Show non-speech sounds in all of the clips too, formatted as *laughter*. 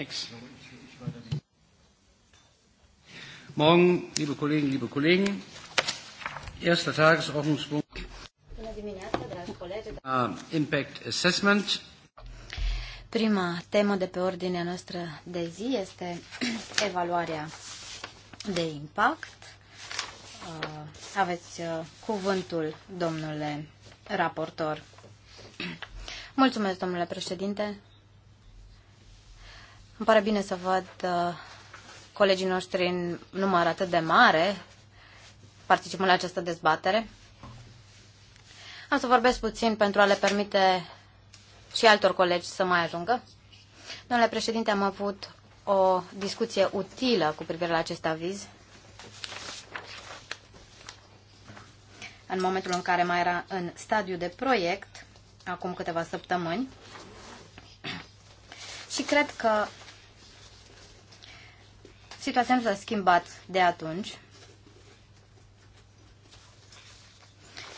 Thanks. Morgen, liebe Kolleginnen, liebe Kollegen. Erster Tagesordnungspunkt. Uh, impact Assessment. Prima temă de pe ordinea noastră de zi este *clears throat* evaluarea de impact. Uh, aveți uh, cuvântul, domnule raportor. *clears throat* Mulțumesc, domnule președinte. Îmi pare bine să văd uh, colegii noștri în număr atât de mare participând la această dezbatere. Am să vorbesc puțin pentru a le permite și altor colegi să mai ajungă. Domnule președinte, am avut o discuție utilă cu privire la acest aviz. În momentul în care mai era în stadiu de proiect, acum câteva săptămâni. Și cred că Situația nu s-a schimbat de atunci.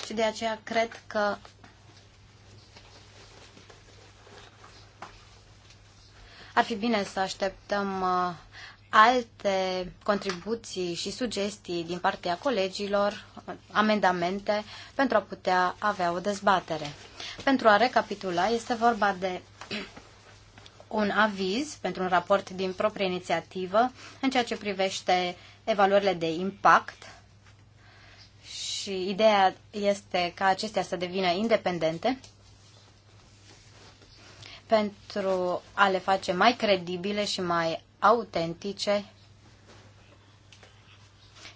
Și de aceea cred că ar fi bine să așteptăm uh, alte contribuții și sugestii din partea colegilor, amendamente, pentru a putea avea o dezbatere. Pentru a recapitula, este vorba de un aviz pentru un raport din proprie inițiativă în ceea ce privește evaluările de impact și ideea este ca acestea să devină independente pentru a le face mai credibile și mai autentice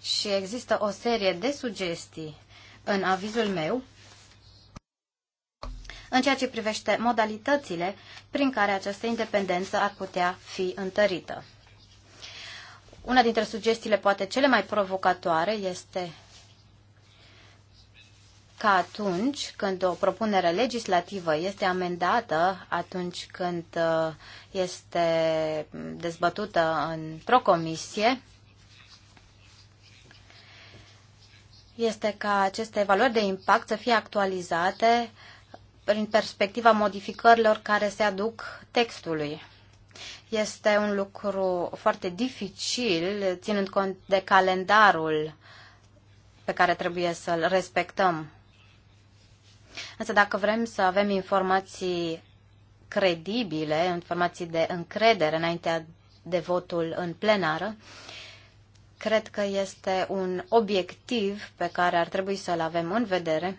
și există o serie de sugestii în avizul meu în ceea ce privește modalitățile prin care această independență ar putea fi întărită. Una dintre sugestiile poate cele mai provocatoare este ca atunci când o propunere legislativă este amendată, atunci când uh, este dezbătută în procomisie, este ca aceste valori de impact să fie actualizate prin perspectiva modificărilor care se aduc textului. Este un lucru foarte dificil, ținând cont de calendarul pe care trebuie să-l respectăm. Însă dacă vrem să avem informații credibile, informații de încredere înaintea de votul în plenară, cred că este un obiectiv pe care ar trebui să-l avem în vedere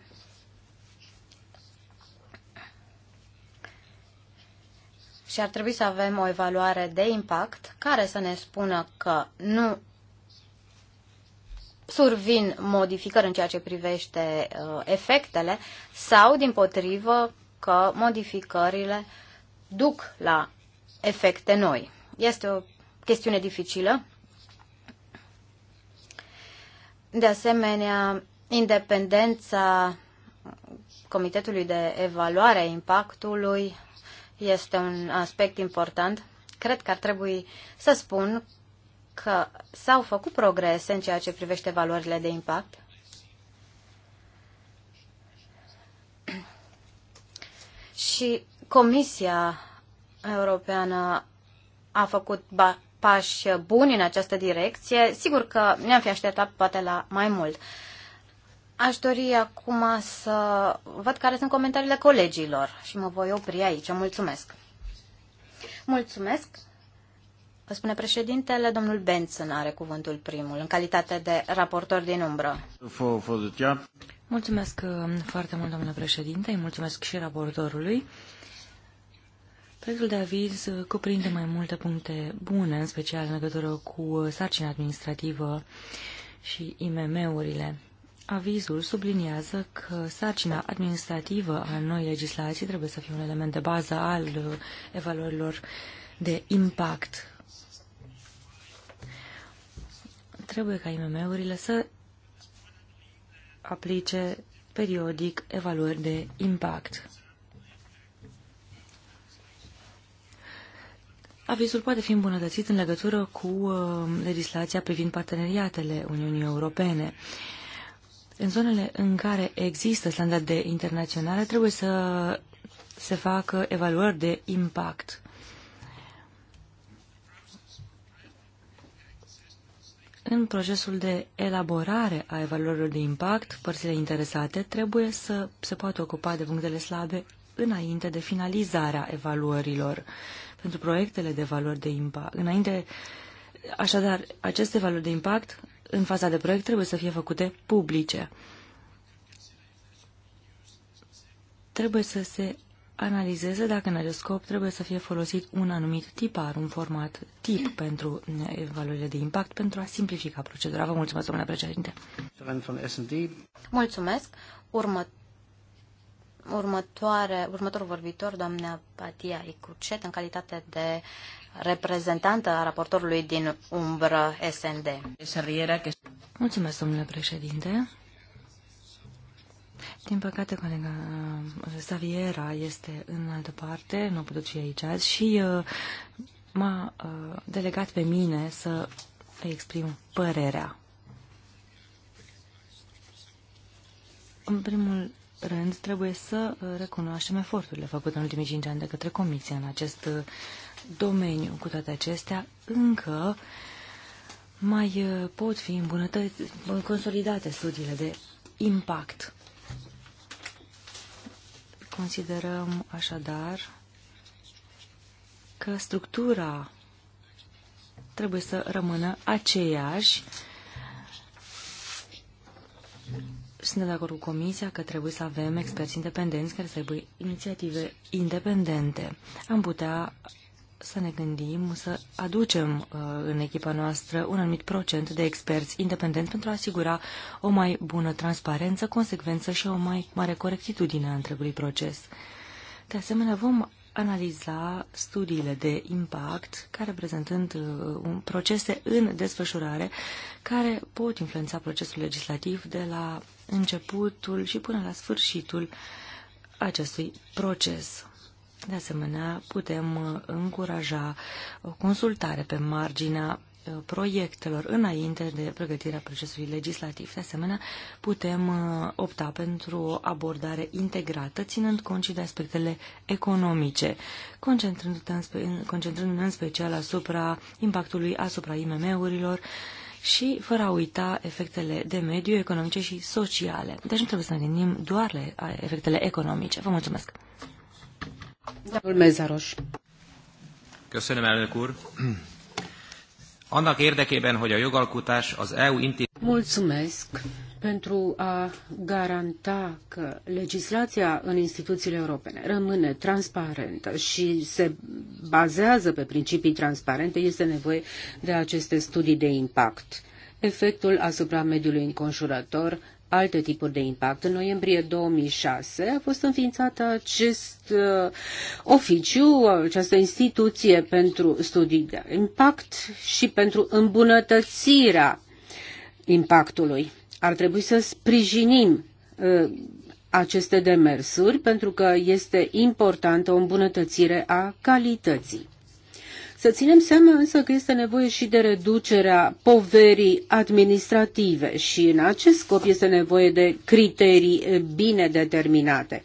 și ar trebui să avem o evaluare de impact care să ne spună că nu survin modificări în ceea ce privește uh, efectele sau, din potrivă, că modificările duc la efecte noi. Este o chestiune dificilă. De asemenea, independența Comitetului de Evaluare a Impactului este un aspect important. Cred că ar trebui să spun că s-au făcut progrese în ceea ce privește valorile de impact. *clears throat* Și Comisia Europeană a făcut pași buni în această direcție. Sigur că ne-am fi așteptat poate la mai mult. Aș dori acum să văd care sunt comentariile colegilor și mă voi opri aici. Mulțumesc. Mulțumesc. Vă spune președintele, domnul Benson are cuvântul primul, în calitate de raportor din umbră. Mulțumesc uh, foarte mult, domnule președinte, îi mulțumesc și raportorului. Proiectul de aviz uh, cuprinde mai multe puncte bune, în special în legătură cu uh, sarcina administrativă și IMM-urile. Avizul subliniază că sarcina administrativă a noi legislații trebuie să fie un element de bază al uh, evaluărilor de impact. Trebuie ca IMM-urile să aplice periodic evaluări de impact. Avizul poate fi îmbunătățit în legătură cu uh, legislația privind parteneriatele Uniunii Europene. În zonele în care există standarde internaționale, trebuie să se facă evaluări de impact. În procesul de elaborare a evaluărilor de impact, părțile interesate trebuie să se poată ocupa de punctele slabe înainte de finalizarea evaluărilor pentru proiectele de valori de impact. Înainte, așadar, aceste valori de impact în faza de proiect trebuie să fie făcute publice. Trebuie să se analizeze dacă în scop trebuie să fie folosit un anumit tipar, un format tip pentru valorile de impact, pentru a simplifica procedura. Vă mulțumesc, domnule președinte. Mulțumesc. Urmă... Următoare, următorul vorbitor, doamna Patia Icucet, în calitate de reprezentantă a raportorului din umbră SND. Mulțumesc, domnule președinte. Din păcate, colega Saviera este în altă parte, nu a putut fi aici azi și uh, m-a uh, delegat pe mine să exprim părerea. În primul rând, trebuie să uh, recunoaștem eforturile făcute în ultimii cinci ani de către Comisia în acest domeniu. Cu toate acestea, încă mai eh, pot fi îmbunătățite, consolidate studiile de impact. Considerăm așadar că structura trebuie să rămână aceeași. Suntem de acord cu Comisia că trebuie să avem experți independenți care să aibă inițiative independente. Am putea să ne gândim să aducem uh, în echipa noastră un anumit procent de experți independenți pentru a asigura o mai bună transparență, consecvență și o mai mare corectitudine a întregului proces. De asemenea, vom analiza studiile de impact, care reprezentând uh, procese în desfășurare, care pot influența procesul legislativ de la începutul și până la sfârșitul acestui proces. De asemenea, putem uh, încuraja o uh, consultare pe marginea uh, proiectelor înainte de pregătirea procesului legislativ. De asemenea, putem opta pentru o abordare integrată, ținând cont și de aspectele economice, concentrându-ne în, concentrându în special asupra impactului asupra IMM-urilor și fără a uita efectele de mediu, economice și sociale. Deci nu trebuie să ne gândim doar la efectele economice. Vă mulțumesc! Domnul Köszönöm, elnök úr. Annak érdekében, hogy a jogalkotás az EU Mulțumesc pentru a garanta că legislația în instituțiile europene rămâne transparentă și se bazează pe principii transparente, este nevoie de aceste studii de impact. Efectul asupra mediului înconjurător, alte tipuri de impact. În noiembrie 2006 a fost înființat acest uh, oficiu, această instituție pentru studii de impact și pentru îmbunătățirea impactului. Ar trebui să sprijinim uh, aceste demersuri pentru că este importantă o îmbunătățire a calității. Să ținem seama însă că este nevoie și de reducerea poverii administrative și în acest scop este nevoie de criterii eh, bine determinate.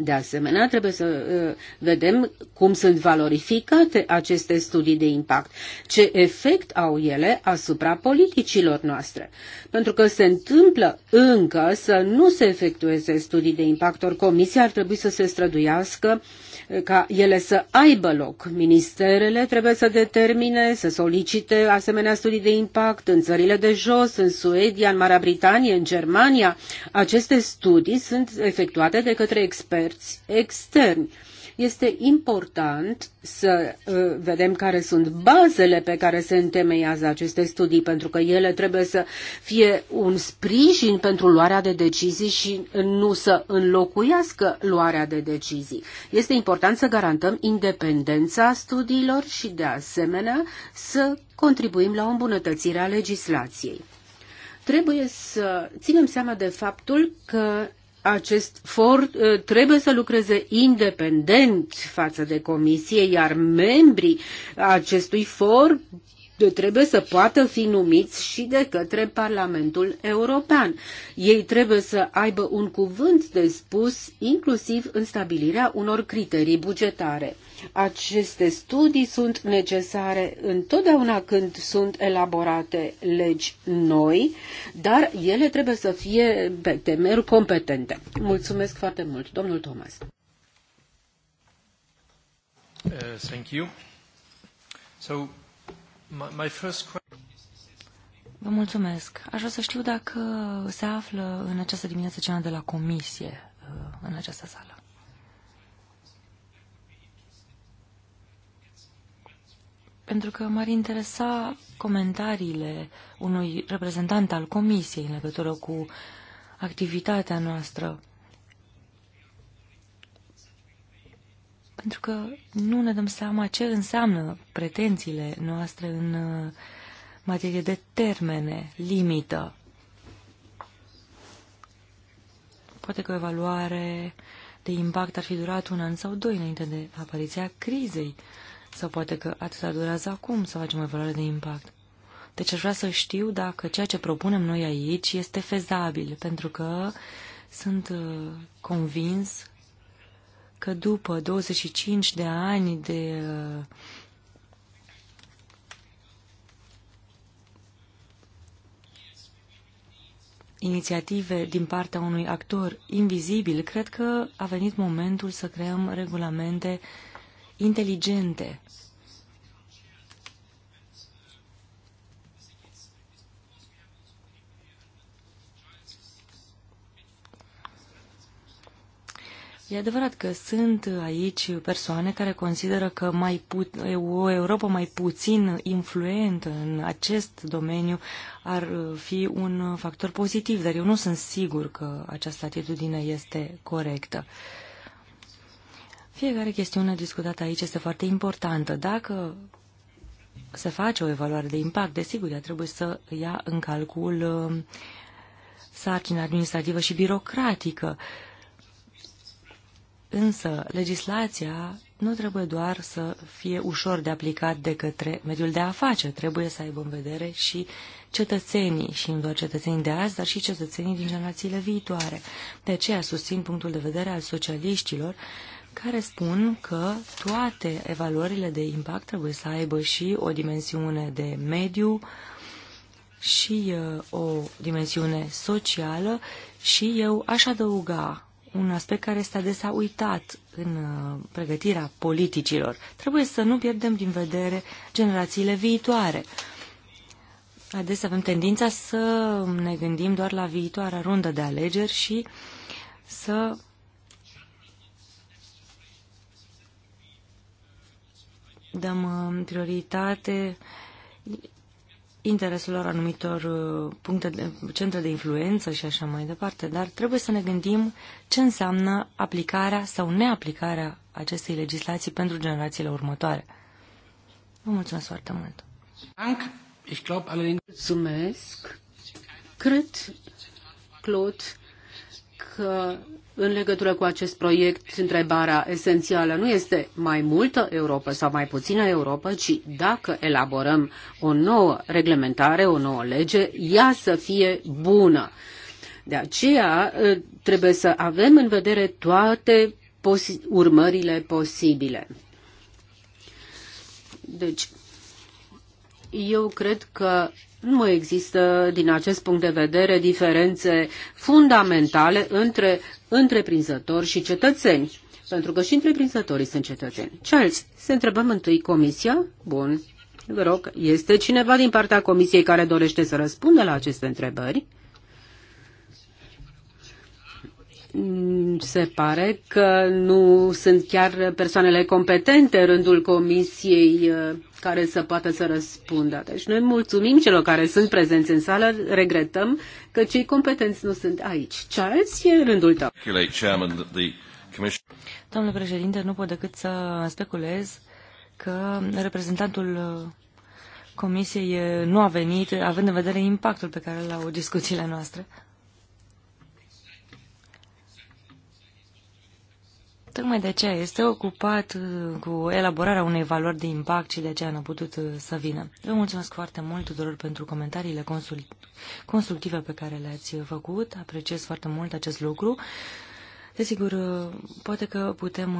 De asemenea, trebuie să eh, vedem cum sunt valorificate aceste studii de impact, ce efect au ele asupra politicilor noastre. Pentru că se întâmplă încă să nu se efectueze studii de impact, ori comisia ar trebui să se străduiască uh, ca ele să aibă loc. Ministerele trebuie să determine, să solicite asemenea studii de impact în țările de jos, în Suedia, în Marea Britanie, în Germania. Aceste studii sunt efectuate de către experți externi este important să uh, vedem care sunt bazele pe care se întemeiază aceste studii, pentru că ele trebuie să fie un sprijin pentru luarea de decizii și nu să înlocuiască luarea de decizii. Este important să garantăm independența studiilor și, de asemenea, să contribuim la o îmbunătățire a legislației trebuie să ținem seama de faptul că acest for uh, trebuie să lucreze independent față de comisie, iar membrii acestui for de trebuie să poată fi numiți și de către Parlamentul European. Ei trebuie să aibă un cuvânt de spus, inclusiv în stabilirea unor criterii bugetare. Aceste studii sunt necesare întotdeauna când sunt elaborate legi noi, dar ele trebuie să fie pe temeri competente. Mulțumesc foarte mult, domnul Thomas. Uh, thank you. So Vă mulțumesc. Aș vrea să știu dacă se află în această dimineață cea de la comisie uh, în această sală. Pentru că m-ar interesa comentariile unui reprezentant al comisiei în legătură cu activitatea noastră pentru că nu ne dăm seama ce înseamnă pretențiile noastre în uh, materie de termene, limită. Poate că o evaluare de impact ar fi durat un an sau doi înainte de apariția crizei, sau poate că atâta durează acum să facem o evaluare de impact. Deci aș vrea să știu dacă ceea ce propunem noi aici este fezabil, pentru că sunt uh, convins că după 25 de ani de uh, inițiative din partea unui actor invizibil, cred că a venit momentul să creăm regulamente inteligente E adevărat că sunt aici persoane care consideră că mai put- o Europa mai puțin influentă în acest domeniu ar fi un factor pozitiv, dar eu nu sunt sigur că această atitudine este corectă. Fiecare chestiune discutată aici este foarte importantă. Dacă se face o evaluare de impact, desigur, ea trebuie să ia în calcul uh, sarcina administrativă și birocratică. Uh, Însă, legislația nu trebuie doar să fie ușor de aplicat de către mediul de afaceri, trebuie să aibă în vedere și cetățenii, și nu doar cetățenii de azi, dar și cetățenii din generațiile viitoare. De aceea susțin punctul de vedere al socialiștilor, care spun că toate evaluările de impact trebuie să aibă și o dimensiune de mediu, și uh, o dimensiune socială și eu aș adăuga un aspect care este adesea uitat în uh, pregătirea politicilor. Trebuie să nu pierdem din vedere generațiile viitoare. Adesea avem tendința să ne gândim doar la viitoarea rundă de alegeri și să dăm uh, prioritate interesul lor anumitor uh, puncte de, centre de influență și așa mai departe, dar trebuie să ne gândim ce înseamnă aplicarea sau neaplicarea acestei legislații pentru generațiile următoare. Vă mulțumesc foarte mult! Mulțumesc! Cred, Claude, în legătură cu acest proiect, întrebarea esențială nu este mai multă Europa sau mai puțină Europa, ci dacă elaborăm o nouă reglementare, o nouă lege, ea să fie bună. De aceea ă, trebuie să avem în vedere toate posi- urmările posibile. Deci, eu cred că nu există, din acest punct de vedere, diferențe fundamentale între întreprinzători și cetățeni. Pentru că și întreprinzătorii sunt cetățeni. Charles, să întrebăm întâi comisia? Bun. Vă rog, este cineva din partea comisiei care dorește să răspundă la aceste întrebări? Mm, se pare că nu sunt chiar persoanele competente în rândul comisiei uh, care să poată să răspundă. Deci noi mulțumim celor care sunt prezenți în sală, regretăm că cei competenți nu sunt aici. Charles, e rândul tău. Domnule președinte, nu pot decât să speculez că reprezentantul uh, comisiei uh, nu a venit, având în vedere impactul pe care l-au discuțiile noastre. Tocmai de aceea este ocupat uh, cu elaborarea unei valori de impact și de aceea n-a putut uh, să vină. Vă mulțumesc foarte mult tuturor pentru comentariile constructive pe care le-ați uh, făcut. Apreciez foarte mult acest lucru. Desigur, poate că putem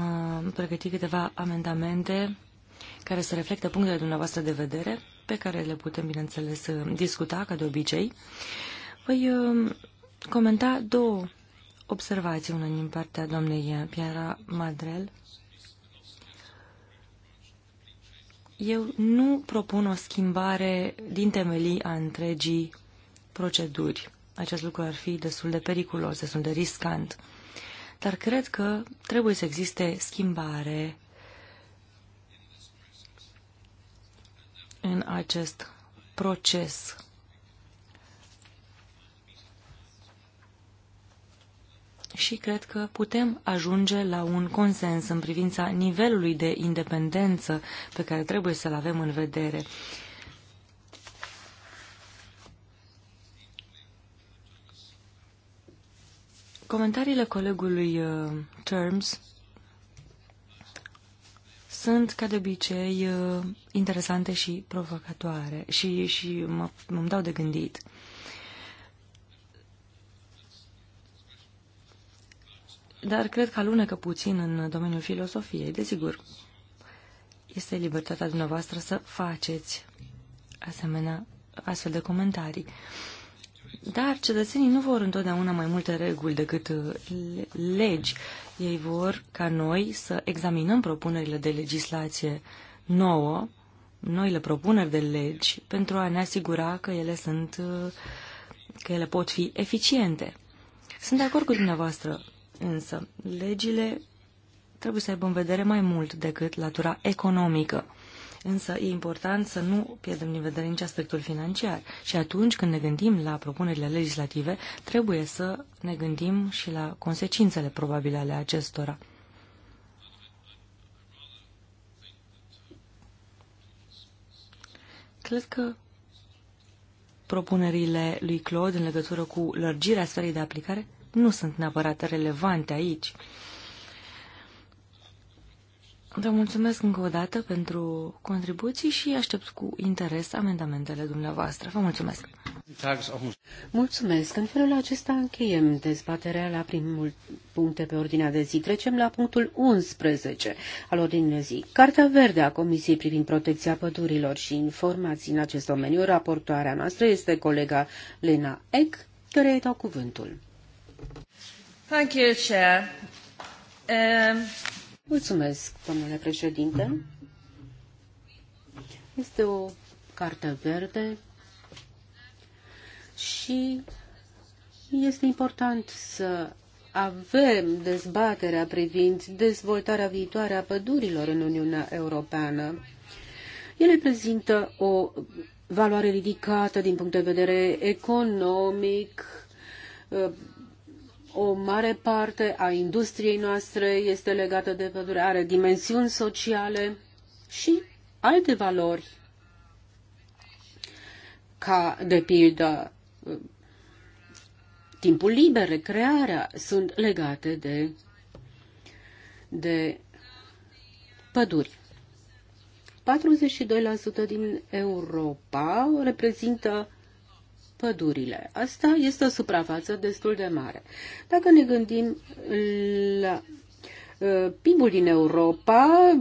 pregăti câteva amendamente care să reflecte punctele dumneavoastră de vedere, pe care le putem, bineînțeles, discuta, ca de obicei. Voi comenta două observații, una din partea doamnei Piera Madrel. Eu nu propun o schimbare din temelii a întregii proceduri. Acest lucru ar fi destul de periculos, destul de riscant. Dar cred că trebuie să existe schimbare în acest proces și cred că putem ajunge la un consens în privința nivelului de independență pe care trebuie să-l avem în vedere. Comentariile colegului uh, Terms sunt, ca de obicei, uh, interesante și provocatoare și, și mă, îmi dau de gândit. dar cred că alunecă puțin în domeniul filosofiei, desigur. Este libertatea dumneavoastră să faceți asemenea astfel de comentarii. Dar cetățenii nu vor întotdeauna mai multe reguli decât uh, legi. Ei vor ca noi să examinăm propunerile de legislație nouă, noile propuneri de legi, pentru a ne asigura că ele sunt, uh, că ele pot fi eficiente. Sunt de acord cu dumneavoastră. Însă, legile trebuie să aibă în vedere mai mult decât latura economică. Însă e important să nu pierdem din vedere nici aspectul financiar. Și atunci când ne gândim la propunerile legislative, trebuie să ne gândim și la consecințele probabile ale acestora. Cred că propunerile lui Claude în legătură cu lărgirea sferei de aplicare nu sunt neapărat relevante aici. Vă mulțumesc încă o dată pentru contribuții și aștept cu interes amendamentele dumneavoastră. Vă mulțumesc! Mulțumesc! În felul acesta încheiem dezbaterea la primul puncte pe ordinea de zi. Trecem la punctul 11 al ordinii de zi. Cartea verde a Comisiei privind protecția pădurilor și informații în acest domeniu. Raportoarea noastră este colega Lena Eck, care îi dau cuvântul. Thank you, Chair. Um... Mulțumesc, domnule președinte. Este o carte verde și este important să avem dezbaterea privind dezvoltarea viitoare a pădurilor în Uniunea Europeană. Ele prezintă o valoare ridicată din punct de vedere economic, o mare parte a industriei noastre este legată de pădure, are dimensiuni sociale și alte valori, ca de pildă timpul liber, recrearea, sunt legate de, de păduri. 42% din Europa reprezintă pădurile. Asta este o suprafață destul de mare. Dacă ne gândim la uh, PIB-ul din Europa,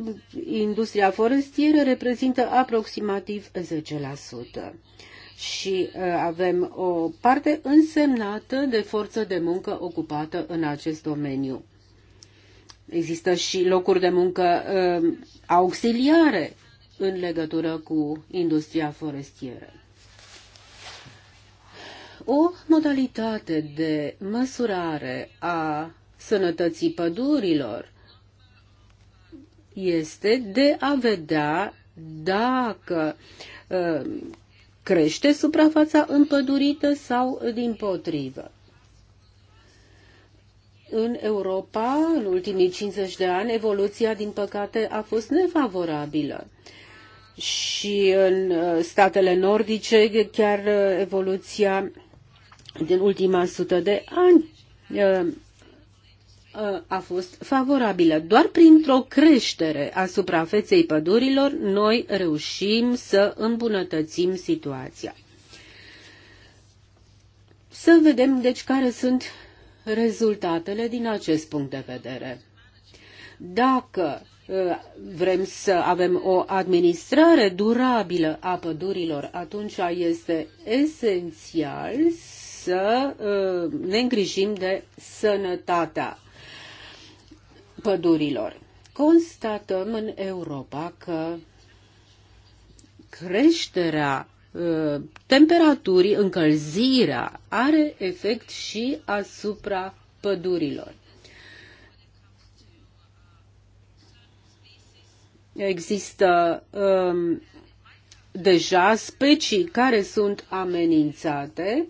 industria forestieră reprezintă aproximativ 10% și uh, avem o parte însemnată de forță de muncă ocupată în acest domeniu. Există și locuri de muncă uh, auxiliare în legătură cu industria forestieră o modalitate de măsurare a sănătății pădurilor este de a vedea dacă uh, crește suprafața împădurită sau din potrivă. În Europa, în ultimii 50 de ani, evoluția, din păcate, a fost nefavorabilă. Și în uh, statele nordice, chiar uh, evoluția din ultima sută de ani a fost favorabilă. Doar printr-o creștere a suprafeței pădurilor noi reușim să îmbunătățim situația. Să vedem, deci, care sunt rezultatele din acest punct de vedere. Dacă vrem să avem o administrare durabilă a pădurilor, atunci este esențial să uh, ne îngrijim de sănătatea pădurilor. Constatăm în Europa că creșterea uh, temperaturii, încălzirea are efect și asupra pădurilor. Există um, deja specii care sunt amenințate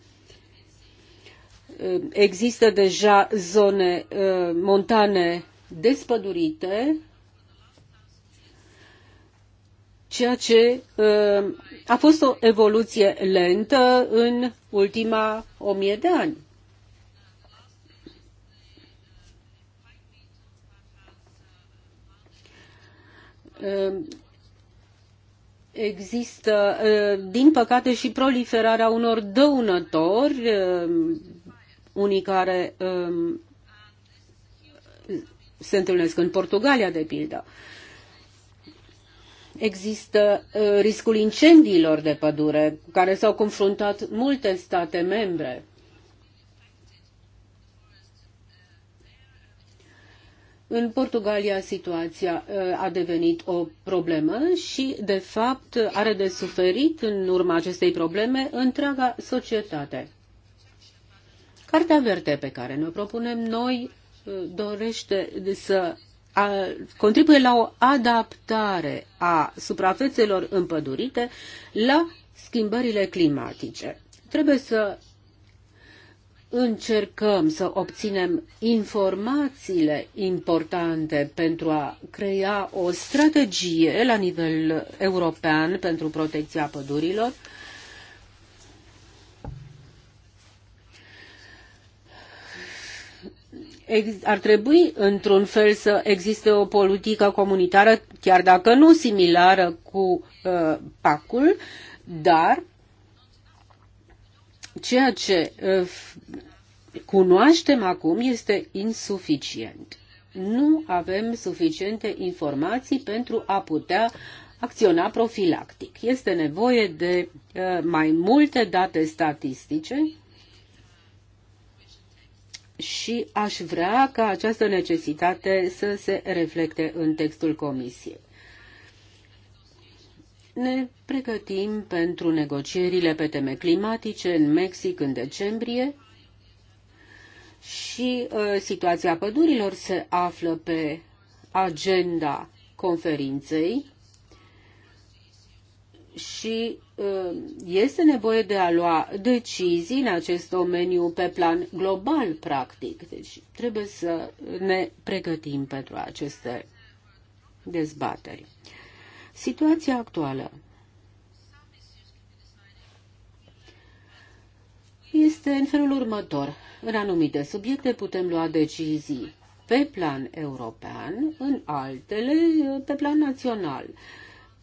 Eh, există deja zone eh, montane despădurite, ceea ce eh, a fost o evoluție lentă în ultima o mie de ani. Există, din păcate, și proliferarea unor dăunători unii care um, se întâlnesc în Portugalia, de pildă. Există uh, riscul incendiilor de pădure, cu care s-au confruntat multe state membre. În Portugalia situația uh, a devenit o problemă și, de fapt, are de suferit în urma acestei probleme întreaga societate. Cartea verde pe care ne propunem noi uh, dorește să contribuie la o adaptare a suprafețelor împădurite la schimbările climatice. Trebuie să încercăm să obținem informațiile importante pentru a crea o strategie la nivel european pentru protecția pădurilor ar trebui într-un fel să existe o politică comunitară, chiar dacă nu similară cu uh, pacul, dar ceea ce uh, cunoaștem acum este insuficient. Nu avem suficiente informații pentru a putea acționa profilactic. Este nevoie de uh, mai multe date statistice și aș vrea ca această necesitate să se reflecte în textul Comisiei. Ne pregătim pentru negocierile pe teme climatice în Mexic în decembrie și uh, situația pădurilor se află pe agenda conferinței și Uh, este nevoie de a lua decizii în acest domeniu pe plan global, practic. Deci trebuie să ne pregătim pentru aceste dezbateri. Situația actuală este în felul următor. În anumite subiecte putem lua decizii pe plan european, în altele pe plan național.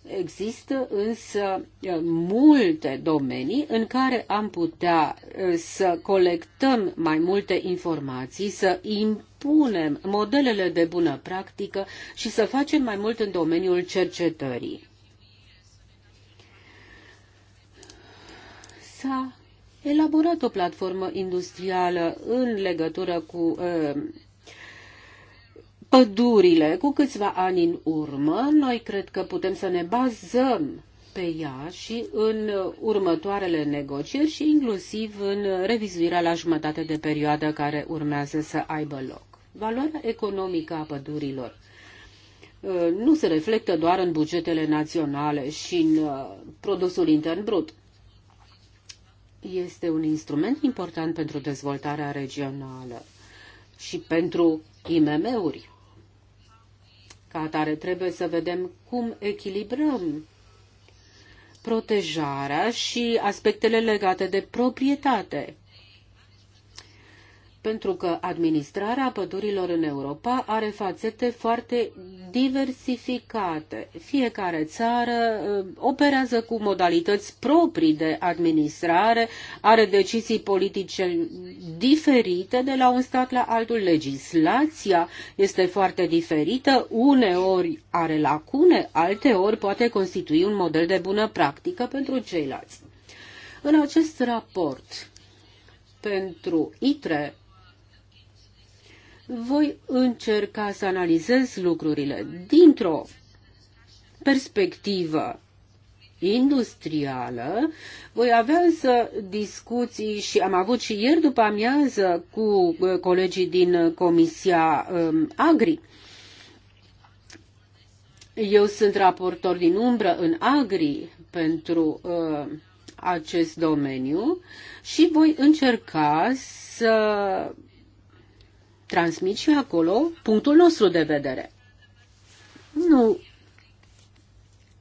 Există însă multe domenii în care am putea să colectăm mai multe informații, să impunem modelele de bună practică și să facem mai mult în domeniul cercetării. S-a elaborat o platformă industrială în legătură cu uh, pădurile cu câțiva ani în urmă. Noi cred că putem să ne bazăm pe ea și în următoarele negocieri și inclusiv în revizuirea la jumătate de perioadă care urmează să aibă loc. Valoarea economică a pădurilor uh, nu se reflectă doar în bugetele naționale și în uh, produsul intern brut. Este un instrument important pentru dezvoltarea regională și pentru IMM-uri. Ca atare trebuie să vedem cum echilibrăm protejarea și aspectele legate de proprietate pentru că administrarea pădurilor în Europa are fațete foarte diversificate. Fiecare țară uh, operează cu modalități proprii de administrare, are decizii politice diferite de la un stat la altul. Legislația este foarte diferită, uneori are lacune, alteori poate constitui un model de bună practică pentru ceilalți. În acest raport, pentru ITRE voi încerca să analizez lucrurile dintr-o perspectivă industrială. Voi avea însă discuții și am avut și ieri după amiază cu uh, colegii din uh, Comisia um, Agri. Eu sunt raportor din umbră în Agri pentru uh, acest domeniu și voi încerca să transmit și acolo punctul nostru de vedere. Nu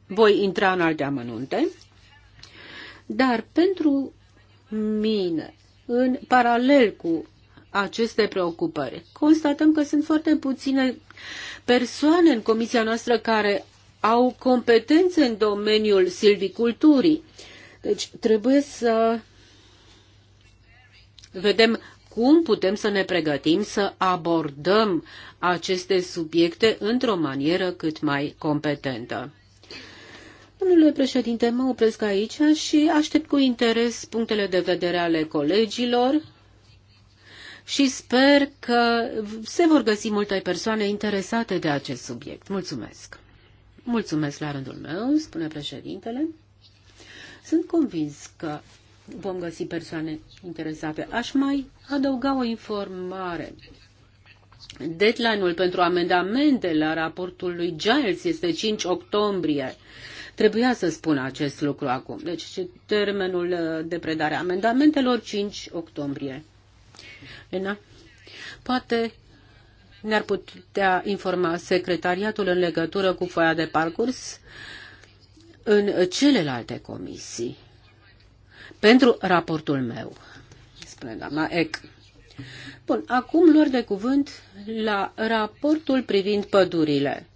voi intra în alte amănunte, dar pentru mine, în paralel cu aceste preocupări, constatăm că sunt foarte puține persoane în comisia noastră care au competențe în domeniul silviculturii. Deci trebuie să vedem cum putem să ne pregătim să abordăm aceste subiecte într-o manieră cât mai competentă. Domnule președinte, mă opresc aici și aștept cu interes punctele de vedere ale colegilor și sper că se vor găsi multe persoane interesate de acest subiect. Mulțumesc! Mulțumesc la rândul meu, spune președintele. Sunt convins că vom găsi persoane interesate. Aș mai adăuga o informare. Deadline-ul pentru amendamente la raportul lui Giles este 5 octombrie. Trebuia să spun acest lucru acum. Deci termenul uh, de predare a amendamentelor 5 octombrie. Ena? poate ne-ar putea informa secretariatul în legătură cu foaia de parcurs în celelalte comisii pentru raportul meu, spune doamna Eck. Bun, acum lor de cuvânt la raportul privind pădurile.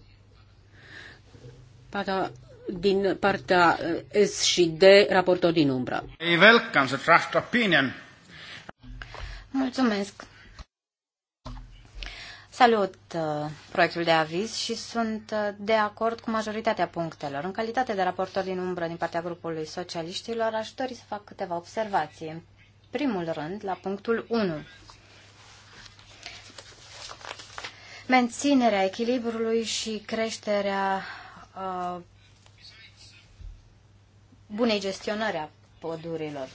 Pata din partea eh, S și D, raportor din umbră. Mulțumesc. Salut uh, proiectul de aviz și sunt uh, de acord cu majoritatea punctelor. În calitate de raportor din umbră din partea grupului socialiștilor, aș dori să fac câteva observații. În primul rând, la punctul 1. Menținerea echilibrului și creșterea uh, bunei gestionări a pădurilor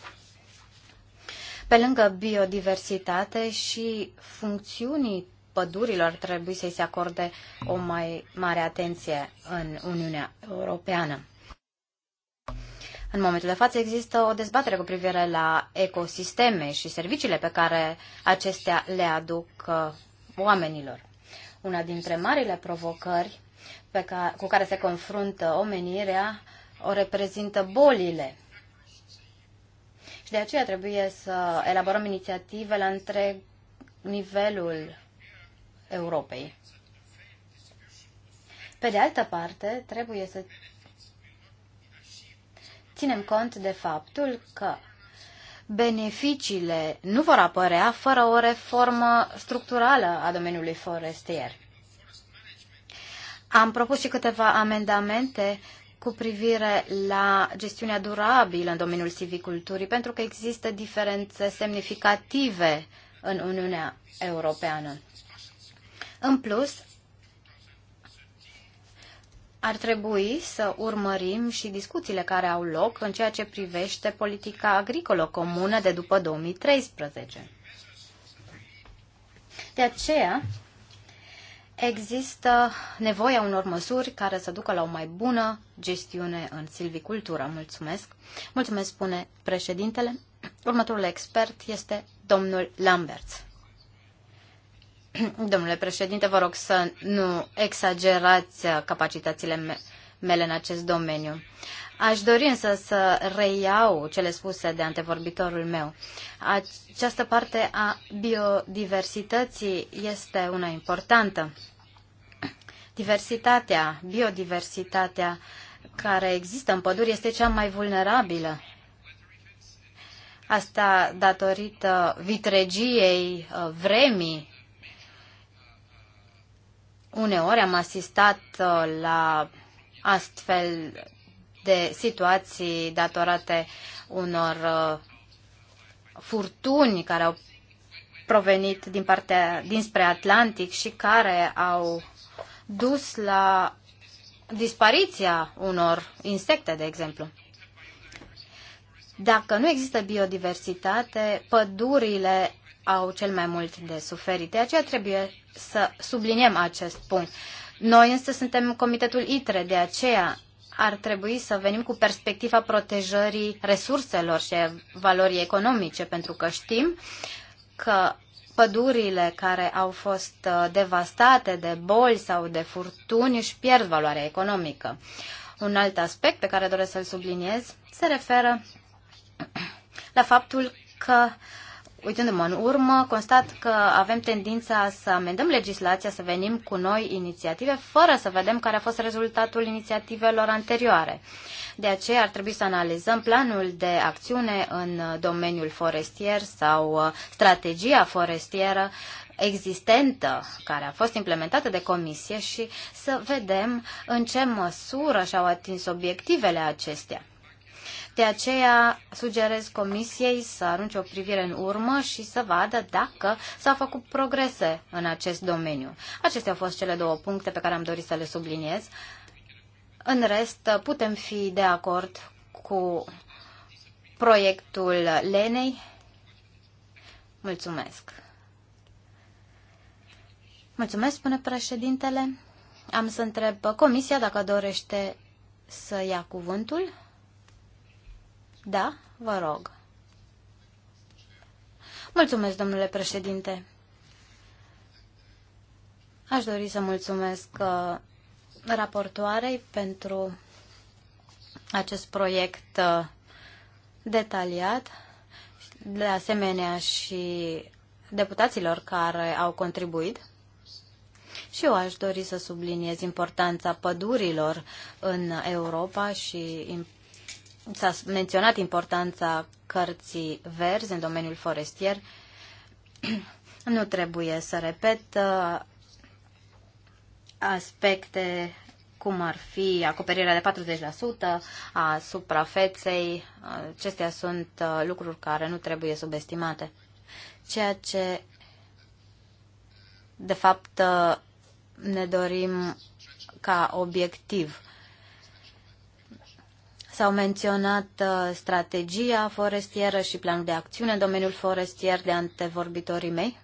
pe lângă biodiversitate și funcțiunii pădurilor trebuie să-i se acorde o mai mare atenție în Uniunea Europeană. În momentul de față există o dezbatere cu privire la ecosisteme și serviciile pe care acestea le aduc uh, oamenilor. Una dintre marile provocări pe care, cu care se confruntă omenirea o reprezintă bolile. Și de aceea trebuie să elaborăm inițiative la întreg nivelul Europei. Pe de altă parte, trebuie să ținem cont de faptul că beneficiile nu vor apărea fără o reformă structurală a domeniului forestier. Am propus și câteva amendamente cu privire la gestiunea durabilă în domeniul civiculturii, pentru că există diferențe semnificative în Uniunea Europeană. În plus, ar trebui să urmărim și discuțiile care au loc în ceea ce privește politica agricolă comună de după 2013. De aceea, există nevoia unor măsuri care să ducă la o mai bună gestiune în silvicultură. Mulțumesc. Mulțumesc, spune președintele. Următorul expert este domnul Lamberts. *clears throat* Domnule președinte, vă rog să nu exagerați capacitățile mele în acest domeniu. Aș dori însă să reiau cele spuse de antevorbitorul meu. Această parte a biodiversității este una importantă. Diversitatea, biodiversitatea care există în păduri este cea mai vulnerabilă. Asta datorită vitregiei uh, vremii uneori am asistat uh, la astfel de situații datorate unor uh, furtuni care au provenit din partea dinspre Atlantic și care au dus la dispariția unor insecte, de exemplu. Dacă nu există biodiversitate, pădurile au cel mai mult de suferit. De aceea trebuie să subliniem acest punct. Noi însă suntem Comitetul ITRE, de aceea ar trebui să venim cu perspectiva protejării resurselor și valorii economice, pentru că știm că pădurile care au fost uh, devastate de boli sau de furtuni își pierd valoarea economică. Un alt aspect pe care doresc să-l subliniez se referă la faptul că uitându-mă în urmă, constat că avem tendința să amendăm legislația, să venim cu noi inițiative, fără să vedem care a fost rezultatul inițiativelor anterioare. De aceea ar trebui să analizăm planul de acțiune în domeniul forestier sau uh, strategia forestieră existentă care a fost implementată de comisie și să vedem în ce măsură și-au atins obiectivele acestea. De aceea sugerez Comisiei să arunce o privire în urmă și să vadă dacă s-au făcut progrese în acest domeniu. Acestea au fost cele două puncte pe care am dorit să le subliniez. În rest, putem fi de acord cu proiectul Lenei. Mulțumesc. Mulțumesc, spune președintele. Am să întreb comisia dacă dorește să ia cuvântul. Da? Vă rog. Mulțumesc, domnule președinte. Aș dori să mulțumesc uh, raportoarei pentru acest proiect uh, detaliat, de asemenea și deputaților care au contribuit. Și eu aș dori să subliniez importanța pădurilor în Europa și importanța s-a menționat importanța cărții verzi în domeniul forestier. *clears throat* Nu trebuie să repet uh, aspecte cum ar fi acoperirea de 40% a suprafeței. Acestea sunt uh, lucruri care nu trebuie subestimate. Ceea ce, de fapt, uh, ne dorim ca obiectiv S-au menționat uh, strategia forestieră și planul de acțiune în domeniul forestier de antevorbitorii mei.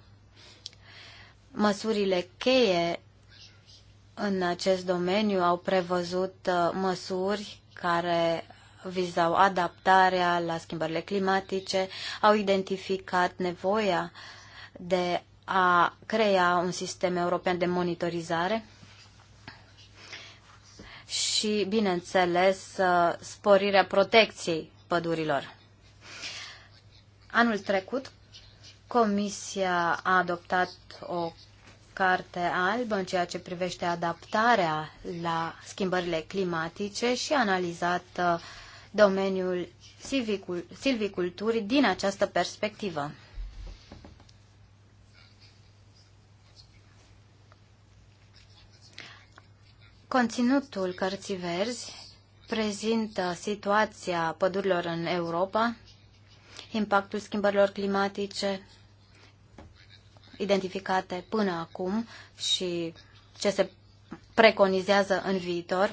Măsurile cheie în acest domeniu au prevăzut uh, măsuri care vizau adaptarea la schimbările climatice, au identificat nevoia de a crea un sistem european de monitorizare și, bineînțeles, uh, sporirea protecției pădurilor. Anul trecut, Comisia a adoptat o carte albă în ceea ce privește adaptarea la schimbările climatice și a analizat uh, domeniul silviculturii din această perspectivă. Conținutul cărții verzi prezintă situația pădurilor în Europa, impactul schimbărilor climatice identificate până acum și ce se preconizează în viitor,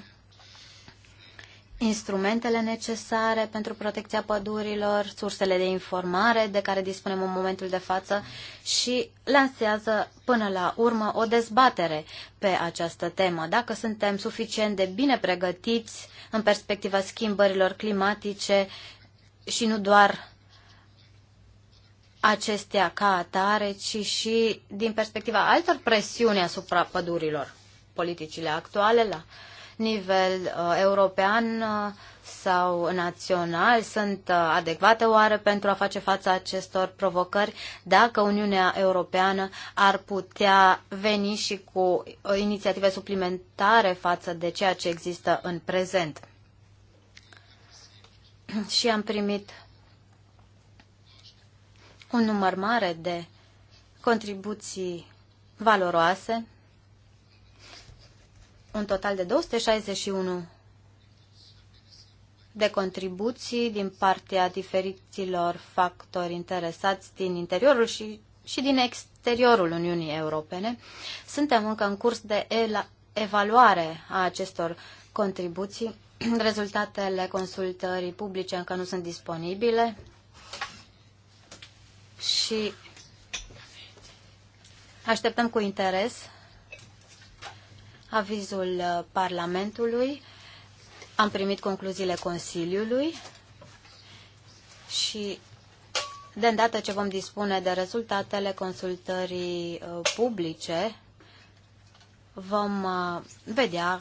instrumentele necesare pentru protecția pădurilor, sursele de informare de care dispunem în momentul de față și lansează până la urmă o dezbatere pe această temă. Dacă suntem suficient de bine pregătiți în perspectiva schimbărilor climatice și nu doar acestea ca atare, ci și din perspectiva altor presiuni asupra pădurilor. Politicile actuale la nivel uh, european uh, sau național sunt uh, adecvate oare pentru a face față acestor provocări dacă Uniunea Europeană ar putea veni și cu uh, inițiative suplimentare față de ceea ce există în prezent. *clears throat* și am primit un număr mare de contribuții valoroase un total de 261 de contribuții din partea diferiților factori interesați din interiorul și, și din exteriorul Uniunii Europene. Suntem încă în curs de evaluare a acestor contribuții. *clears throat* Rezultatele consultării publice încă nu sunt disponibile și așteptăm cu interes avizul uh, Parlamentului, am primit concluziile Consiliului și de îndată ce vom dispune de rezultatele consultării uh, publice, vom uh, vedea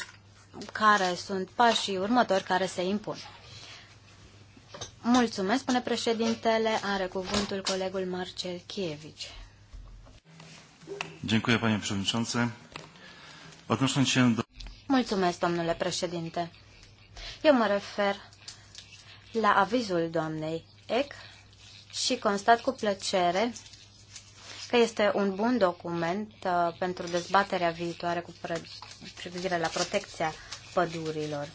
care sunt pașii următori care se impun. Mulțumesc, spune președintele, are cuvântul colegul Marcel Chievici. Dziękuję, panie przewodniczący. Mulțumesc, domnule președinte. Eu mă refer la avizul doamnei Eck și constat cu plăcere că este un bun document uh, pentru dezbaterea viitoare cu privire la protecția pădurilor.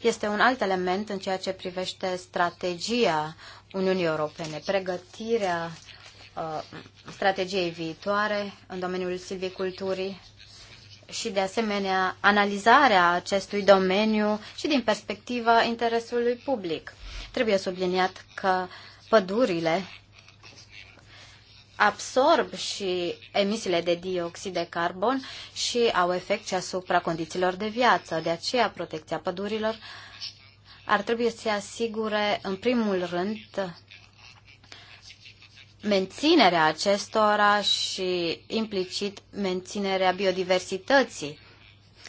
Este un alt element în ceea ce privește strategia Uniunii Europene, pregătirea Uh, strategiei viitoare în domeniul silviculturii și, de asemenea, analizarea acestui domeniu și din perspectiva interesului public. Trebuie subliniat că pădurile absorb și emisiile de dioxid de carbon și au efect și asupra condițiilor de viață. De aceea, protecția pădurilor ar trebui să se asigure, în primul rând, menținerea acestora și implicit menținerea biodiversității.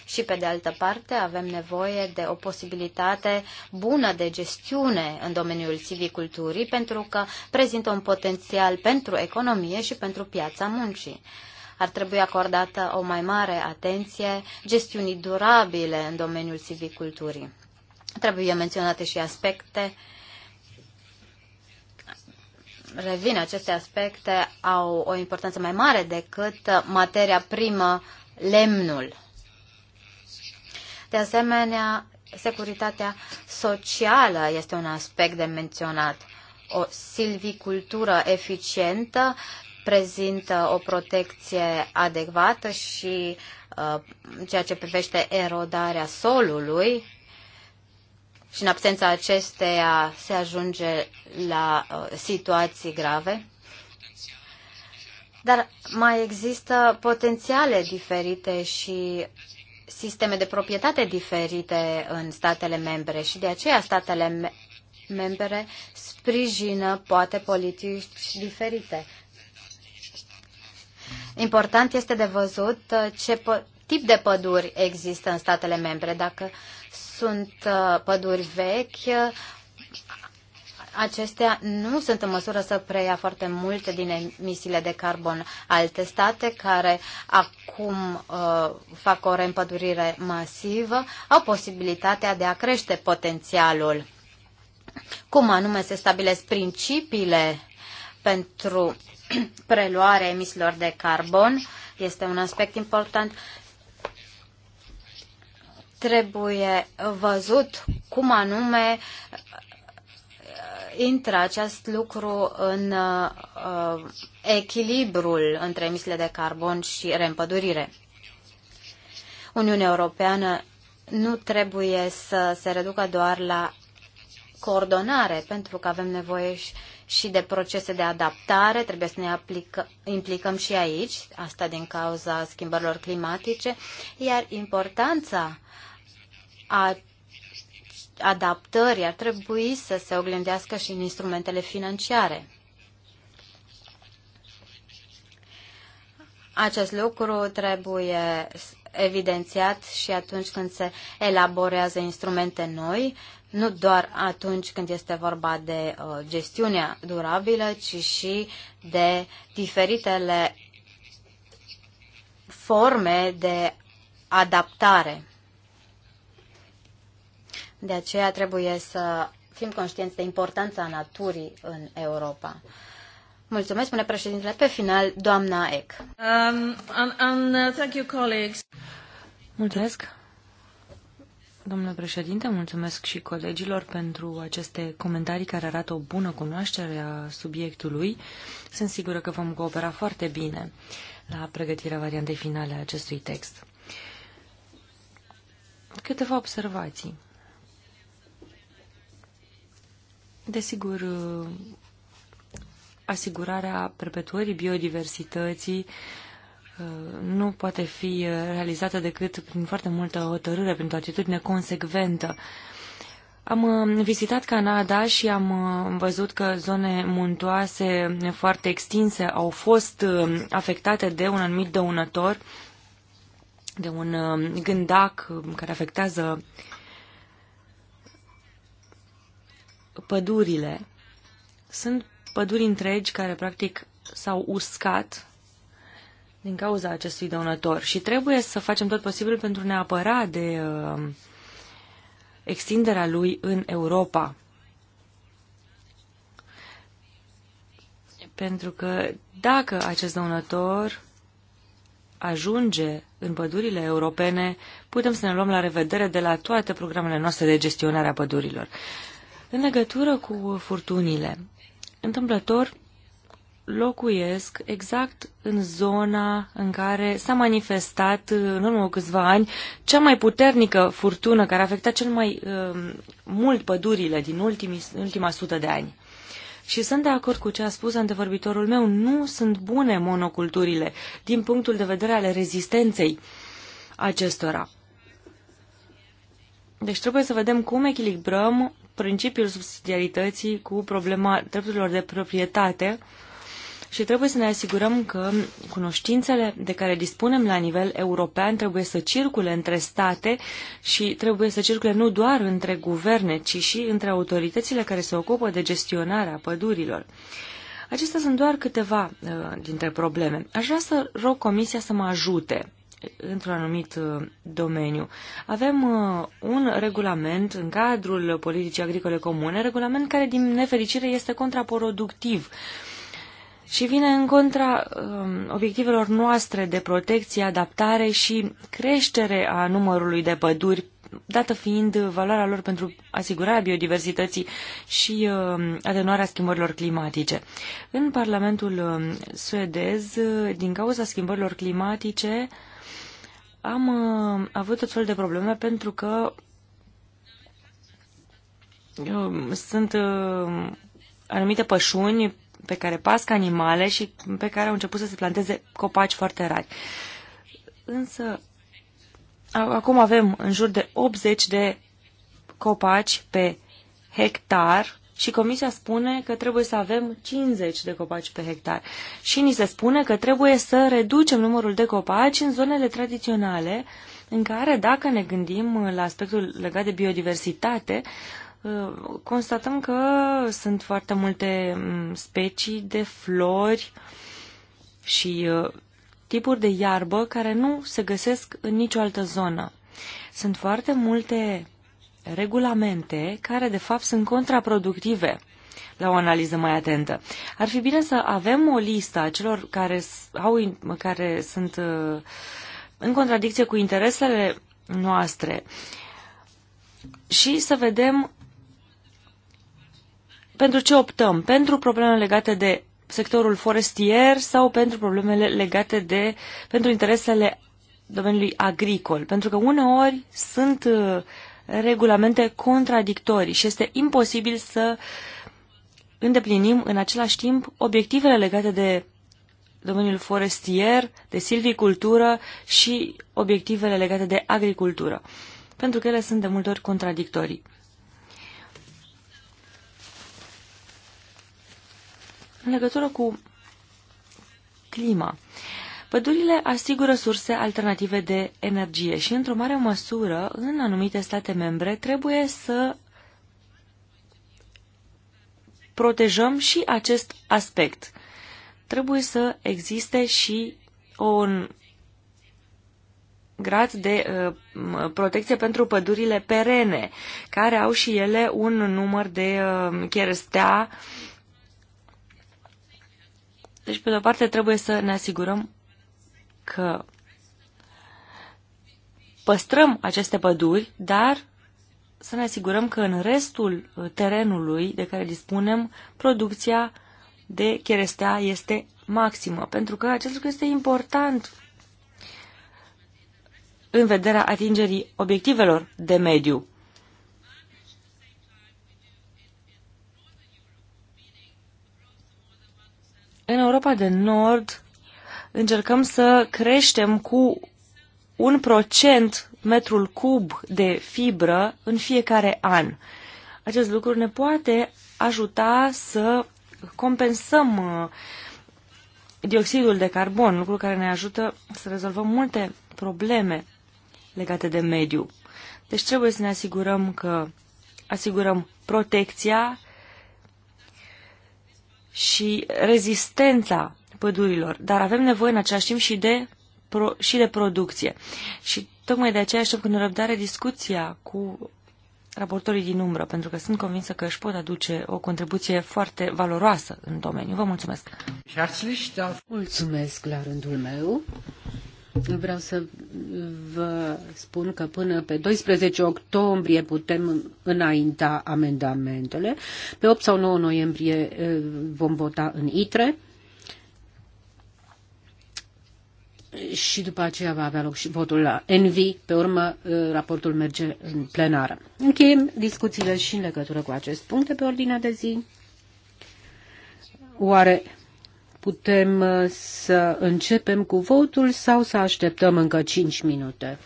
Și pe de altă parte avem nevoie de o posibilitate bună de gestiune în domeniul civiculturii pentru că prezintă un potențial pentru economie și pentru piața muncii. Ar trebui acordată o mai mare atenție gestiunii durabile în domeniul civiculturii. Trebuie menționate și aspecte uh, revin, aceste aspecte au o importanță mai mare decât materia primă, lemnul. De asemenea, securitatea socială este un aspect de menționat. O silvicultură eficientă prezintă o protecție adecvată și uh, ceea ce privește erodarea solului, și în absența acesteia se ajunge la uh, situații grave. Dar mai există potențiale diferite și sisteme de proprietate diferite în statele membre și de aceea statele me membre sprijină poate politici diferite. Important este de văzut uh, ce tip de păduri există în statele membre, dacă sunt uh, păduri vechi, acestea nu sunt în măsură să preia foarte multe din emisiile de carbon. Alte state care acum uh, fac o reîmpădurire masivă au posibilitatea de a crește potențialul. Cum anume se stabilesc principiile pentru *clears throat* preluarea emisiilor de carbon este un aspect important trebuie văzut cum anume uh, intră acest lucru în uh, echilibrul între emisiile de carbon și reîmpădurire. Uniunea Europeană nu trebuie să se reducă doar la coordonare, pentru că avem nevoie și, de procese de adaptare, trebuie să ne aplică, implicăm și aici, asta din cauza schimbărilor climatice, iar importanța uh, a adaptării ar trebui să se oglindească și în instrumentele financiare. Acest lucru trebuie evidențiat și atunci când se elaborează instrumente noi, nu doar atunci când este vorba de uh, gestiunea durabilă, ci și de diferitele forme de adaptare. De aceea trebuie să fim conștienți de importanța naturii în Europa. Mulțumesc, spune președintele. Pe final, doamna Eck. Um, and, and, uh, thank you, colleagues. Mulțumesc. Domnule președinte, mulțumesc și colegilor pentru aceste comentarii care arată o bună cunoaștere a subiectului. Sunt sigură că vom coopera foarte bine la pregătirea variantei finale a acestui text. Câteva observații. Desigur, uh, asigurarea perpetuării biodiversității uh, nu poate fi uh, realizată decât prin foarte multă hotărâre, prin o atitudine consecventă. Am vizitat Canada și am văzut că zone muntoase foarte extinse au fost afectate de un anumit dăunător, de un gândac care afectează pădurile. Sunt păduri întregi care practic s-au uscat din cauza acestui dăunător și trebuie să facem tot posibil pentru ne apăra de uh, extinderea lui în Europa. Pentru că dacă acest dăunător ajunge în pădurile europene, putem să ne luăm la revedere de la toate programele noastre de gestionare a pădurilor. În legătură cu furtunile, întâmplător locuiesc exact în zona în care s-a manifestat uh, în urmă câțiva ani cea mai puternică furtună care a afectat cel mai uh, mult pădurile din ultimii, ultima sută de ani. Și sunt de acord cu ce a spus antevorbitorul meu, nu sunt bune monoculturile din punctul de vedere ale rezistenței acestora. Deci trebuie să vedem cum echilibrăm principiul subsidiarității cu problema drepturilor de proprietate și trebuie să ne asigurăm că cunoștințele de care dispunem la nivel european trebuie să circule între state și trebuie să circule nu doar între guverne, ci și între autoritățile care se ocupă de gestionarea pădurilor. Acestea sunt doar câteva uh, dintre probleme. Aș vrea să rog Comisia să mă ajute într-un anumit uh, domeniu. Avem uh, un regulament în cadrul politicii agricole comune, regulament care, din nefericire, este contraproductiv și vine în contra um, obiectivelor noastre de protecție, adaptare și creștere a numărului de păduri dată fiind valoarea lor pentru asigurarea biodiversității și uh, atenuarea schimbărilor climatice. În Parlamentul uh, suedez, uh, din cauza schimbărilor climatice, uh, am uh, avut tot fel de probleme pentru că uh, sunt uh, anumite pășuni pe care pasc animale și pe care au început să se planteze copaci foarte rari. Însă, acum avem în jur de 80 de copaci pe hectar și comisia spune că trebuie să avem 50 de copaci pe hectar. Și ni se spune că trebuie să reducem numărul de copaci în zonele tradiționale, în care, dacă ne gândim la aspectul legat de biodiversitate, uh, constatăm că sunt foarte multe mm, specii de flori și uh, tipuri de iarbă care nu se găsesc în nicio altă zonă. Sunt foarte multe regulamente care, de fapt, sunt contraproductive la o analiză mai atentă. Ar fi bine să avem o listă a celor care, au, care sunt uh, în contradicție cu interesele noastre și să vedem pentru ce optăm? Pentru probleme legate de sectorul forestier sau pentru problemele legate de, pentru interesele domeniului agricol? Pentru că uneori sunt uh, regulamente contradictorii și este imposibil să îndeplinim în același timp obiectivele legate de domeniul forestier, de silvicultură și obiectivele legate de agricultură, pentru că ele sunt de multe ori contradictorii. În legătură cu clima, Pădurile asigură surse alternative de energie și, într-o mare măsură, în anumite state membre, trebuie să protejăm și acest aspect. Trebuie să existe și un grad de uh, protecție pentru pădurile perene, care au și ele un număr de uh, cherestea. Deci, pe de-o parte, trebuie să ne asigurăm că păstrăm aceste păduri, dar să ne asigurăm că în restul uh, terenului de care dispunem, producția de cherestea este maximă, pentru că acest lucru este important în vederea atingerii obiectivelor de mediu. În Europa de Nord încercăm să creștem cu un procent metrul cub de fibră în fiecare an. Acest lucru ne poate ajuta să compensăm uh, dioxidul de carbon, lucru care ne ajută să rezolvăm multe probleme legate de mediu. Deci trebuie să ne asigurăm că asigurăm protecția și rezistența pădurilor, dar avem nevoie în același timp și de, pro, și de producție. Și tocmai de aceea aștept cu nerăbdare discuția cu raportorii din umbră, pentru că sunt convinsă că își pot aduce o contribuție foarte valoroasă în domeniu. Vă mulțumesc! Da. Mulțumesc la rândul meu! Vreau să vă spun că până pe 12 octombrie putem înainta amendamentele. Pe 8 sau 9 noiembrie eh, vom vota în ITRE și după aceea va avea loc și votul la Envi. Pe urmă, uh, raportul merge în plenară. Încheiem discuțiile și în legătură cu acest punct de pe ordinea de zi. Oare putem uh, să începem cu votul sau să așteptăm încă 5 minute?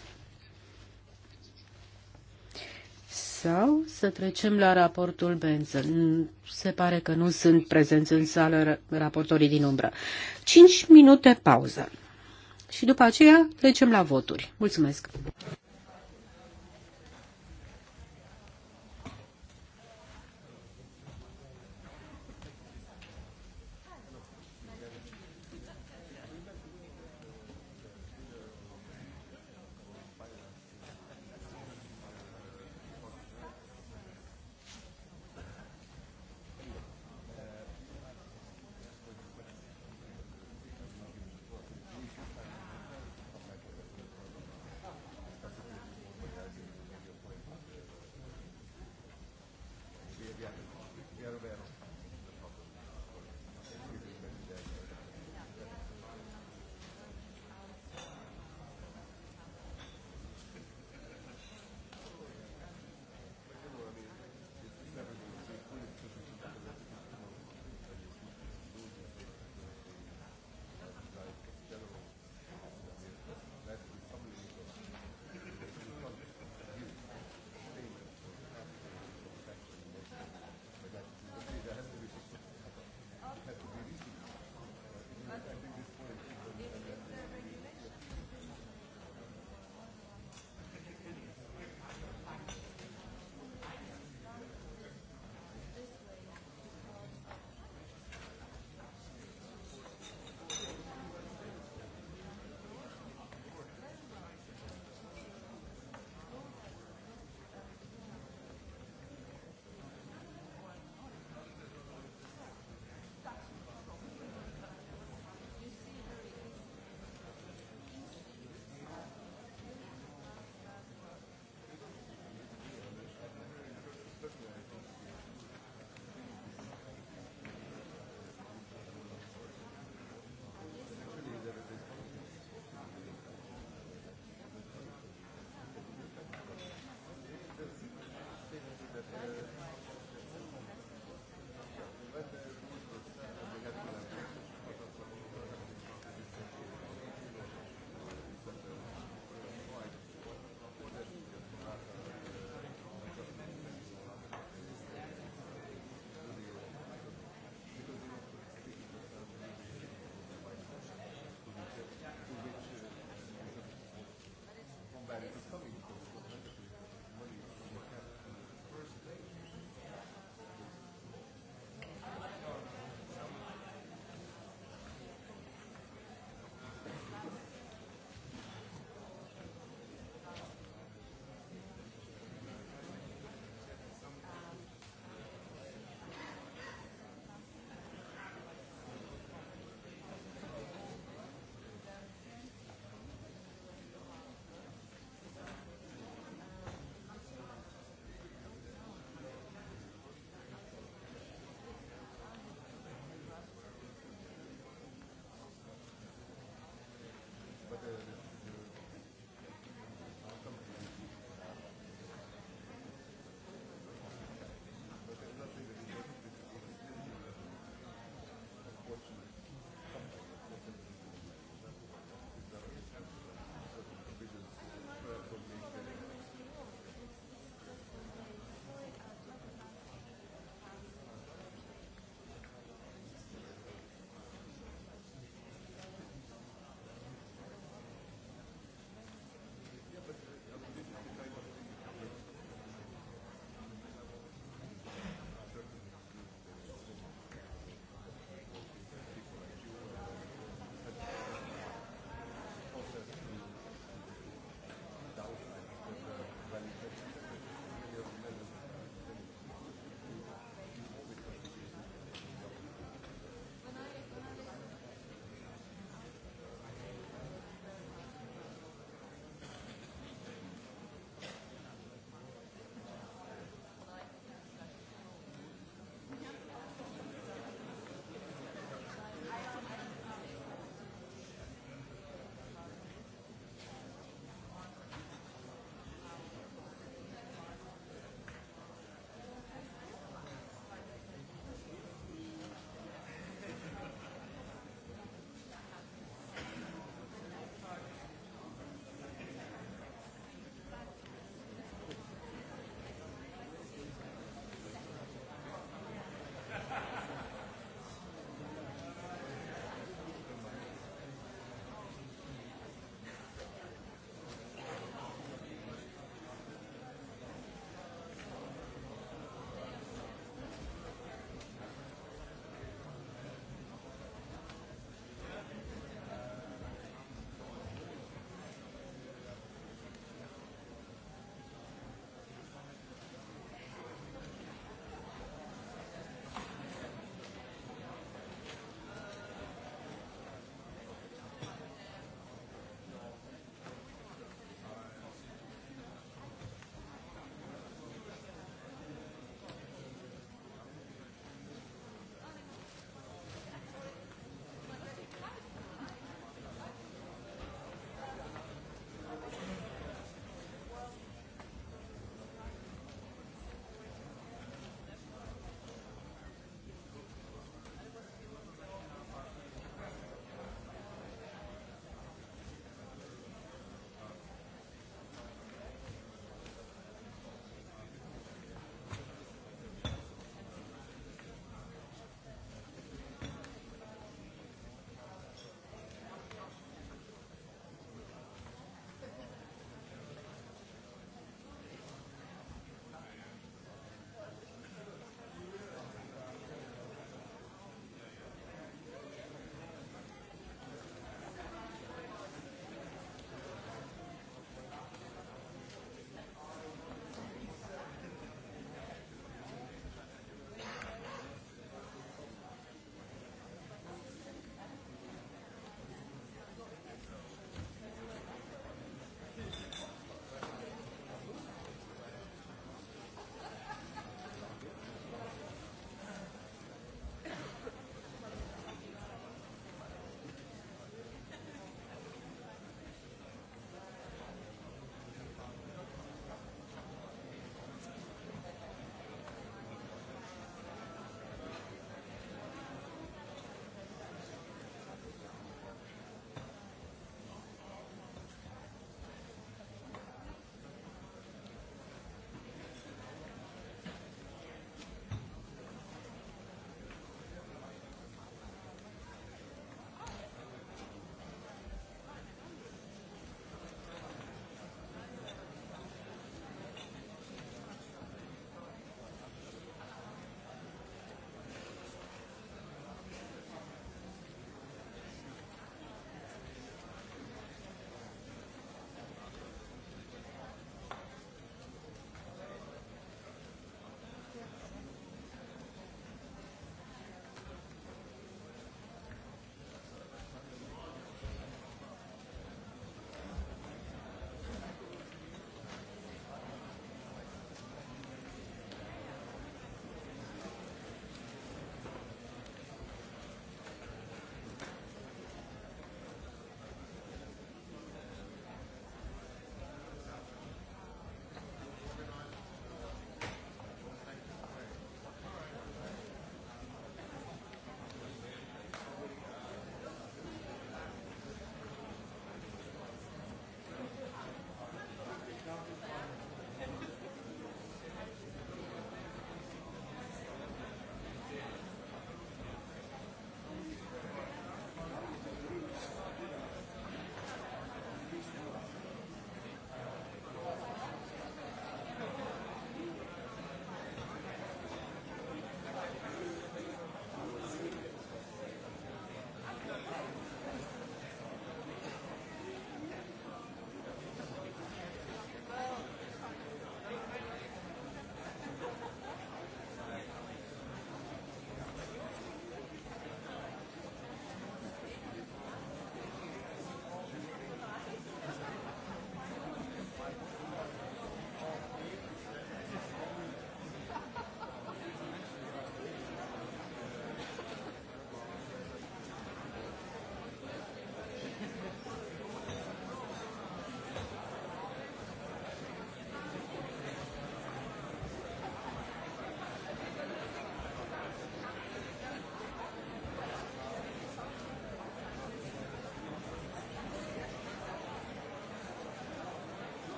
Sau să trecem la raportul Benson. Se pare că nu sunt prezenți în sală raportorii din umbră. 5 minute pauză și după aceea trecem la voturi. Mulțumesc!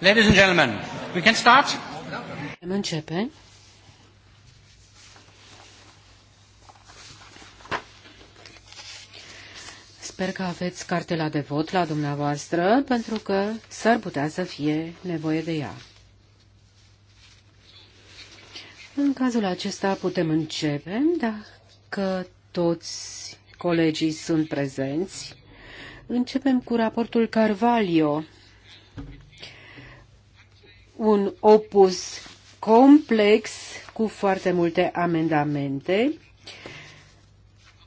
Ladies and gentlemen, we can start. Începe. Sper că aveți cartela de vot la dumneavoastră, pentru că s-ar putea să fie nevoie de ea. În cazul acesta putem începe, dacă toți colegii sunt prezenți. Începem cu raportul Carvalho, un opus complex cu foarte multe amendamente,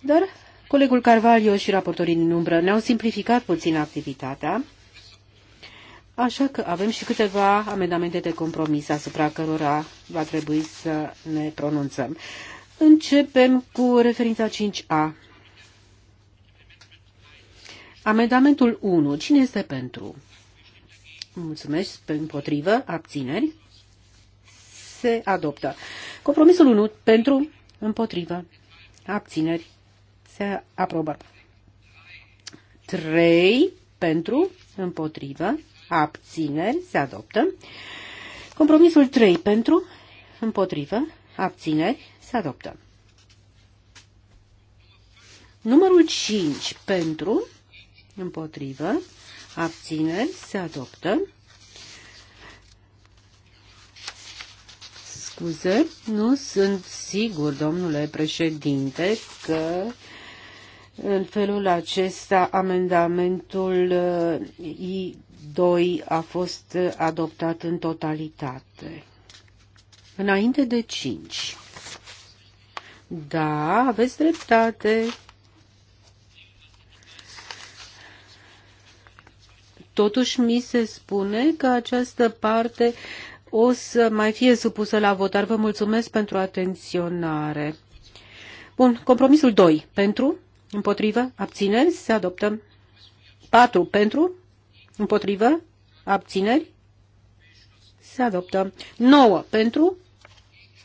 dar colegul Carvalho și raportorii din umbră ne-au simplificat puțin activitatea, așa că avem și câteva amendamente de compromis asupra cărora va trebui să ne pronunțăm. Începem cu referința 5A. Amendamentul 1. Cine este pentru? Mulțumesc. Pe Împotrivă. Abțineri. Se adoptă. Compromisul 1 pentru. Împotrivă. Abțineri. Se aprobă. 3 pentru. Împotrivă. Abțineri. Se adoptă. Compromisul 3 pentru. Împotrivă. Abțineri. Se adoptă. Numărul 5 pentru. Împotrivă abțineri, se adoptă. Scuze, nu sunt sigur, domnule președinte, că în felul acesta amendamentul uh, I2 a fost adoptat în totalitate. Înainte de 5. Da, aveți dreptate. Totuși mi se spune că această parte o să mai fie supusă la votar. Vă mulțumesc pentru atenționare. Bun, compromisul 2. Pentru? Împotrivă? Abțineri? Se adoptă. 4. Pentru? Împotrivă? Abțineri? Se adoptă. 9. Pentru?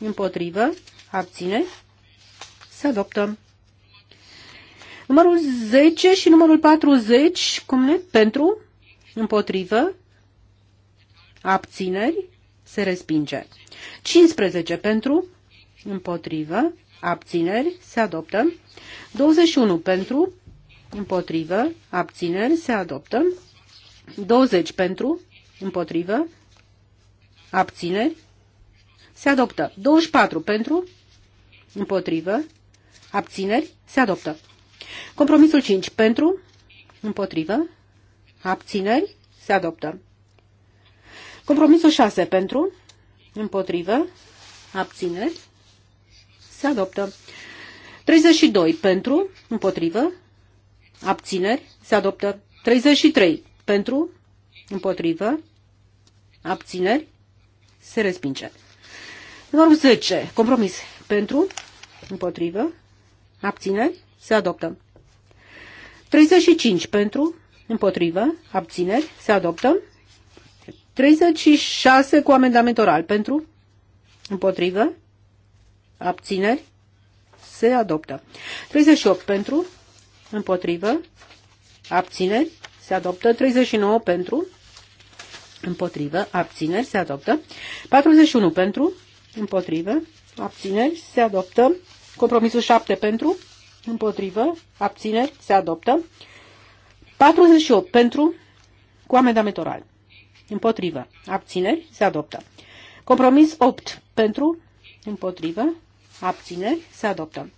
Împotrivă? Abțineri? Se adoptă. Numărul 10 și numărul 40, cum ne? Pentru? Împotrivă? Abțineri? Se respinge. 15 pentru? Împotrivă? Abțineri? Se adoptă. 21 pentru? Împotrivă? Abțineri? Se adoptă. 20 pentru? Împotrivă? Abțineri? Se adoptă. 24 pentru? Împotrivă? Abțineri? Se adoptă. Compromisul 5 pentru? Împotrivă? Abțineri? Se adoptă. Compromisul 6 pentru, împotrivă, abțineri, se adoptă. 32 pentru, împotrivă, abțineri, se adoptă. 33 pentru, împotrivă, abțineri, se respinge. Numărul 10, compromis pentru, împotrivă, abțineri, se adoptă. 35 pentru, Împotrivă. Abțineri. Se adoptă. 36 cu amendament oral. Pentru. Împotrivă. Abțineri. Se adoptă. 38 pentru. Împotrivă. Abțineri. Se adoptă. 39 pentru. Împotrivă. Abțineri. Se adoptă. 41 pentru. Împotrivă. Abțineri. Se adoptă. Compromisul 7 pentru. Împotrivă. Abțineri. Se adoptă. 48 pentru, cu amendament oral. Împotrivă. Abțineri. Se adoptă. Compromis 8 pentru, împotrivă. Abțineri. Se adoptă.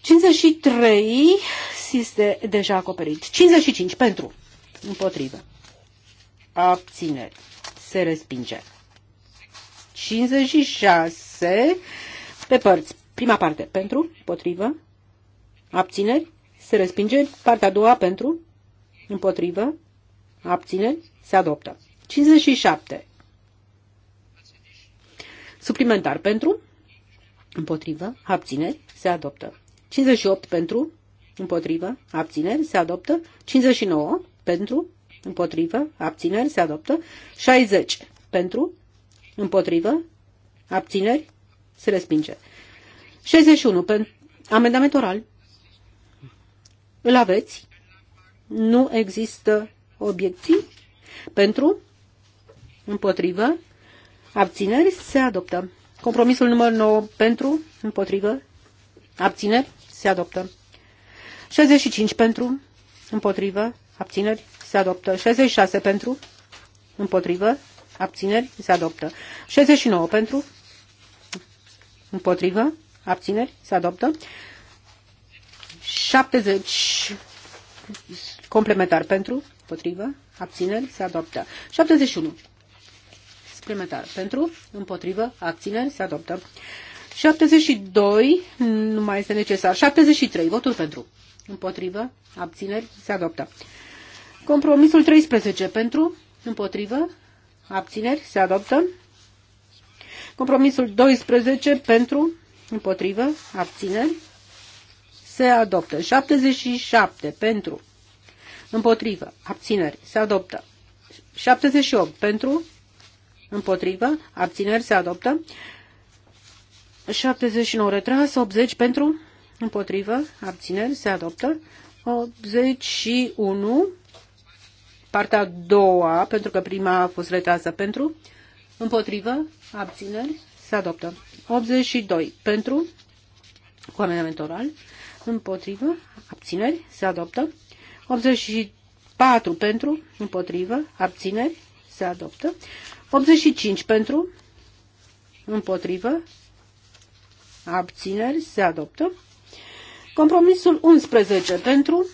53 este deja acoperit. 55 pentru, împotrivă. Abțineri. Se respinge. 56 pe părți. Prima parte pentru, împotrivă. Abțineri se respinge. Partea a doua pentru, împotrivă, abțineri, se adoptă. 57. Suplimentar pentru, împotrivă, abțineri, se adoptă. 58 pentru, împotrivă, abțineri, se adoptă. 59 pentru, împotrivă, abțineri, se adoptă. 60 pentru, împotrivă, abțineri, se respinge. 61 pentru, amendament oral îl aveți? Nu există obiecții? Pentru? Împotrivă? Abțineri? Se adoptă. Compromisul numărul 9 pentru? Împotrivă? Abțineri? Se adoptă. 65 pentru? Împotrivă? Abțineri? Se adoptă. 66 pentru? Împotrivă? Abțineri? Se adoptă. 69 pentru? Împotrivă? Abțineri? Se adoptă. 70 complementar pentru, potrivă, abțineri, se adoptă. 71 suplimentar pentru, împotrivă, abțineri, se adoptă. 72 nu mai este necesar. 73 votul pentru, împotrivă, abțineri, se adoptă. Compromisul 13 pentru, împotrivă, abțineri, se adoptă. Compromisul 12 pentru, împotrivă, abțineri, se adoptă. 77 pentru, împotrivă, abțineri, se adoptă. 78 pentru, împotrivă, abțineri, se adoptă. 79 retras, 80 pentru, împotrivă, abțineri, se adoptă. 81, partea a doua, pentru că prima a fost retrasă pentru, împotrivă, abțineri, se adoptă. 82 pentru, cu amendament oral, împotrivă, abțineri, se adoptă. 84 pentru, împotrivă, abțineri, se adoptă. 85 pentru, împotrivă, abțineri, se adoptă. Compromisul 11 pentru,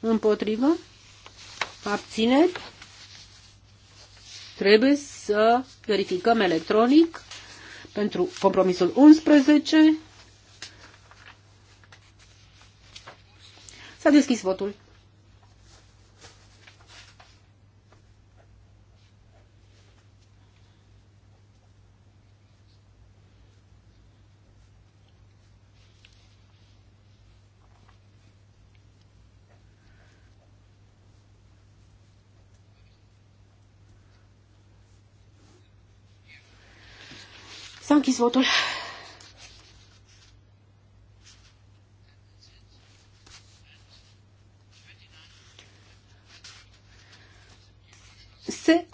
împotrivă, abțineri, trebuie să verificăm electronic pentru compromisul 11. S-a deschis votul. S-a închis votul.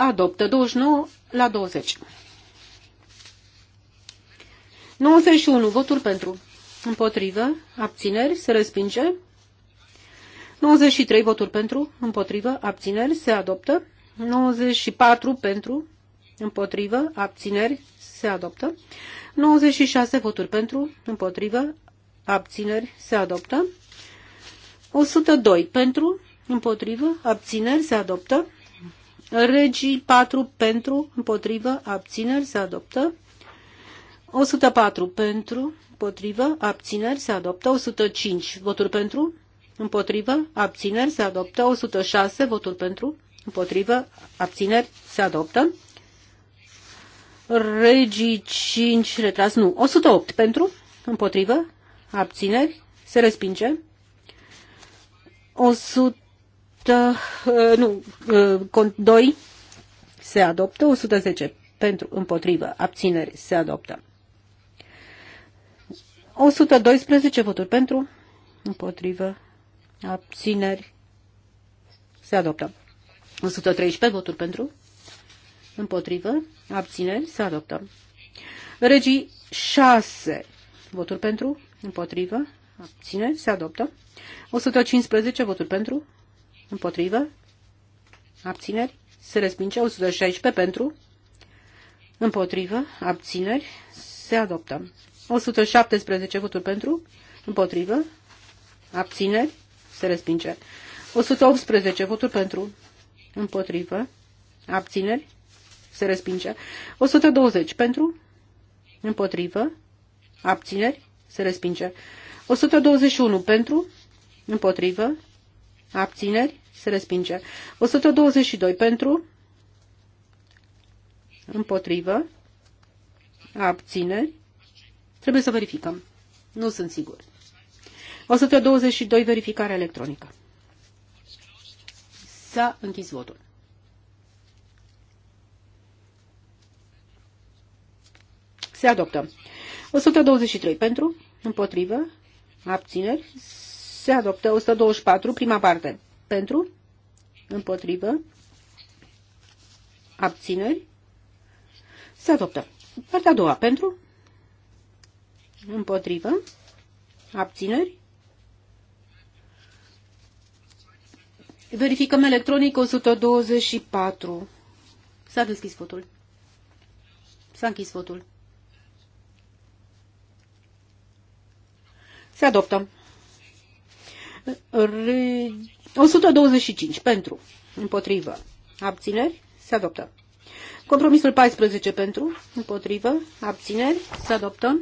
adoptă 29 la 20. 91 voturi pentru, împotrivă, abțineri, se respinge. 93 voturi pentru, împotrivă, abțineri, se adoptă. 94 pentru, împotrivă, abțineri, se adoptă. 96 voturi pentru, împotrivă, abțineri, se adoptă. 102 pentru, împotrivă, abțineri, se adoptă. Regii 4 pentru, împotrivă, abțineri se adoptă. 104 pentru, împotrivă, abțineri se adoptă. 105 voturi pentru, împotrivă, abțineri se adoptă. 106 voturi pentru, împotrivă, abțineri se adoptă. Regii 5 retras, nu, 108 pentru, împotrivă, abțineri se respinge. 100 adoptă, uh, nu, uh, cont 2 se adoptă, 110 pentru împotrivă, abțineri se adoptă. 112 voturi pentru, împotrivă, abțineri se adoptă. 113 voturi pentru, împotrivă, abțineri se adoptă. Regii 6 voturi pentru, împotrivă, abțineri se adoptă. 115 voturi pentru, Împotrivă? Abțineri? Se respinge 116 pentru? Împotrivă? Abțineri? Se adoptă. 117 voturi pentru? Împotrivă? Abțineri? Se respinge. 118 voturi pentru? Împotrivă? Abțineri? Se respinge. 120 pentru? Împotrivă? Abțineri? Se respinge. 121 pentru? Împotrivă? Abțineri? Se respinge. 122 pentru? Împotrivă? Abțineri? Trebuie să verificăm. Nu sunt sigur. 122 verificare electronică. S-a închis votul. Se adoptă. 123 pentru, împotrivă, abțineri, se adoptă 124, prima parte. Pentru? Împotrivă? Abțineri? Se adoptă. Partea a doua. Pentru? Împotrivă? Abțineri? Verificăm electronic 124. S-a deschis votul. S-a închis votul. Se adoptă. 125 pentru, împotrivă, abțineri, se adoptă. Compromisul 14 pentru, împotrivă, abțineri, se adoptă.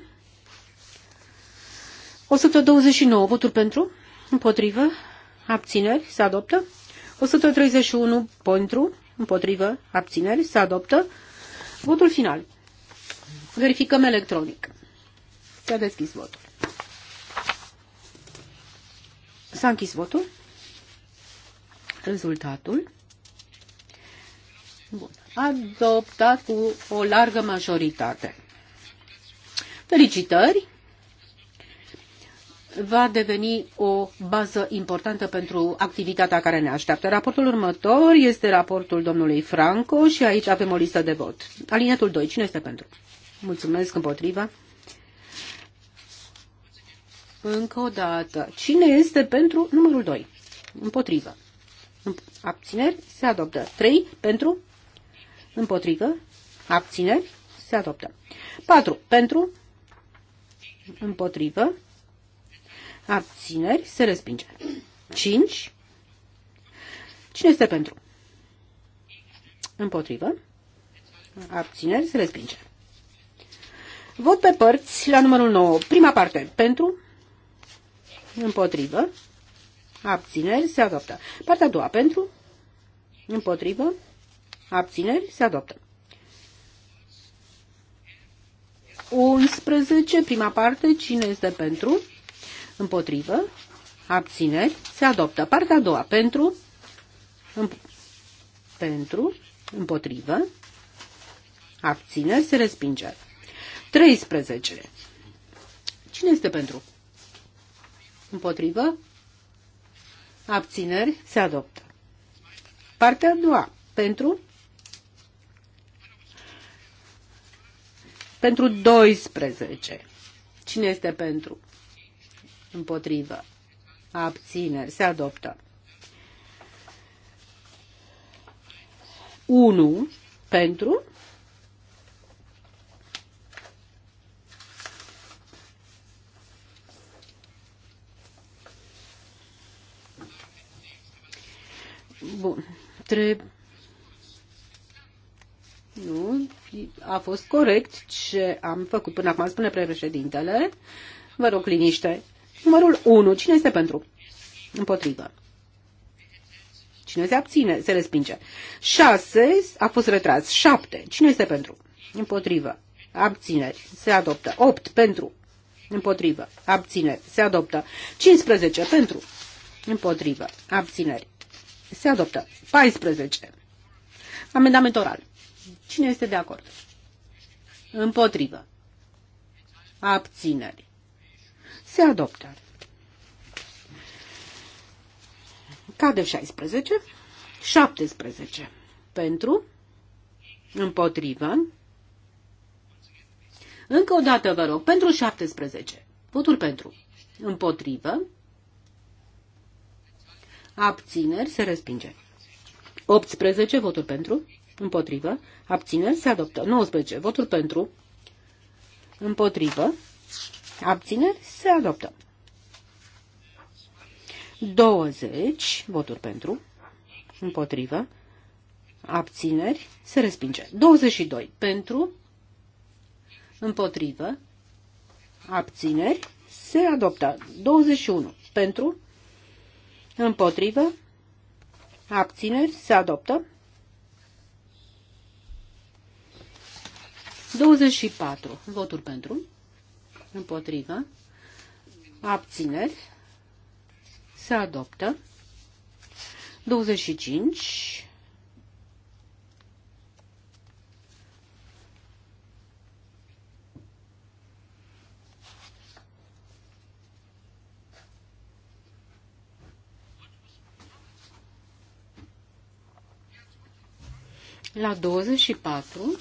129 voturi pentru, împotrivă, abțineri, se adoptă. 131 pentru, împotrivă, abțineri, se adoptă. Votul final. Verificăm electronic. S-a deschis votul. S-a închis votul. Rezultatul. Bun. Adoptat cu o largă majoritate. Felicitări! va deveni o bază importantă pentru activitatea care ne așteaptă. Raportul următor este raportul domnului Franco și aici avem o listă de vot. Aliniatul 2. Cine este pentru? Mulțumesc împotriva. Încă o dată. Cine este pentru numărul 2? Împotrivă. Abțineri se adoptă. 3 pentru. Împotrivă. Abțineri se adoptă. 4 pentru. Împotrivă. Abțineri se respinge. 5. Cine este pentru? Împotrivă. Abțineri se respinge. Vot pe părți la numărul 9. Prima parte pentru. Împotrivă. Abțineri. Se adoptă. Partea a doua pentru. Împotrivă. Abțineri. Se adoptă. 11. Prima parte. Cine este pentru? Împotrivă. Abțineri. Se adoptă. Partea a doua pentru. Împ pentru. Împotrivă. Abțineri. Se respinge. 13. Cine este pentru? Împotrivă? Abțineri? Se adoptă. Partea a doua. Pentru? Pentru 12. Cine este pentru? Împotrivă. Abțineri. Se adoptă. 1 pentru, Bun. Trebuie nu, a fost corect ce am făcut până acum, spune președintele. Vă rog liniște. Numărul 1. Cine este pentru? Împotrivă. Cine se abține? Se respinge. 6. A fost retras. 7. Cine este pentru? Împotrivă. Abțineri. Se adoptă. 8. Pentru. Împotrivă. Abțineri. Se adoptă. 15. Pentru. Împotrivă. Abțineri. Se adoptă. 14. Amendament oral. Cine este de acord? Împotrivă. Abțineri. Se adoptă. Cade 16. 17. Pentru. Împotrivă. Încă o dată vă rog. Pentru 17. Votul pentru. Împotrivă abțineri, se respinge. 18 voturi pentru, împotrivă, abțineri, se adoptă. 19 voturi pentru, împotrivă, abțineri, se adoptă. 20 voturi pentru, împotrivă, abțineri, se respinge. 22 pentru, împotrivă, abțineri, se adoptă. 21 pentru, împotrivă. Împotrivă. Abțineri. Se adoptă. 24. Voturi pentru. Împotrivă. Abțineri. Se adoptă. 25. La 24,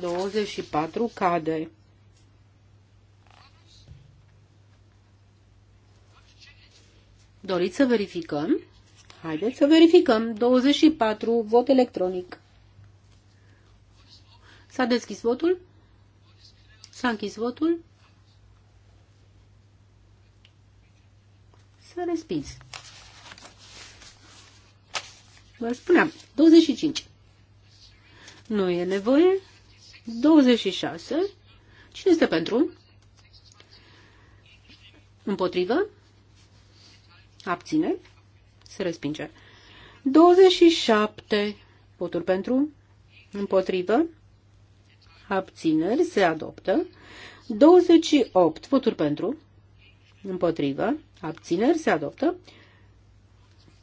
24 cade. Doriți să verificăm? Haideți să verificăm. 24, vot electronic. S-a deschis votul? S-a închis votul? Să respins. Vă spuneam, 25. Nu e nevoie. 26. Cine este pentru? Împotrivă? Abține? Se respinge. 27. Voturi pentru? Împotrivă? Abțineri? Se adoptă. 28. Voturi pentru? Împotrivă? Abțineri? Se adoptă.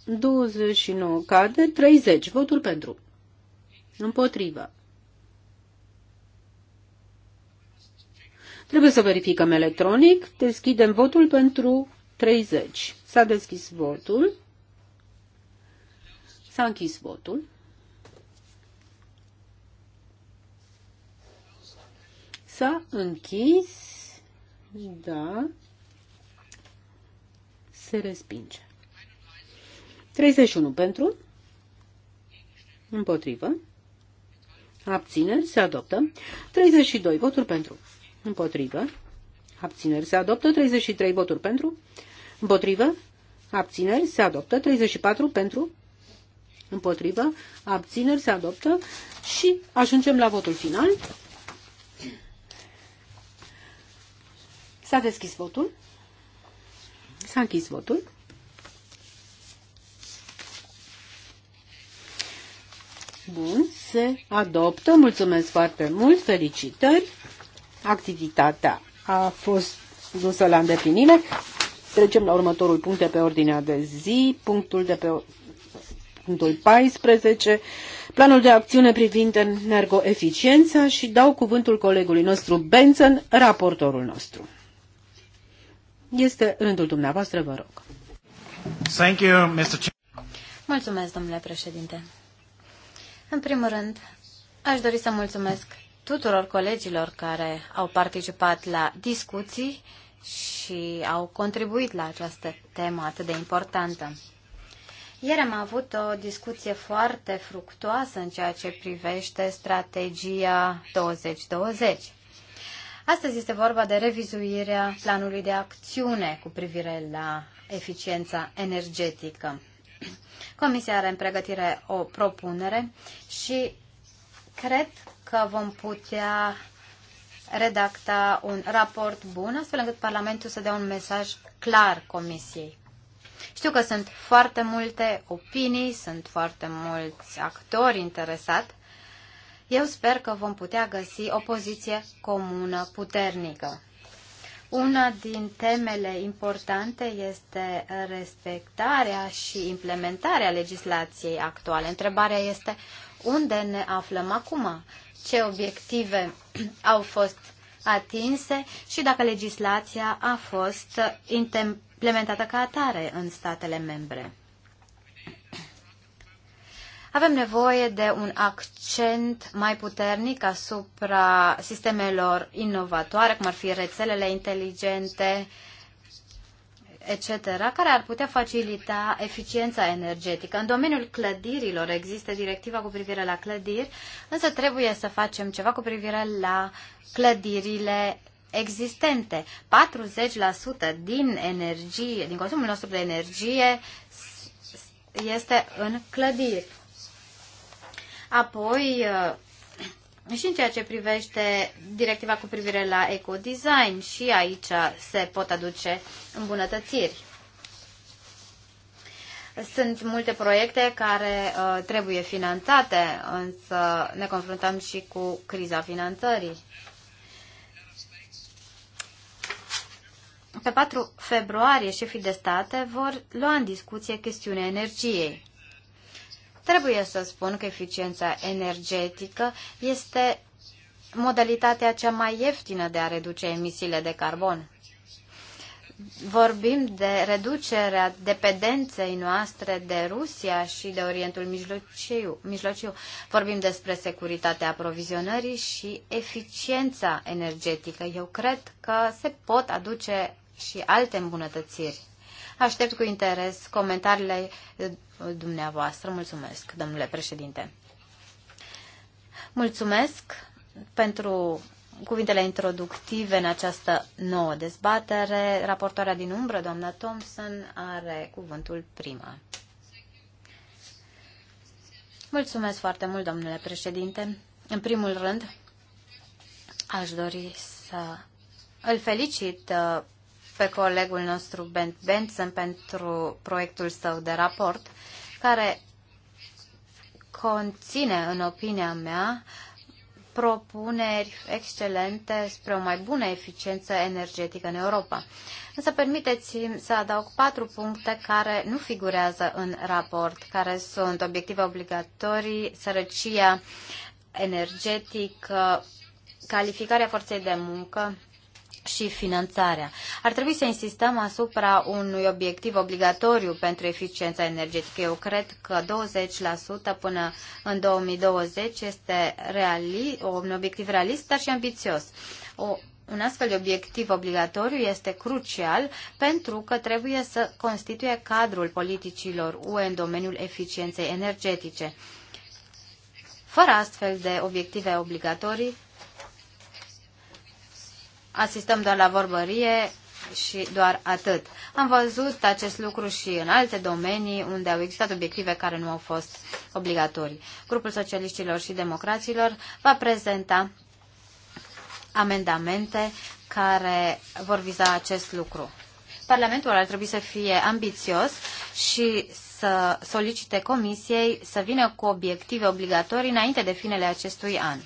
29 cade, 30. Votul pentru. Împotrivă. Trebuie să verificăm electronic. Deschidem votul pentru 30. S-a deschis votul. S-a închis votul. S-a închis. Da. Se respinge. 31 pentru, împotrivă, abțineri, se adoptă. 32 voturi pentru, împotrivă, abțineri, se adoptă. 33 voturi pentru, împotrivă, abțineri, se adoptă. 34 pentru, împotrivă, abțineri, se adoptă. Și ajungem la votul final. S-a deschis votul. S-a închis votul. Bun, se adoptă. Mulțumesc foarte mult, felicitări. Activitatea a fost dusă la îndeplinire. Trecem la următorul punct de pe ordinea de zi, punctul de pe punctul 14, planul de acțiune privind energoeficiența și dau cuvântul colegului nostru Benson, raportorul nostru. Este rândul dumneavoastră, vă rog. Thank you, Mr. Mulțumesc, domnule președinte. În primul rând, aș dori să mulțumesc tuturor colegilor care au participat la discuții și au contribuit la această temă atât de importantă. Ieri am avut o discuție foarte fructuoasă în ceea ce privește strategia 2020. Astăzi este vorba de revizuirea planului de acțiune cu privire la eficiența energetică. Comisia are în pregătire o propunere și cred că vom putea redacta un raport bun, astfel încât Parlamentul să dea un mesaj clar Comisiei. Știu că sunt foarte multe opinii, sunt foarte mulți actori interesați. Eu sper că vom putea găsi o poziție comună puternică. Una din temele importante este respectarea și implementarea legislației actuale. Întrebarea este unde ne aflăm acum, ce obiective *clears throat* au fost atinse și dacă legislația a fost implementată ca atare în statele membre. Avem nevoie de un accent mai puternic asupra sistemelor inovatoare, cum ar fi rețelele inteligente, etc., care ar putea facilita eficiența energetică. În domeniul clădirilor există directiva cu privire la clădiri, însă trebuie să facem ceva cu privire la clădirile existente. 40% din energie, din consumul nostru de energie este în clădiri. Apoi, uh, și în ceea ce privește directiva cu privire la ecodesign, și aici se pot aduce îmbunătățiri. Sunt multe proiecte care uh, trebuie finanțate, însă ne confruntăm și cu criza finanțării. Pe 4 februarie, șefii de state vor lua în discuție chestiunea energiei. Trebuie să spun că eficiența energetică este modalitatea cea mai ieftină de a reduce emisiile de carbon. Vorbim de reducerea dependenței noastre de Rusia și de Orientul Mijlociu. Mijlociu. Vorbim despre securitatea aprovizionării și eficiența energetică. Eu cred că se pot aduce și alte îmbunătățiri. Aștept cu interes comentariile eh, dumneavoastră. Mulțumesc, domnule președinte. Mulțumesc pentru cuvintele introductive în această nouă dezbatere. Raportoarea din umbră, doamna Thompson, are cuvântul prima. Mulțumesc foarte mult, domnule președinte. În primul rând, aș dori să îl felicit eh, pe colegul nostru Bent Benson pentru proiectul său de raport, care conține, în opinia mea, propuneri excelente spre o mai bună eficiență energetică în Europa. Însă permiteți-mi să adaug patru puncte care nu figurează în raport, care sunt obiective obligatorii, sărăcia energetică, calificarea forței de muncă și finanțarea. Ar trebui să insistăm asupra unui obiectiv obligatoriu pentru eficiența energetică. Eu cred că 20% până în 2020 este reali, un obiectiv realist, dar și ambițios. O, un astfel de obiectiv obligatoriu este crucial pentru că trebuie să constituie cadrul politicilor UE în domeniul eficienței energetice. Fără astfel de obiective obligatorii, asistăm doar la vorbărie și doar atât. Am văzut acest lucru și în alte domenii unde au existat obiective care nu au fost obligatorii. Grupul Socialiștilor și Democraților va prezenta amendamente care vor viza acest lucru. Parlamentul ar trebui să fie ambițios și să solicite Comisiei să vină cu obiective obligatorii înainte de finele acestui an.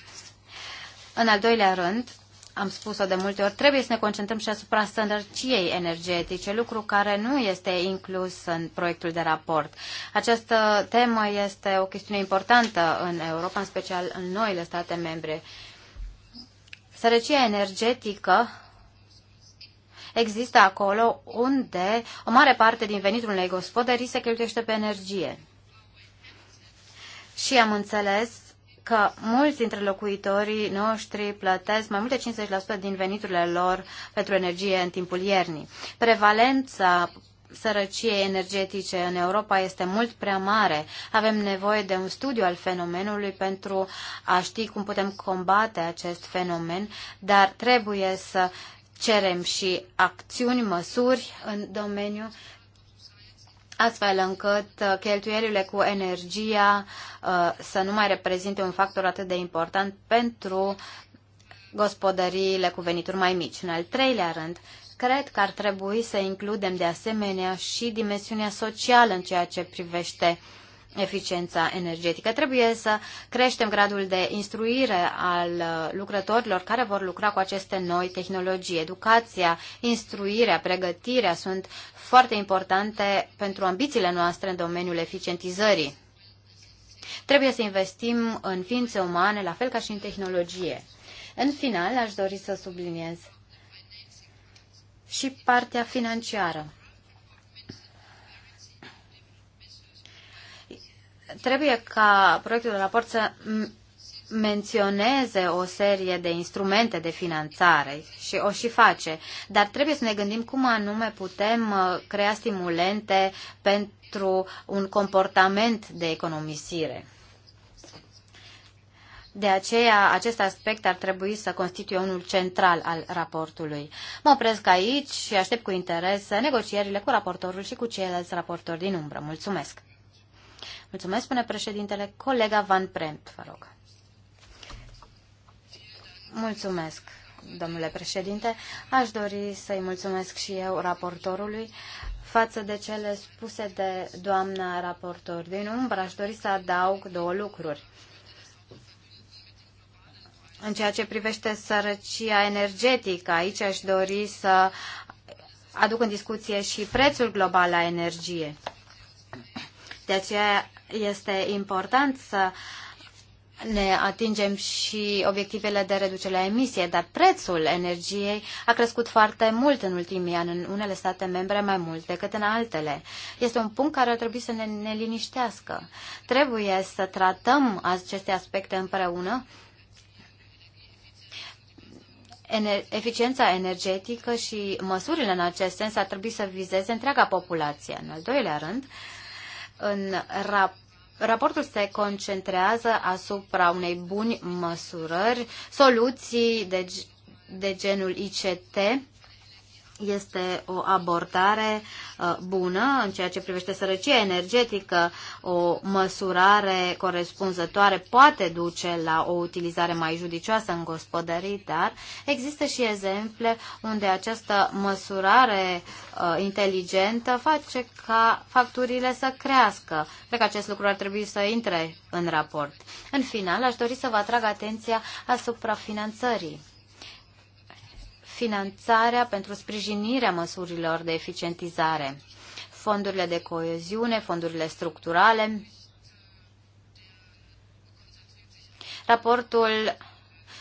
În al doilea rând, am spus-o de multe ori, trebuie să ne concentrăm și asupra sănărciei energetice, lucru care nu este inclus în proiectul de raport. Această temă este o chestiune importantă în Europa, în special în noile state membre. Sărăcia energetică există acolo unde o mare parte din venitul unei gospodării se cheltuiește pe energie. Și am înțeles că mulți dintre locuitorii noștri plătesc mai mult de 50% din veniturile lor pentru energie în timpul iernii. Prevalența sărăciei energetice în Europa este mult prea mare. Avem nevoie de un studiu al fenomenului pentru a ști cum putem combate acest fenomen, dar trebuie să cerem și acțiuni, măsuri în domeniu astfel încât uh, cheltuielile cu energia uh, să nu mai reprezinte un factor atât de important pentru gospodăriile cu venituri mai mici. În al treilea rând, cred că ar trebui să includem de asemenea și dimensiunea socială în ceea ce privește uh, eficiența energetică. Trebuie să creștem gradul de instruire al uh, lucrătorilor care vor lucra cu aceste noi tehnologii. Educația, instruirea, pregătirea sunt foarte importante pentru ambițiile noastre în domeniul eficientizării. Trebuie să investim în ființe umane, la fel ca și în tehnologie. În final, aș dori să subliniez și partea financiară. trebuie ca proiectul de raport să menționeze o serie de instrumente de finanțare și o și face, dar trebuie să ne gândim cum anume putem uh, crea stimulente pentru un comportament de economisire. De aceea, acest aspect ar trebui să constituie unul central al raportului. Mă opresc aici și aștept cu interes negocierile cu raportorul și cu ceilalți raportori din umbră. Mulțumesc! Mulțumesc, spune președintele. Colega Van Prent, vă rog. Mulțumesc, domnule președinte. Aș dori să-i mulțumesc și eu raportorului față de cele spuse de doamna raportor. Din umbră aș dori să adaug două lucruri. În ceea ce privește sărăcia energetică, aici aș dori să aduc în discuție și prețul global la energie. De aceea este important să ne atingem și obiectivele de reducere a emisiei, dar prețul energiei a crescut foarte mult în ultimii ani, în unele state membre mai mult decât în altele. Este un punct care ar trebui să ne, ne liniștească. Trebuie să tratăm aceste aspecte împreună. Ener eficiența energetică și măsurile în acest sens ar trebui să vizeze întreaga populație. În al doilea rând, uh, în rap- Raportul se concentrează asupra unei buni măsurări, soluții de, de genul ICT, este o abordare uh, bună în ceea ce privește sărăcia energetică, o măsurare corespunzătoare poate duce la o utilizare mai judicioasă în gospodării, dar există și exemple unde această măsurare uh, inteligentă face ca facturile să crească. Cred că acest lucru ar trebui să intre în raport. În final, aș dori să vă atrag atenția asupra finanțării finanțarea pentru sprijinirea măsurilor de eficientizare, fondurile de coeziune, fondurile structurale. Raportul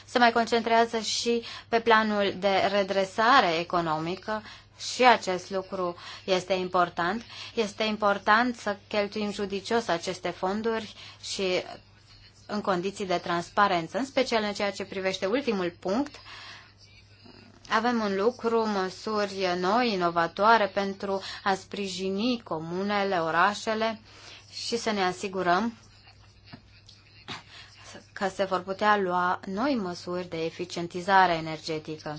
se mai concentrează și pe planul de redresare economică și acest lucru este important. Este important să cheltuim judicios aceste fonduri și în condiții de transparență, în special în ceea ce privește ultimul punct, avem în lucru măsuri noi, inovatoare, pentru a sprijini comunele, orașele și să ne asigurăm că se vor putea lua noi măsuri de eficientizare energetică.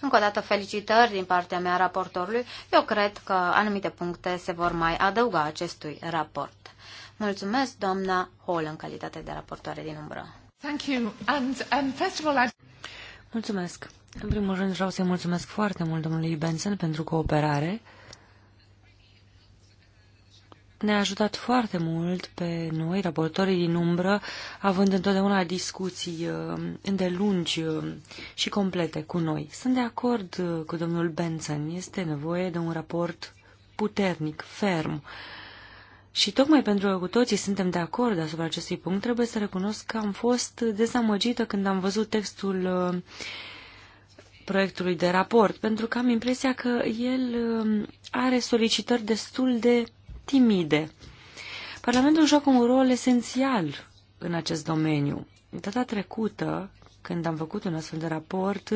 Încă o dată felicitări din partea mea raportorului. Eu cred că anumite puncte se vor mai adăuga acestui raport. Mulțumesc, doamna Hall, în calitate de raportoare din umbră. Thank you. And, um, first of all, I... Mulțumesc. În primul rând vreau să-i mulțumesc foarte mult domnului Benson pentru cooperare. Ne-a ajutat foarte mult pe noi, raportorii din umbră, având întotdeauna discuții uh, îndelungi uh, și complete cu noi. Sunt de acord uh, cu domnul Benson. Este nevoie de un raport puternic, ferm, și tocmai pentru că cu toții suntem de acord asupra acestui punct, trebuie să recunosc că am fost dezamăgită când am văzut textul uh, proiectului de raport, pentru că am impresia că el um, are solicitări destul de timide. Parlamentul joacă un rol esențial în acest domeniu. Data trecută, când am făcut un astfel de raport,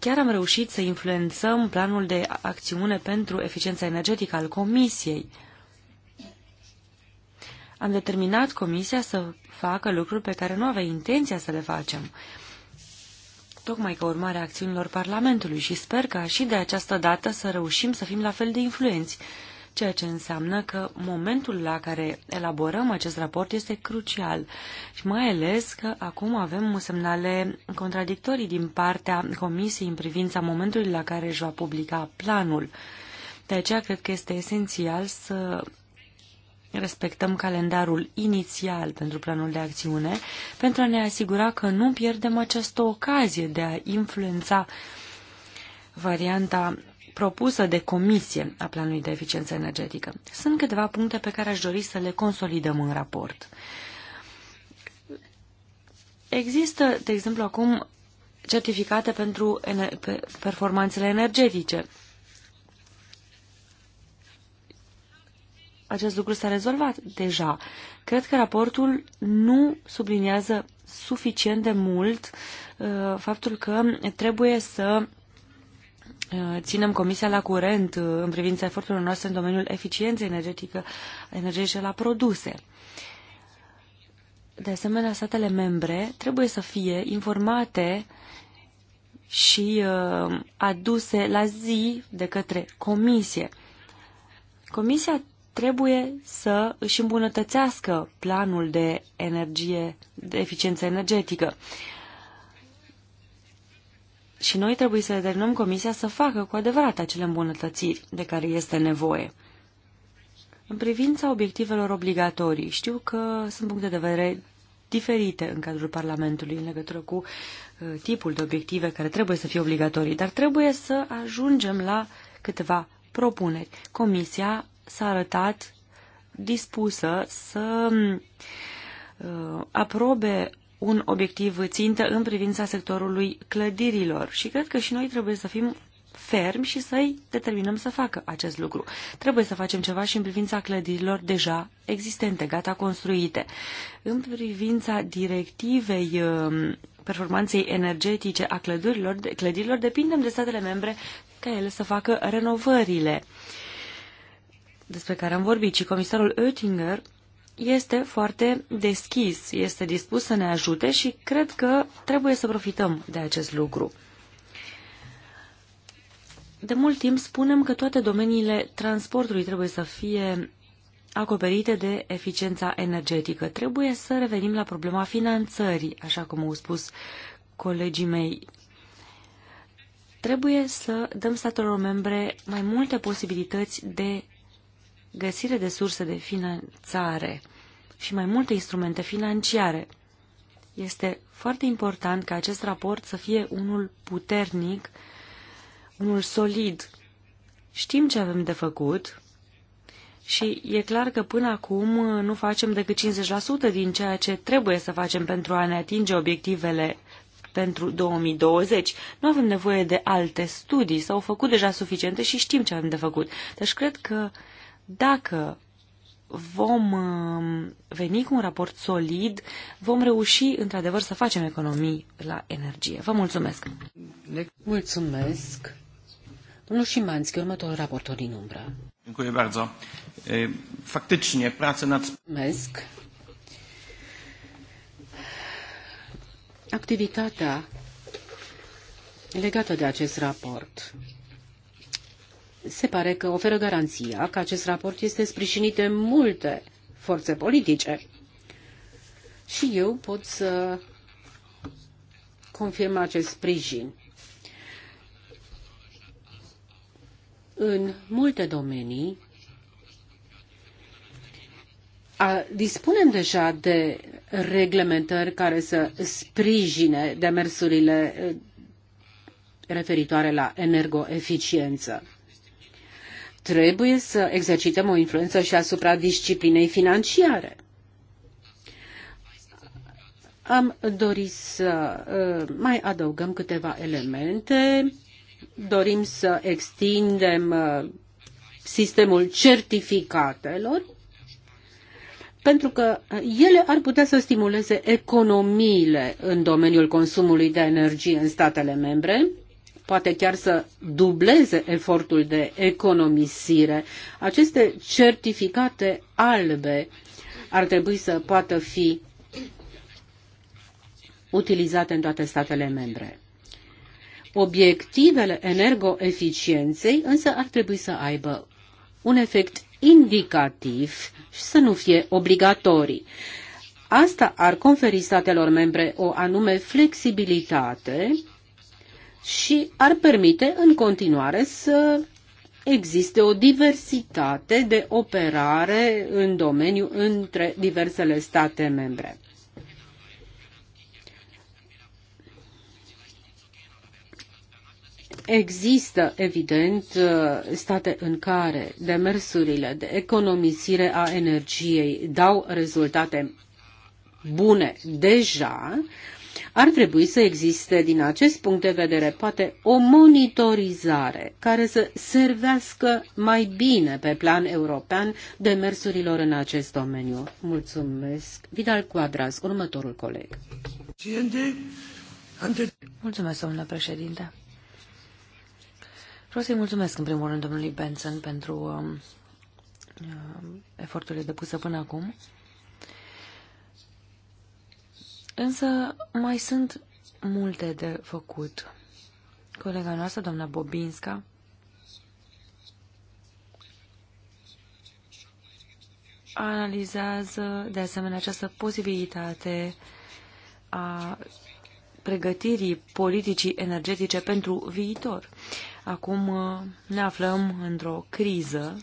chiar am reușit să influențăm planul de acțiune pentru eficiența energetică al Comisiei. Am determinat Comisia să facă lucruri pe care nu avea intenția să le facem, tocmai ca urmare a acțiunilor Parlamentului și sper ca și de această dată să reușim să fim la fel de influenți, ceea ce înseamnă că momentul la care elaborăm acest raport este crucial și mai ales că acum avem semnale contradictorii din partea Comisiei în privința momentului la care își va publica planul. De aceea cred că este esențial să respectăm calendarul inițial pentru planul de acțiune, pentru a ne asigura că nu pierdem această ocazie de a influența varianta propusă de comisie a planului de eficiență energetică. Sunt câteva puncte pe care aș dori să le consolidăm în raport. Există, de exemplu, acum certificate pentru performanțele energetice, acest lucru s-a rezolvat deja. Cred că raportul nu subliniază suficient de mult uh, faptul că trebuie să uh, ținem Comisia la curent uh, în privința eforturilor noastre în domeniul eficienței energetică, energetice la produse. De asemenea, statele membre trebuie să fie informate și uh, aduse la zi de către Comisie. Comisia trebuie să își îmbunătățească planul de energie, de eficiență energetică. Și noi trebuie să determinăm Comisia să facă cu adevărat acele îmbunătățiri de care este nevoie. În privința obiectivelor obligatorii, știu că sunt puncte de vedere diferite în cadrul Parlamentului în legătură cu uh, tipul de obiective care trebuie să fie obligatorii, dar trebuie să ajungem la câteva propuneri. Comisia s-a arătat dispusă să uh, aprobe un obiectiv țintă în privința sectorului clădirilor și cred că și noi trebuie să fim fermi și să-i determinăm să facă acest lucru. Trebuie să facem ceva și în privința clădirilor deja existente, gata construite. În privința directivei um, performanței energetice a clădirilor, clădirilor depindem de statele membre ca ele să facă renovările. Uh, despre care am vorbit, ci comisarul Oettinger este foarte deschis, este dispus să ne ajute și cred că trebuie să profităm de acest lucru. De mult timp spunem că toate domeniile transportului trebuie să fie acoperite de eficiența energetică. Trebuie să revenim la problema finanțării, așa cum au spus colegii mei. Trebuie să dăm statelor membre mai multe posibilități de găsire de surse de finanțare și mai multe instrumente financiare. Este foarte important ca acest raport să fie unul puternic, unul solid. Știm ce avem de făcut și e clar că până acum nu facem decât 50% din ceea ce trebuie să facem pentru a ne atinge obiectivele pentru 2020. Nu avem nevoie de alte studii, s-au făcut deja suficiente și știm ce avem de făcut. Deci cred că dacă vom um, veni cu un raport solid, vom reuși într-adevăr să facem economii la energie. Vă mulțumesc! Mulțumesc! Domnul Szymanski, următorul raportor din umbră. Dziękuję bardzo. Faktycznie prace nad... Mulțumesc! Activitatea legată de acest raport se pare că oferă garanția că acest raport este sprijinit de multe forțe politice. Și eu pot să confirm acest sprijin. În multe domenii a, dispunem deja de reglementări care să sprijine demersurile eh, referitoare la energoeficiență trebuie să exercităm o influență și asupra disciplinei financiare. Am dorit să uh, mai adăugăm câteva elemente. Dorim să extindem uh, sistemul certificatelor pentru că ele ar putea să stimuleze economiile în domeniul consumului de energie în statele membre poate chiar să dubleze efortul de economisire. Aceste certificate albe ar trebui să poată fi utilizate în toate statele membre. Obiectivele energoeficienței însă ar trebui să aibă un efect indicativ și să nu fie obligatorii. Asta ar conferi statelor membre o anume flexibilitate și ar permite în continuare să existe o diversitate de operare în domeniu între diversele state membre. Există, evident, state în care demersurile de economisire a energiei dau rezultate bune deja, ar trebui să existe, din acest punct de vedere, poate o monitorizare care să servească mai bine pe plan european demersurilor în acest domeniu. Mulțumesc. Vidal Quadras, următorul coleg. Mulțumesc, domnule președinte. Vreau să-i mulțumesc, în primul rând, domnului Benson pentru um, uh, eforturile depuse până acum. Însă mai sunt multe de făcut. Colega noastră, doamna Bobinska, analizează de asemenea această posibilitate a pregătirii politicii energetice pentru viitor. Acum uh, ne aflăm într-o criză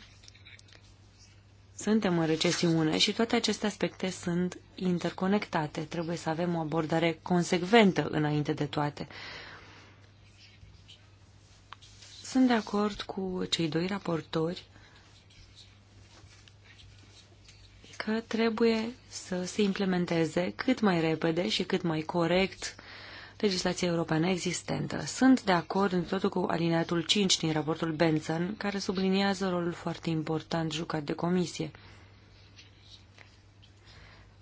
suntem în recesiune și toate aceste aspecte sunt interconectate. Trebuie să avem o abordare consecventă înainte de toate. Sunt de acord cu cei doi raportori că trebuie să se implementeze cât mai repede și cât mai corect legislației europene existentă. Sunt de acord în totul cu alineatul 5 din raportul Benson, care subliniază rolul foarte important jucat de comisie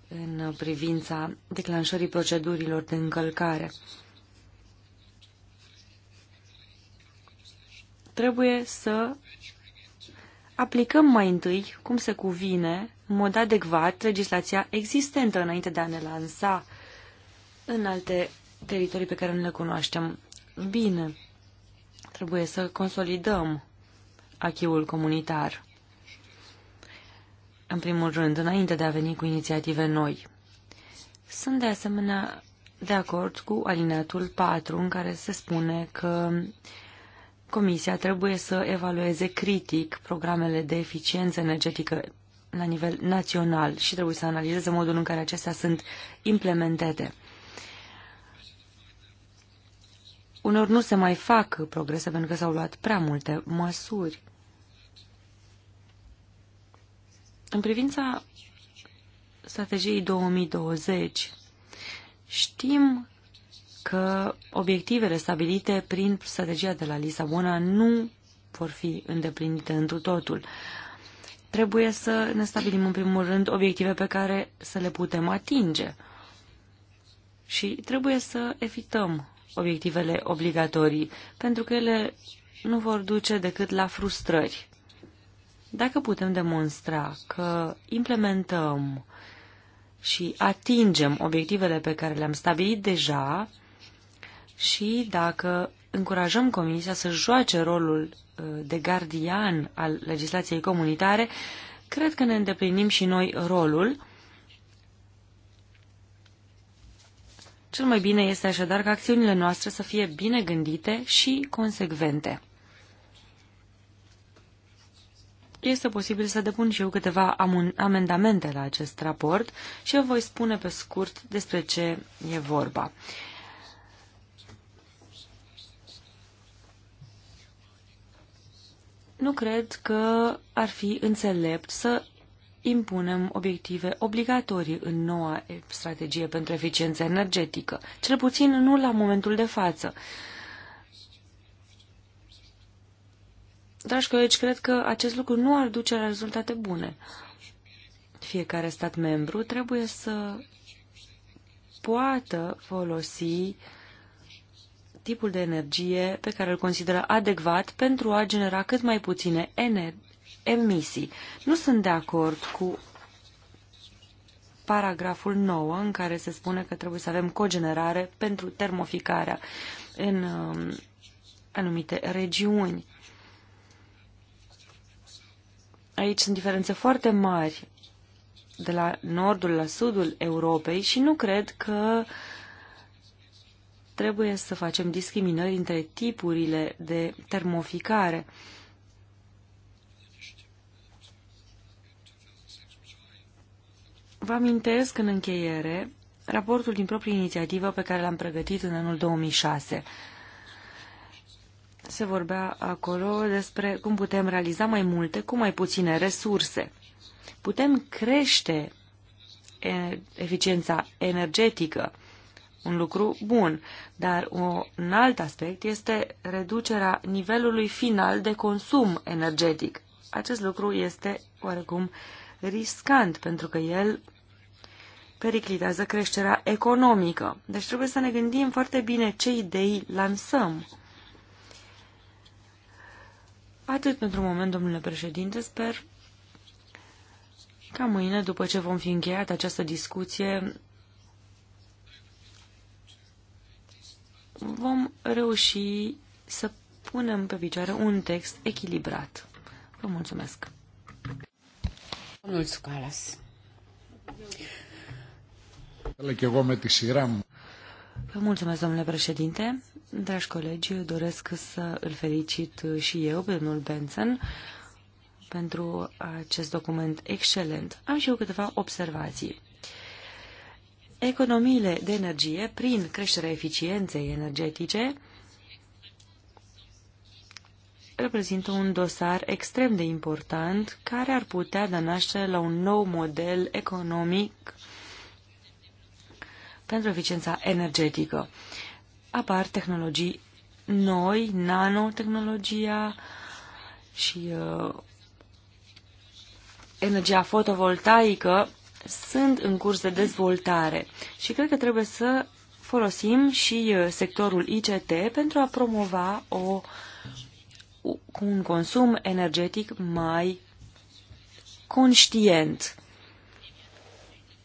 în privința declanșării procedurilor de încălcare. Trebuie să aplicăm mai întâi, cum se cuvine, în mod adecvat, legislația existentă înainte de a ne lansa în alte teritorii pe care nu le cunoaștem bine. Trebuie să consolidăm achiul comunitar. În primul rând, înainte de a veni cu inițiative noi. Sunt de asemenea de acord cu alineatul 4, în care se spune că Comisia trebuie să evalueze critic programele de eficiență energetică la nivel național și trebuie să analizeze modul în care acestea sunt implementate. Unor nu se mai fac progrese pentru că s-au luat prea multe măsuri. În privința strategiei 2020, știm că obiectivele stabilite prin strategia de la Lisabona nu vor fi îndeplinite întru totul. Trebuie să ne stabilim în primul rând obiective pe care să le putem atinge și trebuie să evităm obiectivele obligatorii, pentru că ele nu vor duce decât la frustrări. Dacă putem demonstra că implementăm și atingem obiectivele pe care le-am stabilit deja și dacă încurajăm Comisia să joace rolul uh, de gardian al legislației comunitare, cred că ne îndeplinim și noi rolul Cel mai bine este așadar ca acțiunile noastre să fie bine gândite și consecvente. Este posibil să depun și eu câteva amendamente la acest raport și eu voi spune pe scurt despre ce e vorba. Nu cred că ar fi înțelept să impunem obiective obligatorii în noua strategie pentru eficiență energetică, cel puțin nu la momentul de față. Dragi colegi, cred că acest lucru nu ar duce la rezultate bune. Fiecare stat membru trebuie să poată folosi tipul de energie pe care îl consideră adecvat pentru a genera cât mai puține emisii. Nu sunt de acord cu paragraful 9 în care se spune că trebuie să avem cogenerare pentru termoficarea în um, anumite regiuni. Aici sunt diferențe foarte mari de la nordul la sudul Europei și nu cred că trebuie să facem discriminări între tipurile de termoficare. Vă amintesc în încheiere raportul din proprie inițiativă pe care l-am pregătit în anul 2006. Se vorbea acolo despre cum putem realiza mai multe cu mai puține resurse. Putem crește eficiența energetică, un lucru bun, dar un alt aspect este reducerea nivelului final de consum energetic. Acest lucru este oarecum uh, riscant, pentru că el periclitează creșterea economică. Deci trebuie să ne gândim foarte bine ce idei lansăm. Atât pentru moment, domnule președinte, sper ca mâine, după ce vom fi încheiat această discuție, vom reuși să punem pe picioare un text echilibrat. Vă mulțumesc! Domnul Sucalas. Vă mulțumesc, domnule președinte. Dragi colegi, doresc să îl felicit și eu pe domnul Benson pentru acest document excelent. Am și eu câteva observații. Economiile de energie, prin creșterea eficienței energetice, reprezintă un dosar extrem de important care ar putea da naștere la un nou model economic pentru eficiența energetică. Apar tehnologii noi, nanotehnologia și uh, energia fotovoltaică sunt în curs de dezvoltare și cred că trebuie să folosim și uh, sectorul ICT pentru a promova o uh, cu un consum energetic mai conștient.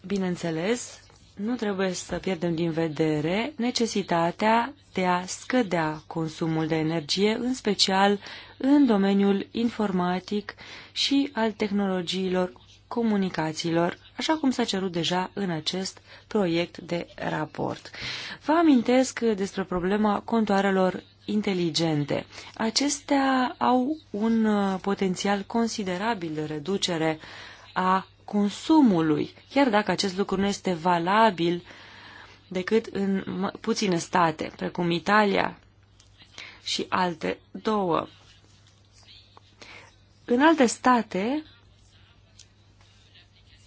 Bineînțeles, nu trebuie să pierdem din vedere necesitatea de a scădea consumul de energie, în special în domeniul informatic și al tehnologiilor comunicațiilor, așa cum s-a cerut deja în acest proiect de raport. Vă amintesc despre problema contoarelor inteligente. Acestea au un uh, potențial considerabil de reducere a consumului, chiar dacă acest lucru nu este valabil decât în puține state, precum Italia și alte două. În alte state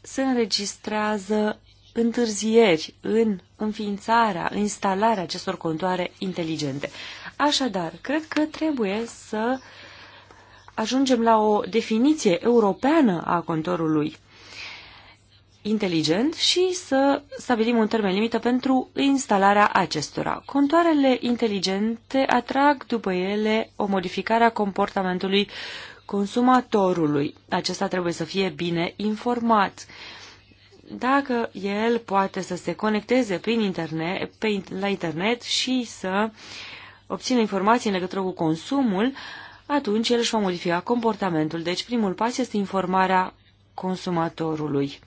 se înregistrează întârzieri în înființarea, instalarea acestor contoare inteligente. Așadar, cred că trebuie să ajungem la o definiție europeană a contorului inteligent și să stabilim un termen limită pentru instalarea acestora. Contoarele inteligente atrag după ele o modificare a comportamentului consumatorului. Acesta trebuie să fie bine informat. Dacă el poate să se conecteze prin internet, pe, la internet și să uh, obțină informații în legătură cu consumul, atunci el își va modifica comportamentul. Deci primul pas este informarea consumatorului.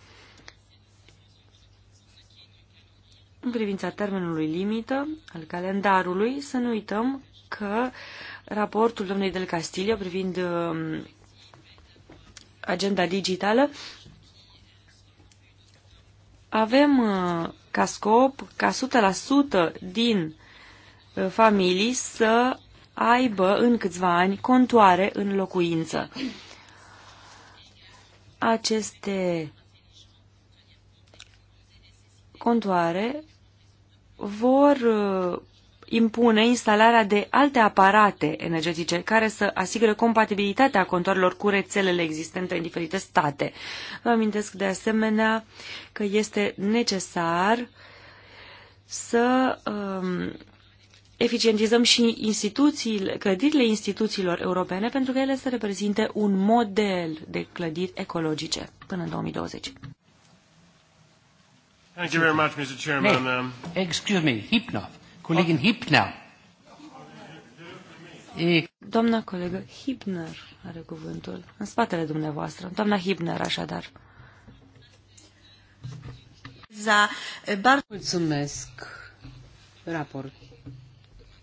În privința termenului limită al calendarului, să nu uităm că raportul domnului Del Castillo privind um, agenda digitală avem uh, ca scop ca 100% din familii să aibă în câțiva ani contoare în locuință. Aceste contoare vor uh, impune instalarea de alte aparate energetice care să asigure compatibilitatea contoarelor cu rețelele existente în diferite state. Vă amintesc de asemenea că este necesar să um, eficientizăm și instituțiile, clădirile instituțiilor europene pentru că ele să reprezinte un model de clădiri ecologice până în 2020. Thank you very much, Mr. Chairman. Nee, um, excuse me, Hipner. colegin oh. Hipner. Doamna colegă Hipner are cuvântul. În spatele dumneavoastră. Doamna Hipner, așadar. Mulțumesc raport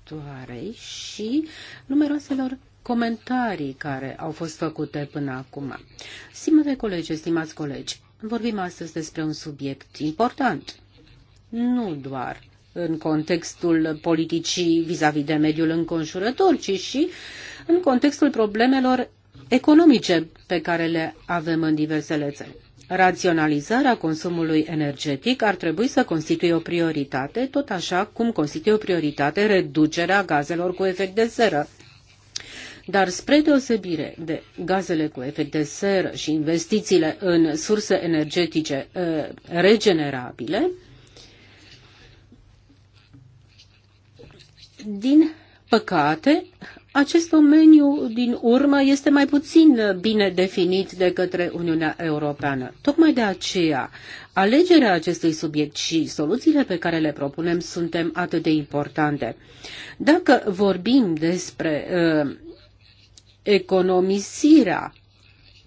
raportoarei și numeroaselor comentarii care au fost făcute până acum. Stimate colegi, stimați colegi, vorbim astăzi despre un subiect important. Nu doar în contextul politicii vis-a-vis -vis de mediul înconjurător, ci și în contextul problemelor economice pe care le avem în diversele țări raționalizarea consumului energetic ar trebui să constituie o prioritate, tot așa cum constituie o prioritate reducerea gazelor cu efect de seră. Dar spre deosebire de gazele cu efect de seră și investițiile în surse energetice uh, regenerabile, din păcate, acest domeniu din urmă este mai puțin bine definit de către Uniunea Europeană. Tocmai de aceea, alegerea acestui subiect și soluțiile pe care le propunem suntem atât de importante. Dacă vorbim despre uh, economisirea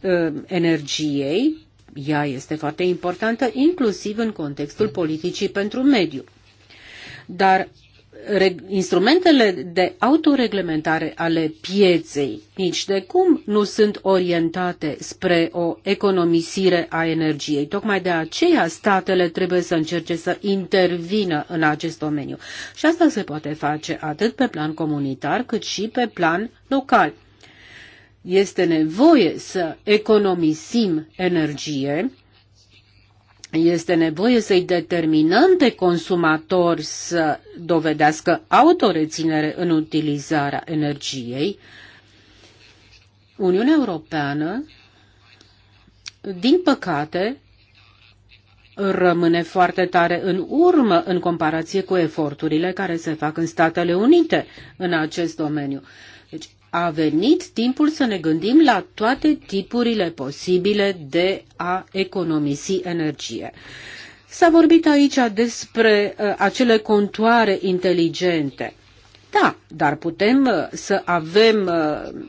uh, energiei, ea este foarte importantă, inclusiv în contextul politicii pentru mediu. Dar instrumentele de autoreglementare ale pieței nici de cum nu sunt orientate spre o economisire a energiei. Tocmai de aceea statele trebuie să încerce să intervină în acest domeniu. Și asta se poate face atât pe plan comunitar cât și pe plan local. Este nevoie să economisim energie este nevoie să-i determinăm pe consumatori să dovedească autoreținere în utilizarea energiei, Uniunea Europeană, din păcate, rămâne foarte tare în urmă în comparație cu eforturile care se fac în Statele Unite în acest domeniu a venit timpul să ne gândim la toate tipurile posibile de a economisi energie. S-a vorbit aici despre uh, acele contoare inteligente. Da, dar putem uh, să avem uh,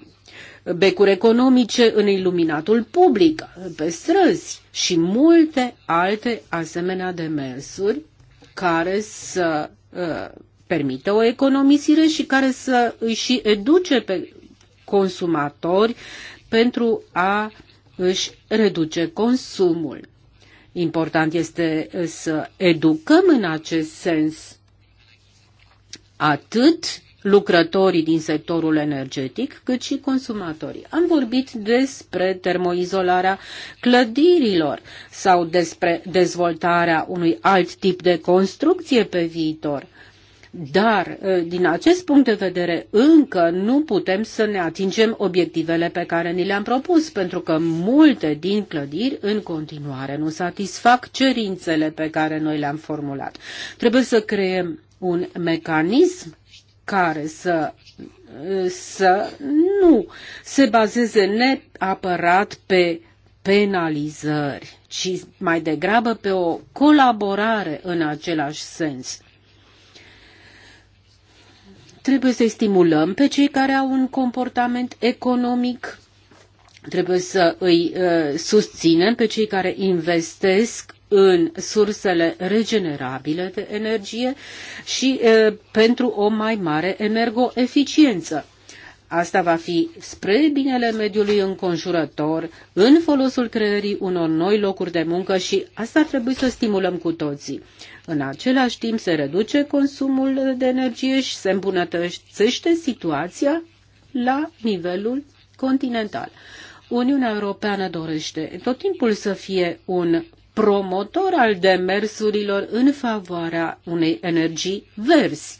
becuri economice în iluminatul public, pe străzi și multe alte asemenea demersuri care să uh, permite o economisire și care să și educe pe consumatori pentru a își reduce consumul. Important este să educăm în acest sens atât lucrătorii din sectorul energetic, cât și consumatorii. Am vorbit despre termoizolarea clădirilor sau despre dezvoltarea unui alt tip de construcție pe viitor. Dar, ă, din acest punct de vedere, încă nu putem să ne atingem obiectivele pe care ni le-am propus, pentru că multe din clădiri în continuare nu satisfac cerințele pe care noi le-am formulat. Trebuie să creăm un mecanism care să, ă, să nu se bazeze neapărat pe penalizări, ci mai degrabă pe o colaborare în același sens. Trebuie să stimulăm pe cei care au un comportament economic, trebuie să îi uh, susținem pe cei care investesc în sursele regenerabile de energie și uh, pentru o mai mare energoeficiență. Asta va fi spre binele mediului înconjurător, în folosul creării unor noi locuri de muncă și asta ar trebui să stimulăm cu toții. În același timp se reduce consumul de energie și se îmbunătățește situația la nivelul continental. Uniunea Europeană dorește tot timpul să fie un promotor al demersurilor în favoarea unei energii verzi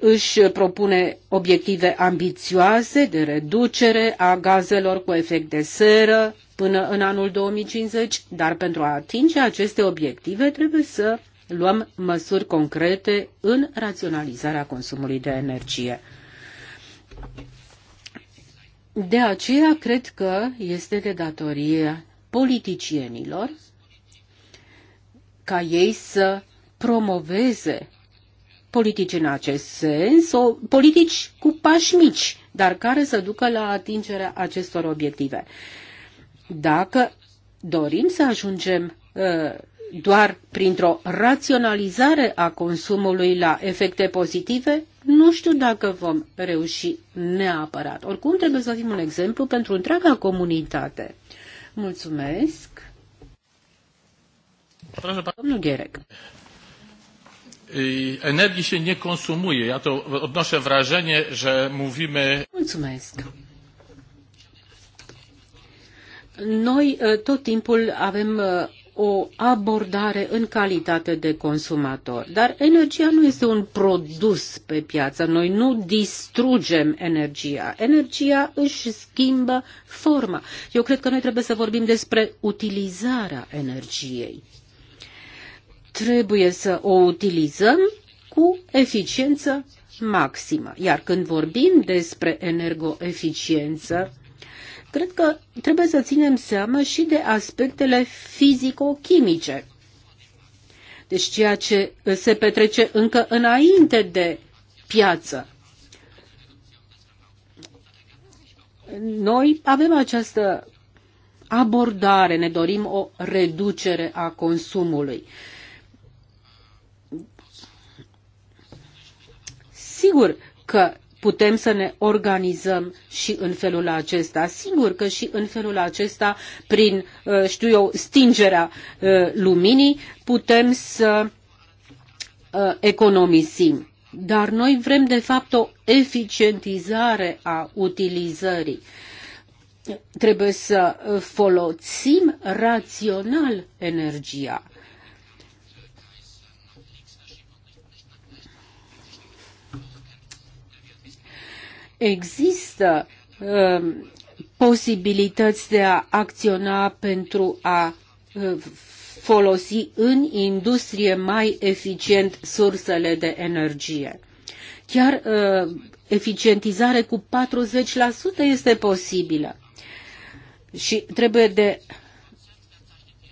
își propune obiective ambițioase de reducere a gazelor cu efect de seră până în anul 2050, dar pentru a atinge aceste obiective trebuie să luăm măsuri concrete în raționalizarea consumului de energie. De aceea cred că este de datorie politicienilor ca ei să promoveze politici în acest sens, o, politici cu pași mici, dar care să ducă la atingerea acestor obiective. Dacă dorim să ajungem ă, doar printr-o raționalizare a consumului la efecte pozitive, nu știu dacă vom reuși neapărat. Oricum trebuie să fim un exemplu pentru întreaga comunitate. Mulțumesc! Domnul Gherec energii się nie konsumuje. Ja to odnoszę wrażenie, że mówimy. Mulțumesc. Noi tot timpul avem o abordare în calitate de consumator. Dar energia nu este un produs pe piață. Noi nu distrugem energia. Energia își schimbă forma. Eu cred că noi trebuie să vorbim despre utilizarea energiei trebuie să o utilizăm cu eficiență maximă. Iar când vorbim despre energoeficiență, cred că trebuie să ținem seama și de aspectele fizico-chimice. Deci ceea ce se petrece încă înainte de piață. Noi avem această abordare, ne dorim o reducere a consumului. Sigur că putem să ne organizăm și în felul acesta. Sigur că și în felul acesta, prin, uh, știu eu, stingerea uh, luminii, putem să uh, economisim. Dar noi vrem, de fapt, o eficientizare a utilizării. Trebuie să folosim rațional energia există uh, posibilități de a acționa pentru a uh, folosi în industrie mai eficient sursele de energie. Chiar uh, eficientizare cu 40% este posibilă și trebuie de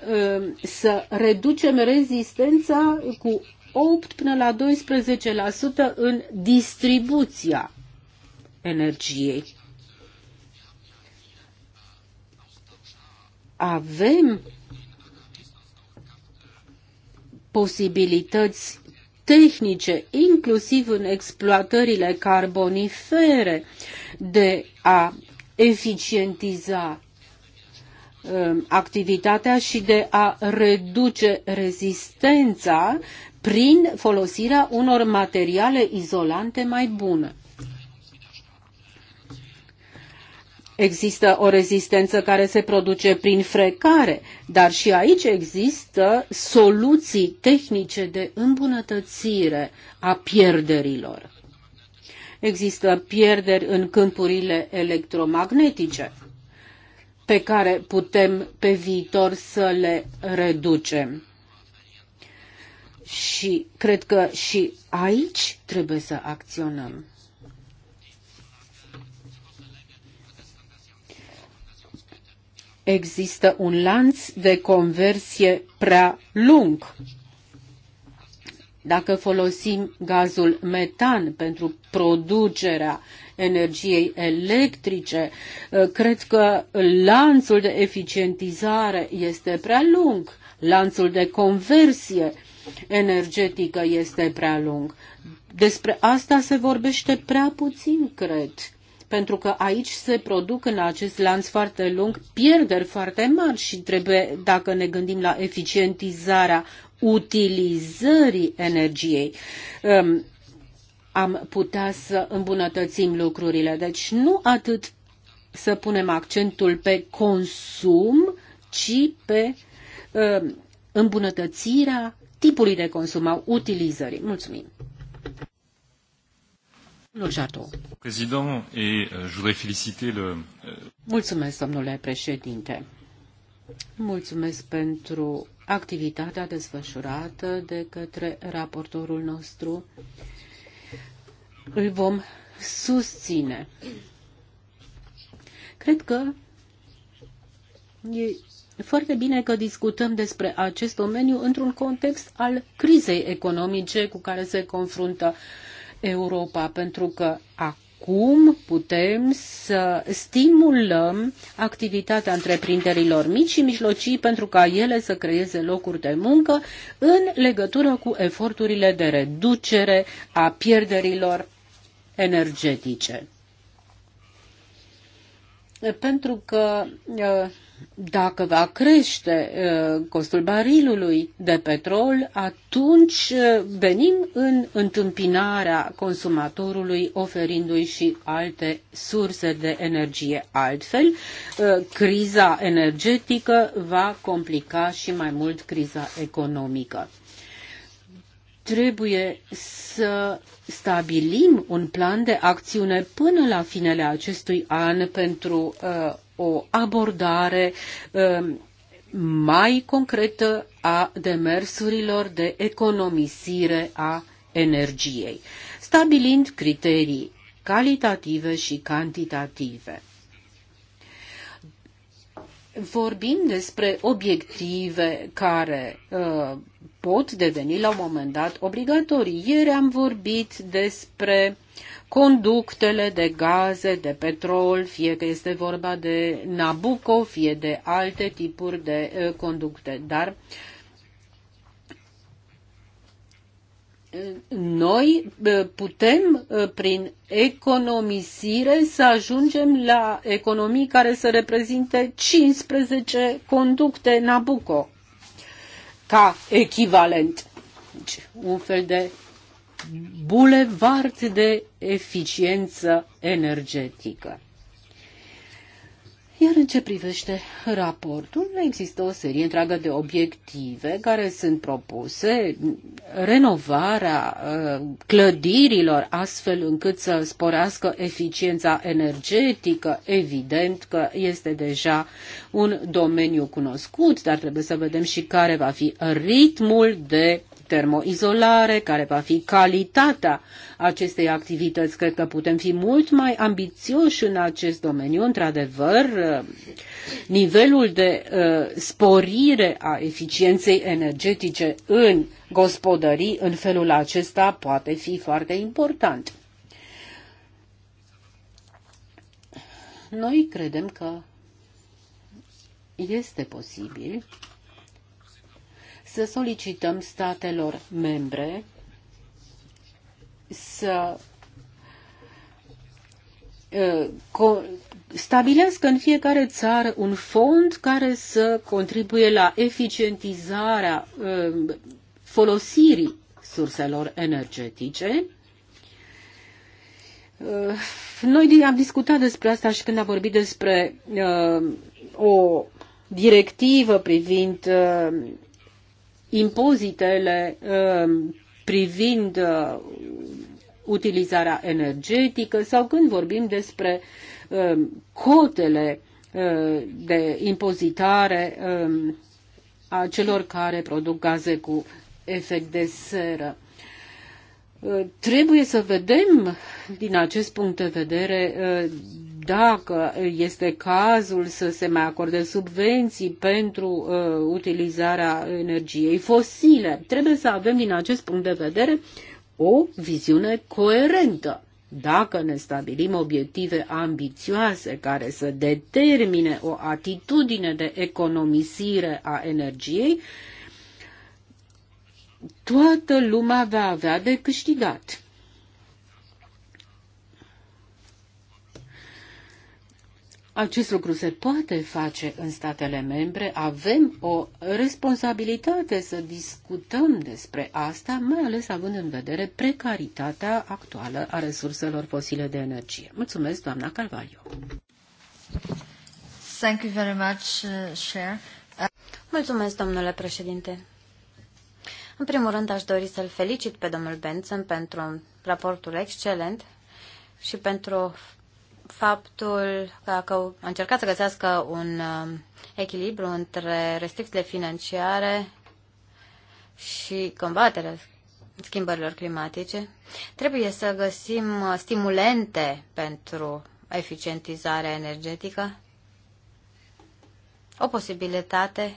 um, să reducem rezistența cu 8 până la 12% în distribuția energiei. Avem posibilități tehnice, inclusiv în exploatările carbonifere, de a eficientiza um, activitatea și de a reduce rezistența prin folosirea unor materiale izolante mai bune. Există o rezistență care se produce prin frecare, dar și aici există soluții tehnice de îmbunătățire a pierderilor. Există pierderi în câmpurile electromagnetice pe care putem pe viitor să le reducem. Și cred că și aici trebuie să acționăm. există un lanț de conversie prea lung. Dacă folosim gazul metan pentru producerea energiei electrice, ă, cred că lanțul de eficientizare este prea lung, lanțul de conversie energetică este prea lung. Despre asta se vorbește prea puțin, cred pentru că aici se produc în acest lanț foarte lung pierderi foarte mari și trebuie, dacă ne gândim la eficientizarea utilizării energiei, um, am putea să îmbunătățim lucrurile. Deci nu atât să punem accentul pe consum, ci pe um, îmbunătățirea tipului de consum, a utilizării. Mulțumim! Domnul Jato. Président, et euh, je voudrais féliciter le... Euh, Mulțumesc, domnule președinte. Mulțumesc pentru activitatea desfășurată de către raportorul nostru. Îl vom susține. Cred că e foarte bine că discutăm despre acest domeniu într-un context al crizei economice cu care se confruntă Europa, pentru că acum putem să stimulăm activitatea întreprinderilor mici și mijlocii pentru ca ele să creeze locuri de muncă în legătură cu eforturile de reducere a pierderilor energetice. Pentru că uh, dacă va crește uh, costul barilului de petrol, atunci uh, venim în întâmpinarea consumatorului oferindu-i și alte surse de energie. Altfel, uh, criza energetică va complica și mai mult criza economică trebuie să stabilim un plan de acțiune până la finele acestui an pentru uh, o abordare um, mai concretă a demersurilor de economisire a energiei, stabilind criterii calitative și cantitative. Vorbim despre obiective care uh, pot deveni la un moment dat obligatorii. Ieri am vorbit despre conductele de gaze, de petrol, fie că este vorba de Nabucco, fie de alte tipuri de uh, conducte. Dar uh, noi uh, putem, prin economisire, să ajungem la economii care să reprezinte 15 conducte Nabucco ca echivalent. Deci, un fel de bulevard de eficiență energetică. Iar în ce privește raportul, există o serie întreagă de obiective care sunt propuse, renovarea ă, clădirilor astfel încât să sporească eficiența energetică. Evident că este deja un domeniu cunoscut, dar trebuie să vedem și care va fi ritmul de termoizolare, care va fi calitatea acestei activități. Cred că putem fi mult mai ambițioși în acest domeniu. Într-adevăr, nivelul de uh, sporire a eficienței energetice în gospodării în felul acesta poate fi foarte important. Noi credem că este posibil să solicităm statelor membre să stabilească în fiecare țară un fond care să contribuie la eficientizarea folosirii surselor energetice. Noi am discutat despre asta și când am vorbit despre o directivă privind impozitele um, privind uh, utilizarea energetică sau când vorbim despre um, cotele uh, de impozitare um, a celor care produc gaze cu efect de seră. Uh, trebuie să vedem din acest punct de vedere dacă este cazul să se mai acorde subvenții pentru uh, utilizarea energiei fosile. Trebuie să avem din acest punct de vedere o viziune coerentă. Dacă ne stabilim obiective ambițioase care să determine o atitudine de economisire a energiei, toată lumea va avea de câștigat. Acest lucru se poate face în statele membre. Avem o responsabilitate să discutăm despre asta, mai ales având în vedere precaritatea actuală a resurselor fosile de energie. Mulțumesc, doamna Carvalho. Thank you very much, uh, Cher. Mulțumesc, domnule președinte. În primul rând, aș dori să-l felicit pe domnul Benson pentru raportul excelent și pentru faptul că a încercat să găsească un um, echilibru între restricțiile financiare și combaterea schimbărilor climatice, trebuie să găsim uh, stimulente pentru eficientizarea energetică, o posibilitate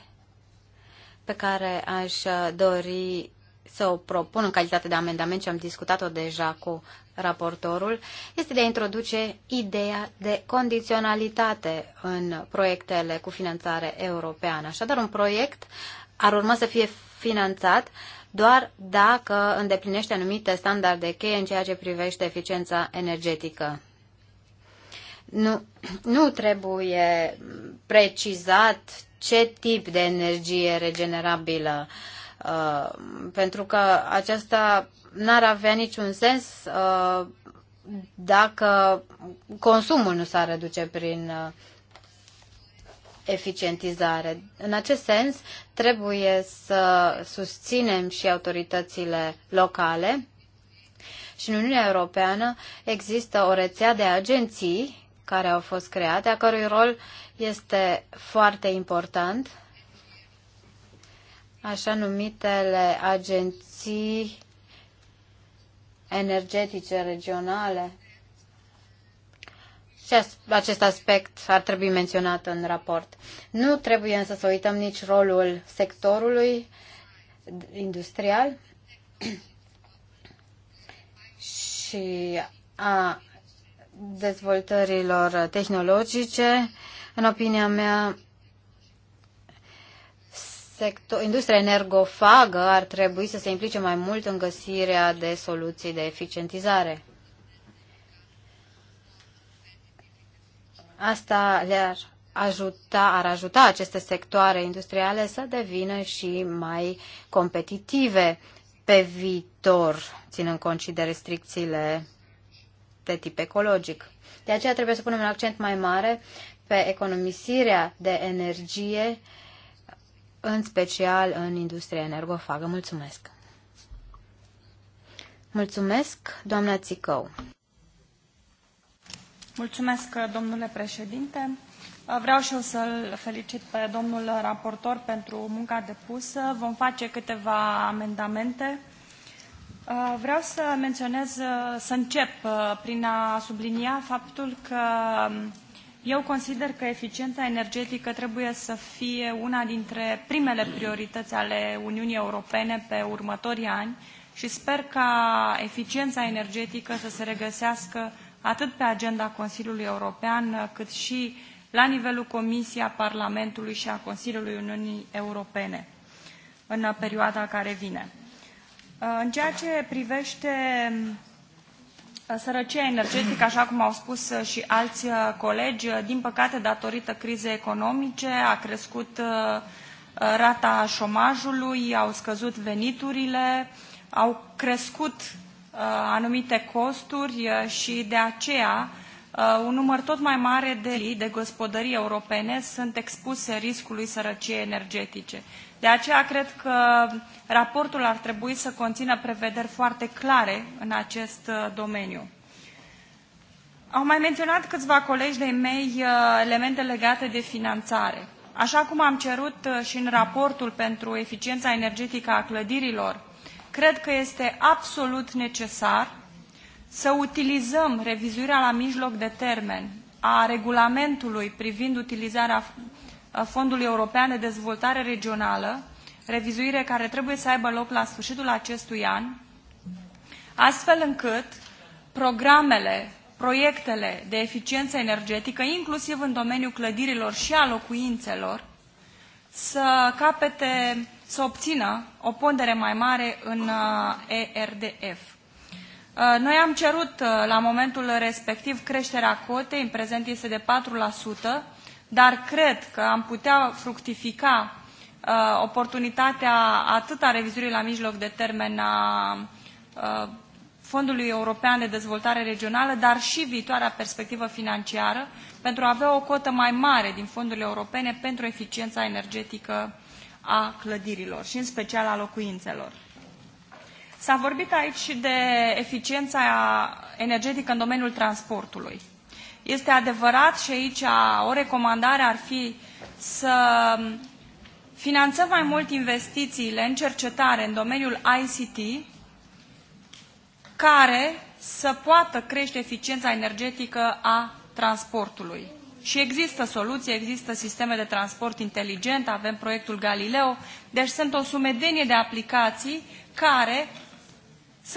pe care aș uh, dori să o propun în calitate de amendament și am discutat-o deja cu raportorul, este de a introduce ideea de condiționalitate în proiectele cu finanțare europeană. Așadar, un proiect ar urma să fie finanțat doar dacă îndeplinește anumite standarde cheie în ceea ce privește eficiența energetică. Nu, *clears throat* nu trebuie precizat ce tip de energie regenerabilă uh, uh, pentru că aceasta n-ar avea niciun sens uh, dacă consumul nu s-ar reduce prin uh, eficientizare. În acest sens, trebuie să susținem și autoritățile locale și în Uniunea Europeană există o rețea de agenții care au fost create, a cărui rol este foarte important așa numitele agenții energetice regionale. Și acest aspect ar trebui menționat în raport. Nu trebuie însă să uităm nici rolul sectorului industrial *clears throat* și a dezvoltărilor tehnologice. În opinia mea, sector, industria energofagă ar trebui să se implice mai mult în găsirea de soluții de eficientizare. Asta le-ar ajuta, ar ajuta aceste sectoare industriale să devină și mai competitive pe viitor, ținând cont și de restricțiile de tip ecologic. De aceea trebuie să punem un accent mai mare pe economisirea de energie uh, în special în industria energofagă. Mulțumesc! Mulțumesc, doamna Țicău! Mulțumesc, domnule președinte! Vreau și eu să-l felicit pe domnul raportor pentru munca depusă. Vom face câteva amendamente. Vreau să menționez, să încep prin a sublinia faptul că eu consider că eficiența energetică trebuie să fie una dintre primele priorități ale Uniunii Europene pe următorii ani și sper ca eficiența energetică să se regăsească atât pe agenda Consiliului European, cât și la nivelul Comisiei, a Parlamentului și a Consiliului Uniunii Europene în perioada care vine. În ceea ce privește Sărăcia energetică, așa cum au spus uh, și alți uh, colegi, uh, din păcate, datorită crizei economice, a crescut rata șomajului, au scăzut veniturile, au crescut anumite costuri și de aceea un număr tot mai mare de, de gospodării europene sunt expuse riscului sărăciei energetice. De aceea cred că raportul ar trebui să conțină prevederi foarte clare în acest uh, domeniu. Au mai menționat câțiva colegi de mei uh, elemente legate de finanțare. Așa cum am cerut uh, și în raportul pentru eficiența energetică a clădirilor, cred că este absolut necesar să utilizăm revizuirea la mijloc de termen a regulamentului privind utilizarea Fondului European de Dezvoltare Regională, revizuire care trebuie să aibă loc la sfârșitul acestui an, astfel încât programele, proiectele de eficiență energetică, inclusiv în domeniul clădirilor și a locuințelor, să capete, să obțină o pondere mai mare în uh, ERDF. Uh, noi am cerut uh, la momentul respectiv creșterea cotei, în prezent este de 4%, dar cred că am putea fructifica uh, oportunitatea atât a revizuirii la mijloc de termen a uh, Fondului European de Dezvoltare Regională, dar și viitoarea perspectivă financiară, pentru a avea o cotă mai mare din fondurile europene pentru eficiența energetică a clădirilor și în special a locuințelor. S-a vorbit aici și de eficiența energetică în domeniul transportului. Este adevărat și aici o recomandare ar fi să finanțăm mai mult investițiile în cercetare în domeniul ICT, care să poată crește eficiența energetică a transportului. Și există soluții, există sisteme de transport inteligent, avem proiectul Galileo, deci sunt o sumedenie de aplicații care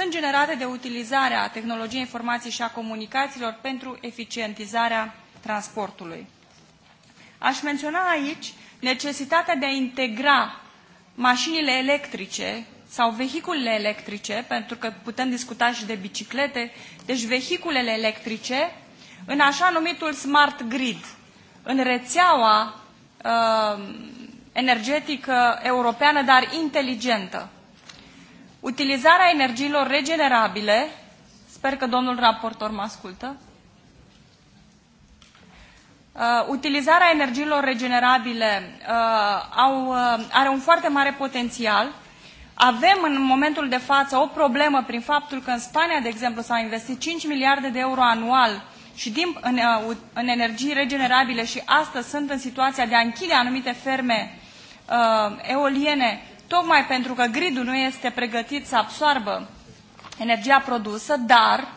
sunt generate de utilizarea tehnologiei informației și a comunicațiilor pentru eficientizarea transportului. Aș menționa aici necesitatea de a integra mașinile electrice sau vehiculele electrice, pentru că putem discuta și de biciclete, deci vehiculele electrice, în așa numitul smart grid, în rețeaua uh, energetică europeană, dar inteligentă. Utilizarea energiilor regenerabile, sper că domnul raportor mă ascultă, Uh, utilizarea energiilor regenerabile uh, au, uh, are un foarte mare potențial. Avem în momentul de față o problemă prin faptul că în Spania, de exemplu, s-au investit 5 miliarde de euro anual și din, în, uh, în energii regenerabile și astăzi sunt în situația de a închide anumite ferme uh, eoliene tocmai pentru că gridul nu este pregătit să absoarbă energia produsă, dar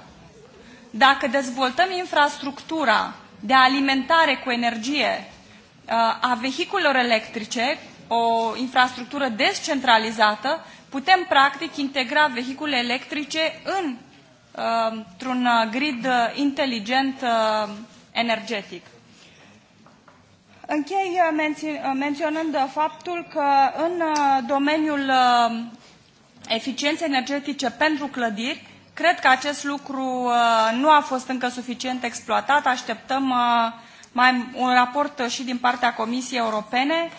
dacă dezvoltăm infrastructura de alimentare cu energie uh, a vehiculelor electrice, o infrastructură descentralizată, putem practic integra vehicule electrice în, uh, într-un uh, grid inteligent energetic. Închei uh, uh, menționând uh, faptul că în domeniul eficienței energetice pentru clădiri, cred că acest lucru nu a fost încă suficient exploatat. Așteptăm mai un raport și din partea Comisiei Europene,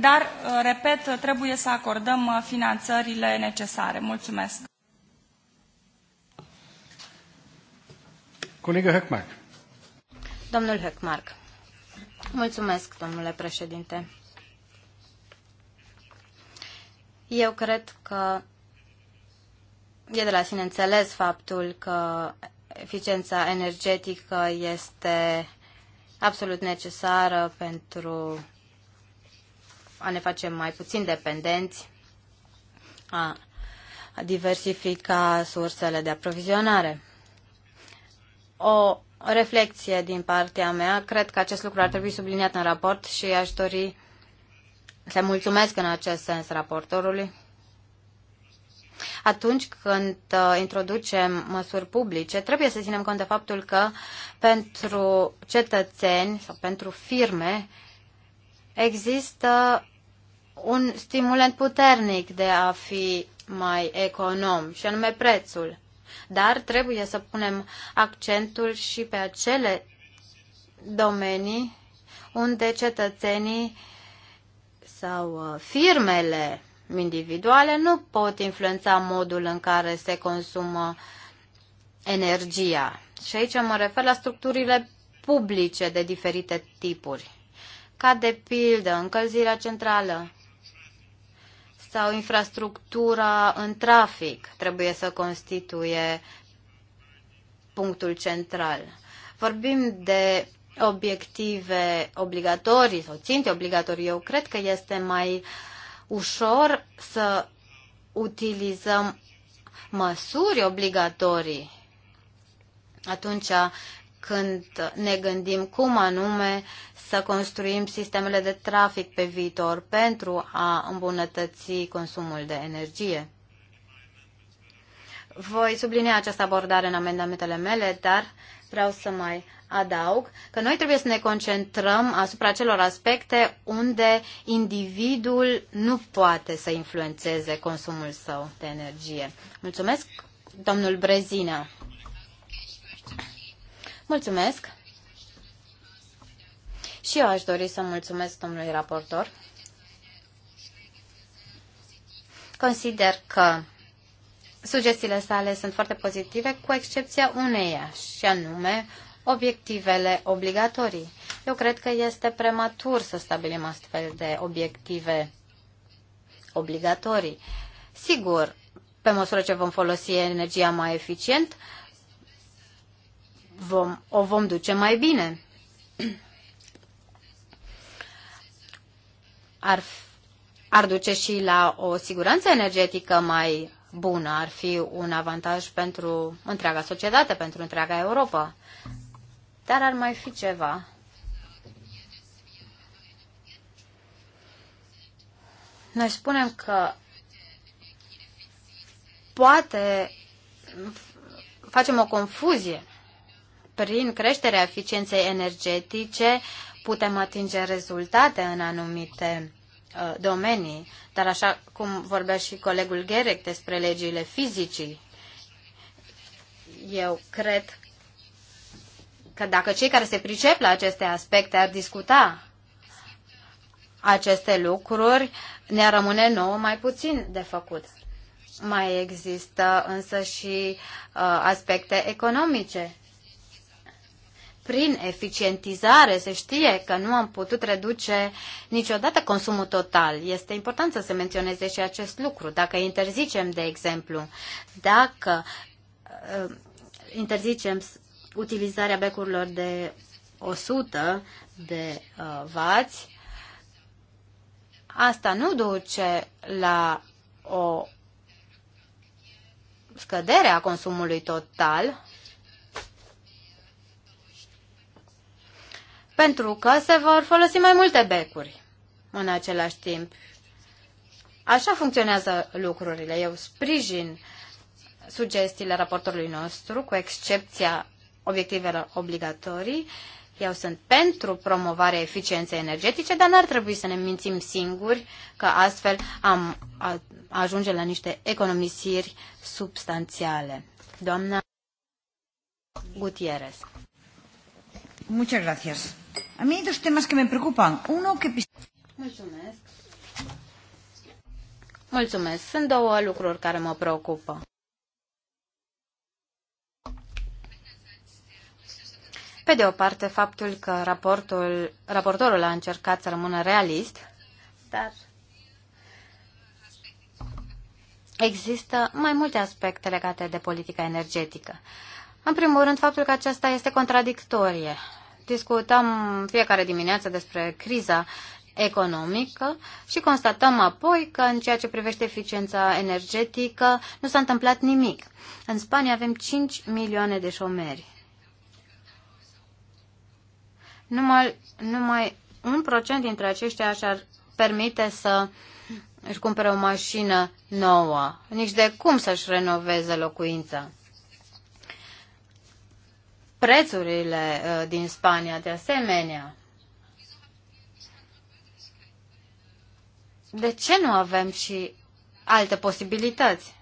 dar, repet, trebuie să acordăm finanțările necesare. Mulțumesc. Colegă Hökmark. Domnul Hökmark. Mulțumesc, domnule președinte. Eu cred că e de la sine înțeles faptul că eficiența energetică este absolut necesară pentru a ne face mai puțin dependenți, a diversifica sursele de aprovizionare. O o reflexie din partea mea. Cred că acest lucru ar trebui subliniat în raport și aș dori să mulțumesc în acest sens raportorului. Atunci când uh, introducem măsuri publice, trebuie să ținem cont de faptul că pentru cetățeni sau pentru firme există un stimulant puternic de a fi mai econom, și anume prețul. Dar trebuie să punem accentul și pe acele domenii unde cetățenii sau uh, firmele individuale nu pot influența modul în care se consumă energia. Și aici mă refer la structurile publice de diferite tipuri, ca de pildă încălzirea centrală, sau infrastructura în trafic trebuie să constituie punctul central. Vorbim de obiective obligatorii sau ținte obligatorii. Eu cred că este mai ușor să utilizăm măsuri obligatorii atunci când ne gândim cum anume să construim sistemele de trafic pe viitor pentru a îmbunătăți consumul de energie. Voi sublinia această abordare în amendamentele mele, dar vreau să mai adaug că noi trebuie să ne concentrăm asupra celor aspecte unde individul nu poate să influențeze consumul său de energie. Mulțumesc, domnul Brezina. Mulțumesc. Și eu aș dori să mulțumesc domnului raportor. Consider că sugestiile sale sunt foarte pozitive, cu excepția uneia, și anume obiectivele obligatorii. Eu cred că este prematur să stabilim astfel de obiective obligatorii. Sigur, pe măsură ce vom folosi energia mai eficient, vom, o vom duce mai bine. ar, ar duce și la o siguranță energetică mai bună, ar fi un avantaj pentru întreaga societate, pentru întreaga Europa. Dar ar mai fi ceva. Noi spunem că poate facem o confuzie. Prin creșterea eficienței energetice putem atinge rezultate în anumite Uh, domenii, dar așa cum vorbea și colegul Gerec despre legile fizicii, eu cred că dacă cei care se pricep la aceste aspecte ar discuta aceste lucruri, ne-ar rămâne nouă mai puțin de făcut. Mai există însă și uh, aspecte economice prin eficientizare se știe că nu am putut reduce niciodată consumul total. Este important să se menționeze și acest lucru. Dacă interzicem, de exemplu, dacă uh, interzicem utilizarea becurilor de 100 de uh, vați, asta nu duce la o scădere a consumului total, pentru că se vor folosi mai multe becuri în același timp. Așa funcționează lucrurile. Eu sprijin sugestiile raportorului nostru, cu excepția obiectivelor obligatorii. Eu sunt pentru promovarea eficienței energetice, dar n-ar trebui să ne mințim singuri că astfel am ajunge la niște economisiri substanțiale. Doamna Gutierrez. Muchas gracias. A mí hay dos temas que me preocupan. Uno que... Mulțumesc. Mulțumesc. Sunt două lucruri care mă preocupă. Pe de o parte, faptul că raportul, raportorul a încercat să rămână realist, dar există mai multe aspecte legate de politica energetică. În primul rând, faptul că aceasta este contradictorie. Discutăm fiecare dimineață despre criza economică și constatăm apoi că în ceea ce privește eficiența energetică nu s-a întâmplat nimic. În Spania avem 5 milioane de șomeri. Numai, numai un procent dintre aceștia și-ar permite să își cumpere o mașină nouă, nici de cum să-și renoveze locuința prețurile uh, din Spania de asemenea. De ce nu avem și alte posibilități?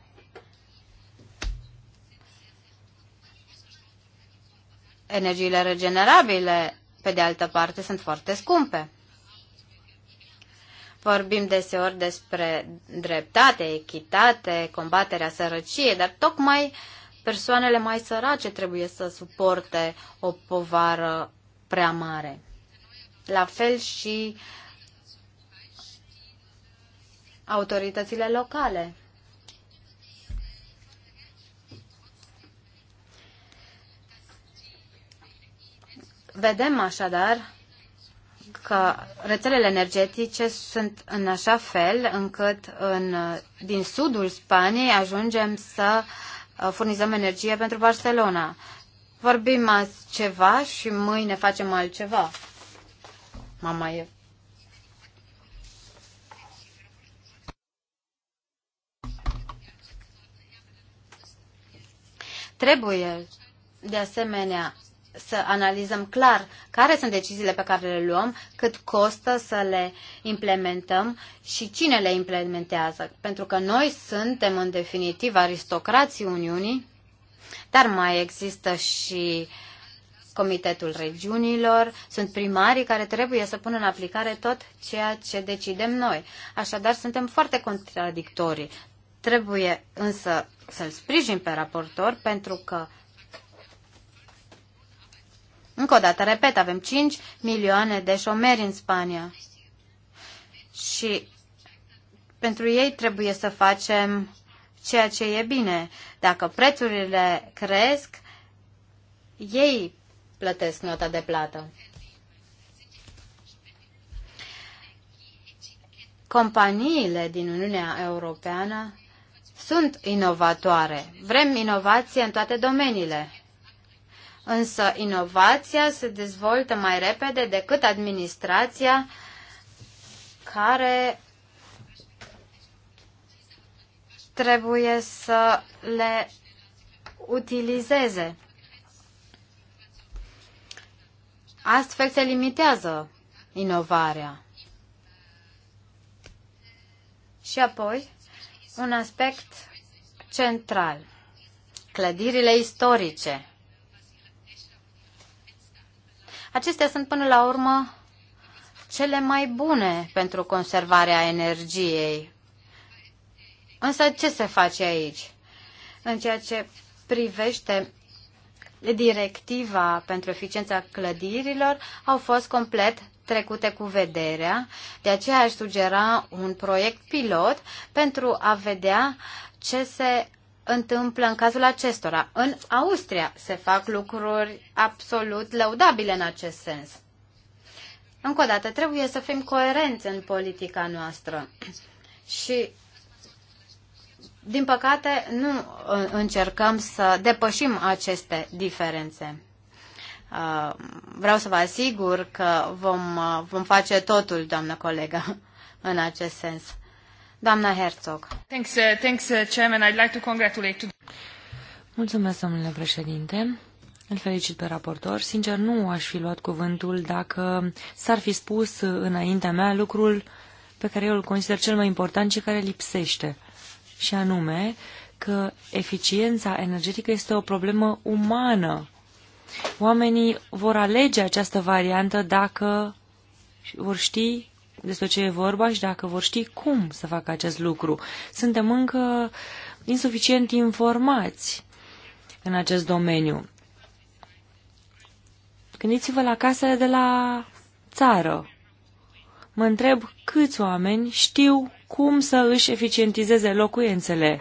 Energiile regenerabile, pe de altă parte, sunt foarte scumpe. Vorbim deseori despre dreptate, echitate, combaterea sărăciei, dar tocmai uh, persoanele mai sărace trebuie să suporte o povară prea mare. La fel și autoritățile locale. Vedem așadar că rețelele energetice sunt în așa fel încât în, din sudul Spaniei ajungem să uh, Uh, furnizăm energie pentru Barcelona. Vorbim azi ceva și mâine facem altceva. Mama e Trebuie, de asemenea, să analizăm clar care sunt deciziile pe care le luăm, cât costă să le implementăm și cine le implementează. Pentru că noi suntem, în definitiv, aristocrații Uniunii, dar mai există și Comitetul Regiunilor, sunt primarii care trebuie să pună în aplicare tot ceea ce decidem noi. Așadar, suntem foarte contradictorii. Trebuie însă să-l sprijin pe raportor pentru că încă o dată, repet, avem 5 milioane de șomeri în Spania. Și pentru ei trebuie să facem ceea ce e bine. Dacă prețurile cresc, ei plătesc nota de plată. Companiile din Uniunea Europeană sunt inovatoare. Vrem inovație în toate domeniile. Însă inovația se dezvoltă mai repede decât administrația care trebuie să le utilizeze. Astfel se limitează inovarea. Și apoi, un aspect central, clădirile istorice. Acestea sunt până la urmă cele mai bune pentru conservarea energiei. Însă ce se face aici? În ceea ce privește directiva pentru eficiența clădirilor, au fost complet trecute cu vederea. De aceea aș sugera un proiect pilot pentru a vedea ce se întâmplă în cazul acestora. În Austria se fac lucruri absolut lăudabile în acest sens. Încă o dată, trebuie să fim coerenți în politica noastră și, din păcate, nu uh, încercăm să depășim aceste diferențe. Uh, vreau să vă asigur că vom, uh, vom face totul, doamnă colegă, *laughs* în acest sens. Doamna Herzog. Thanks, uh, thanks, uh, Chairman. I'd like to congratulate Mulțumesc, domnule președinte. Îl felicit pe raportor. Sincer, nu aș fi luat cuvântul dacă s-ar fi spus înaintea mea lucrul pe care eu îl consider cel mai important și care lipsește. Și anume că eficiența energetică este o problemă umană. Oamenii vor alege această variantă dacă vor ști despre ce e vorba și dacă vor ști cum să facă acest lucru. Suntem încă insuficient informați în acest domeniu. Gândiți-vă la casele de la țară. Mă întreb câți oameni știu cum să își eficientizeze locuințele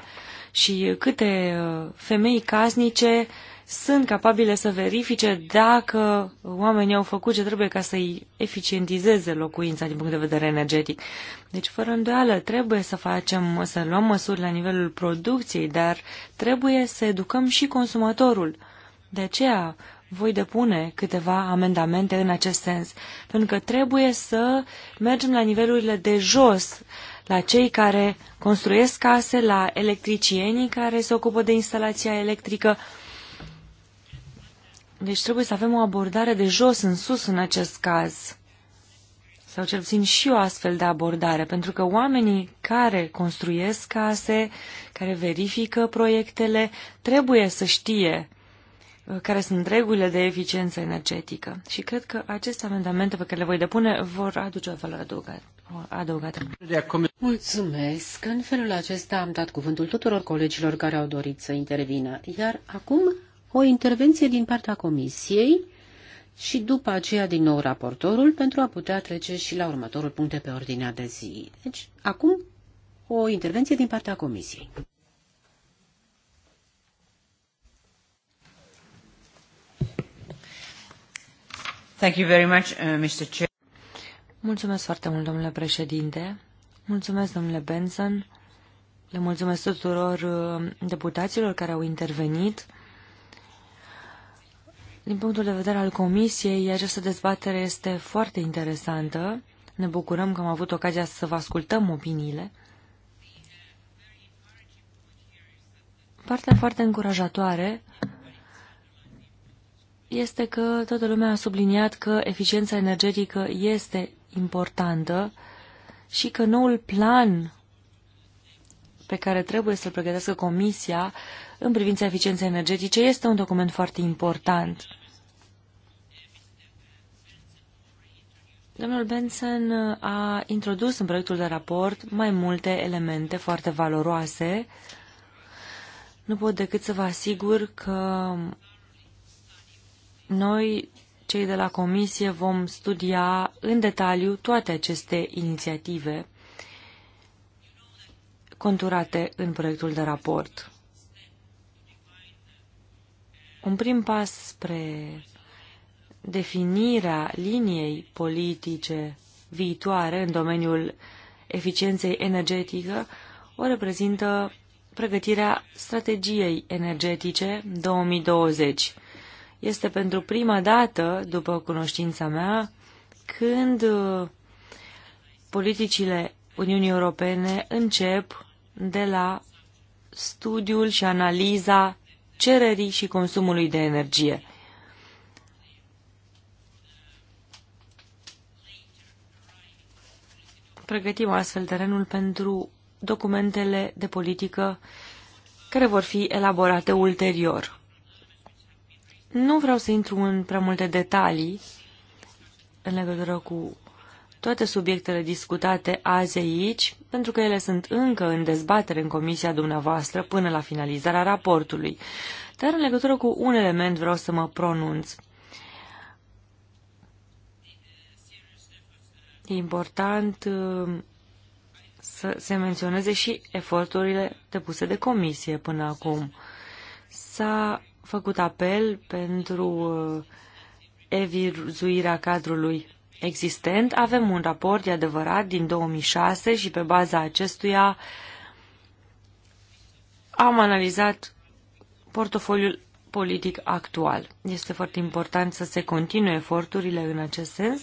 și câte uh, femei casnice uh, sunt capabile să verifice dacă oamenii au făcut ce trebuie ca să-i eficientizeze locuința din punct de vedere energetic. Deci, fără îndoială, trebuie să facem, să luăm măsuri la nivelul producției, dar trebuie să educăm și consumatorul. De aceea voi depune câteva amendamente în acest sens, pentru că trebuie să mergem la nivelurile de jos, la cei care construiesc case, la electricienii care se ocupă de instalația electrică, deci trebuie să avem o abordare de jos în sus în acest caz. Sau cel puțin și o astfel de abordare, pentru că oamenii care construiesc case, care verifică proiectele, trebuie să știe uh, care sunt regulile de eficiență energetică. Și cred că aceste amendamente pe care le voi depune vor aduce o valoare adăugată. Mulțumesc! În felul acesta am dat cuvântul tuturor colegilor care au dorit să intervină. Iar acum o intervenție din partea Comisiei și după aceea din nou raportorul pentru a putea trece și la următorul punct de pe ordinea de zi. Deci, acum o intervenție din partea Comisiei. Thank you very much, uh, Mr. Chair. Mulțumesc foarte mult, domnule președinte. Mulțumesc, domnule Benson. Le mulțumesc tuturor uh, deputaților care au intervenit. Din punctul de vedere al Comisiei, această dezbatere este foarte interesantă. Ne bucurăm că am avut ocazia să vă ascultăm opiniile. Partea foarte încurajatoare este că toată lumea a subliniat că eficiența energetică este importantă și că noul plan pe care trebuie să-l pregătească Comisia în privința eficienței energetice este un document foarte important. Domnul Benson a introdus în proiectul de raport mai multe elemente foarte valoroase. Nu pot decât să vă asigur că noi, cei de la Comisie, vom studia în detaliu toate aceste inițiative conturate în proiectul de raport un prim pas spre definirea liniei politice viitoare în domeniul eficienței energetică o reprezintă pregătirea strategiei energetice 2020. Este pentru prima dată, după cunoștința mea, când uh, politicile Uniunii Europene încep de la studiul și analiza cererii și consumului de energie. Pregătim astfel terenul pentru documentele de politică care vor fi elaborate ulterior. Nu vreau să intru în prea multe detalii în legătură cu toate subiectele discutate azi aici, pentru că ele sunt încă în dezbatere în comisia dumneavoastră până la finalizarea raportului. Dar în legătură cu un element vreau să mă pronunț. E important uh, să se menționeze și eforturile depuse de comisie până acum. S-a făcut apel pentru uh, evizuirea cadrului existent. Avem un raport, de adevărat, din 2006 și pe baza acestuia am analizat portofoliul politic actual. Este foarte important să se continue eforturile în acest sens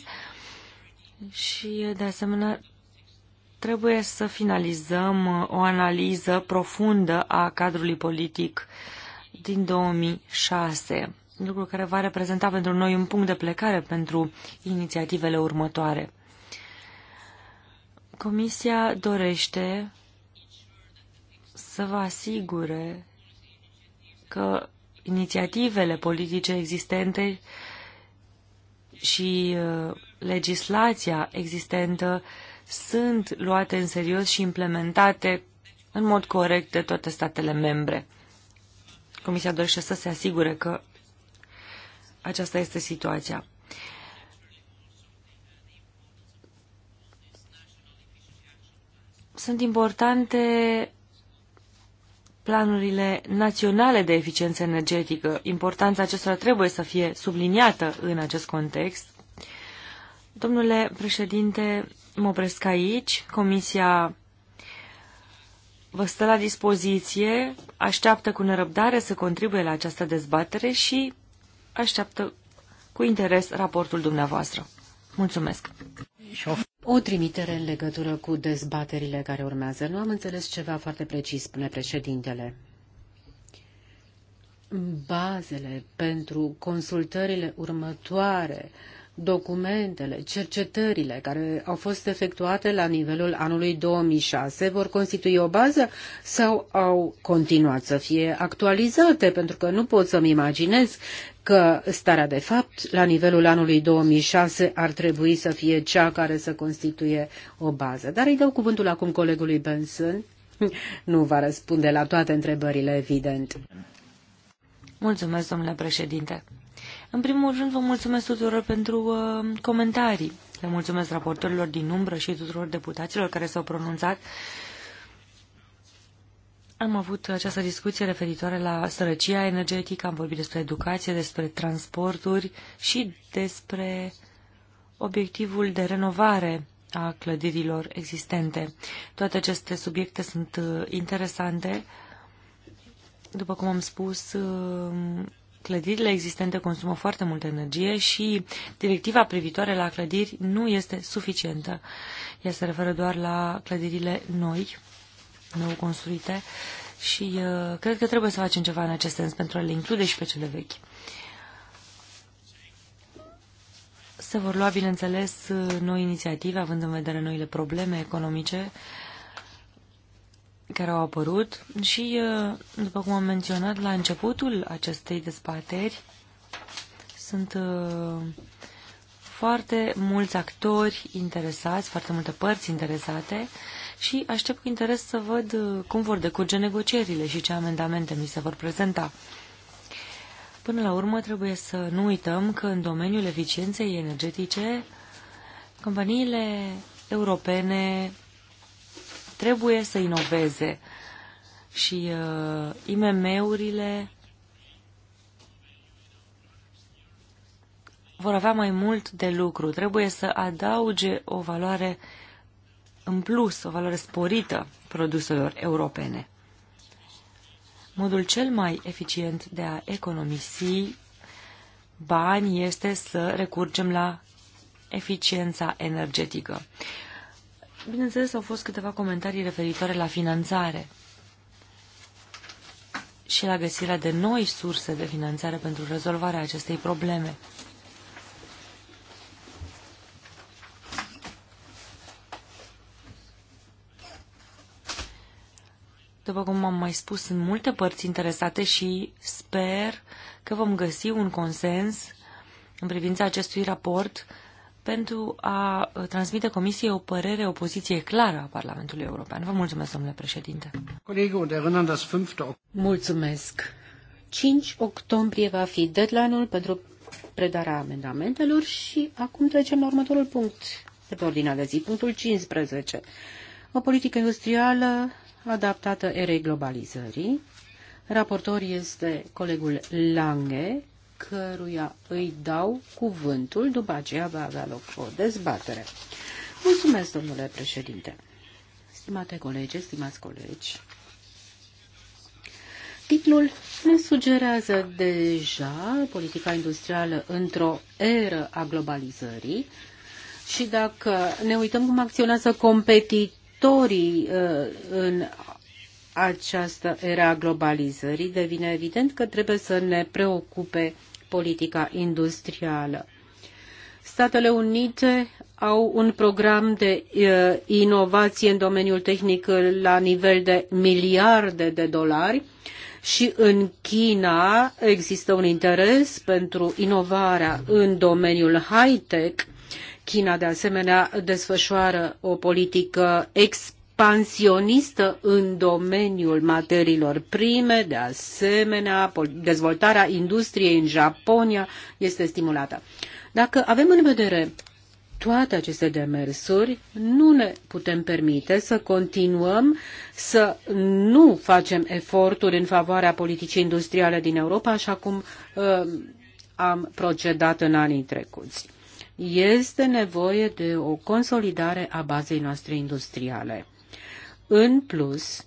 și, de asemenea, trebuie să finalizăm o analiză profundă a cadrului politic din 2006 lucru care va reprezenta pentru noi un punct de plecare pentru inițiativele următoare. Comisia dorește să vă asigure că inițiativele politice existente și uh, legislația existentă sunt luate în serios și implementate în mod corect de toate statele membre. Comisia dorește să se asigure că aceasta este situația. Sunt importante planurile naționale de eficiență energetică. Importanța acestora trebuie să fie subliniată în acest context. Domnule președinte, mă opresc aici. Comisia vă stă la dispoziție, așteaptă cu nerăbdare să contribuie la această dezbatere și așteaptă cu interes raportul dumneavoastră. Mulțumesc! O trimitere în legătură cu dezbaterile care urmează. Nu am înțeles ceva foarte precis, spune președintele. Bazele pentru consultările următoare uh, documentele, cercetările care au fost efectuate la nivelul anului 2006 vor constitui o bază sau au continuat să fie actualizate? Pentru că nu pot să-mi imaginez că starea de fapt la nivelul anului 2006 ar trebui să fie cea care să constituie o bază. Dar îi dau cuvântul acum colegului Benson. Nu va răspunde la toate întrebările, evident. Mulțumesc, domnule președinte. În primul rând, vă mulțumesc tuturor pentru uh, comentarii. Le mulțumesc raportorilor din umbră și tuturor deputaților care s-au pronunțat. Am avut această discuție referitoare la sărăcia energetică, am vorbit despre educație, despre transporturi și despre obiectivul de renovare a clădirilor existente. Toate aceste subiecte sunt uh, interesante. După cum am spus, uh, Clădirile existente consumă foarte multă energie și directiva privitoare la clădiri nu este suficientă. Ea se referă doar la clădirile noi, nou construite și uh, cred că trebuie să facem ceva în acest sens pentru a le include și pe cele vechi. Se vor lua, bineînțeles, uh, noi inițiative, având în vedere noile probleme economice uh, care au apărut și, uh, după cum am menționat la începutul acestei dezbateri, sunt uh, foarte mulți actori interesați, foarte multe părți interesate și aștept cu interes să văd uh, cum vor decurge negocierile și ce amendamente mi se vor prezenta. Până la urmă, trebuie să nu uităm că în domeniul eficienței energetice, companiile europene trebuie să inoveze și uh, IMM-urile vor avea mai mult de lucru. Trebuie să adauge o valoare în plus, o valoare sporită produselor europene. Modul cel mai eficient de a economisi bani este să recurgem la eficiența energetică. Bineînțeles, au fost câteva comentarii referitoare la finanțare și la găsirea de noi surse de finanțare pentru rezolvarea acestei probleme. După cum am mai spus, sunt multe părți interesate și sper că vom găsi un consens în privința acestui raport pentru a uh, transmite Comisiei o părere, o poziție clară a Parlamentului European. Vă mulțumesc, domnule președinte. Mulțumesc. 5 octombrie va fi deadline-ul pentru predarea amendamentelor și acum trecem la următorul punct de pe ordinea de zi, punctul 15. O politică industrială adaptată erei globalizării. Raportor este colegul Lange, căruia îi dau cuvântul, după aceea va avea loc o dezbatere. Mulțumesc, domnule președinte. Stimate colegi, stimați colegi, titlul ne sugerează deja politica industrială într-o eră a globalizării și dacă ne uităm cum acționează competitorii uh, în această era a globalizării, devine evident că trebuie să ne preocupe politica industrială. Statele Unite au un program de uh, inovație în domeniul tehnic la nivel de miliarde de dolari și în China există un interes pentru inovarea în domeniul high-tech. China, de asemenea, desfășoară o politică expertă expansionistă în domeniul materiilor prime, de asemenea, dezvoltarea industriei în Japonia este stimulată. Dacă avem în vedere toate aceste demersuri, nu ne putem permite să continuăm să nu facem eforturi în favoarea politicii industriale din Europa, așa cum uh, am procedat în anii trecuți. Este nevoie de o consolidare a bazei noastre industriale. În plus,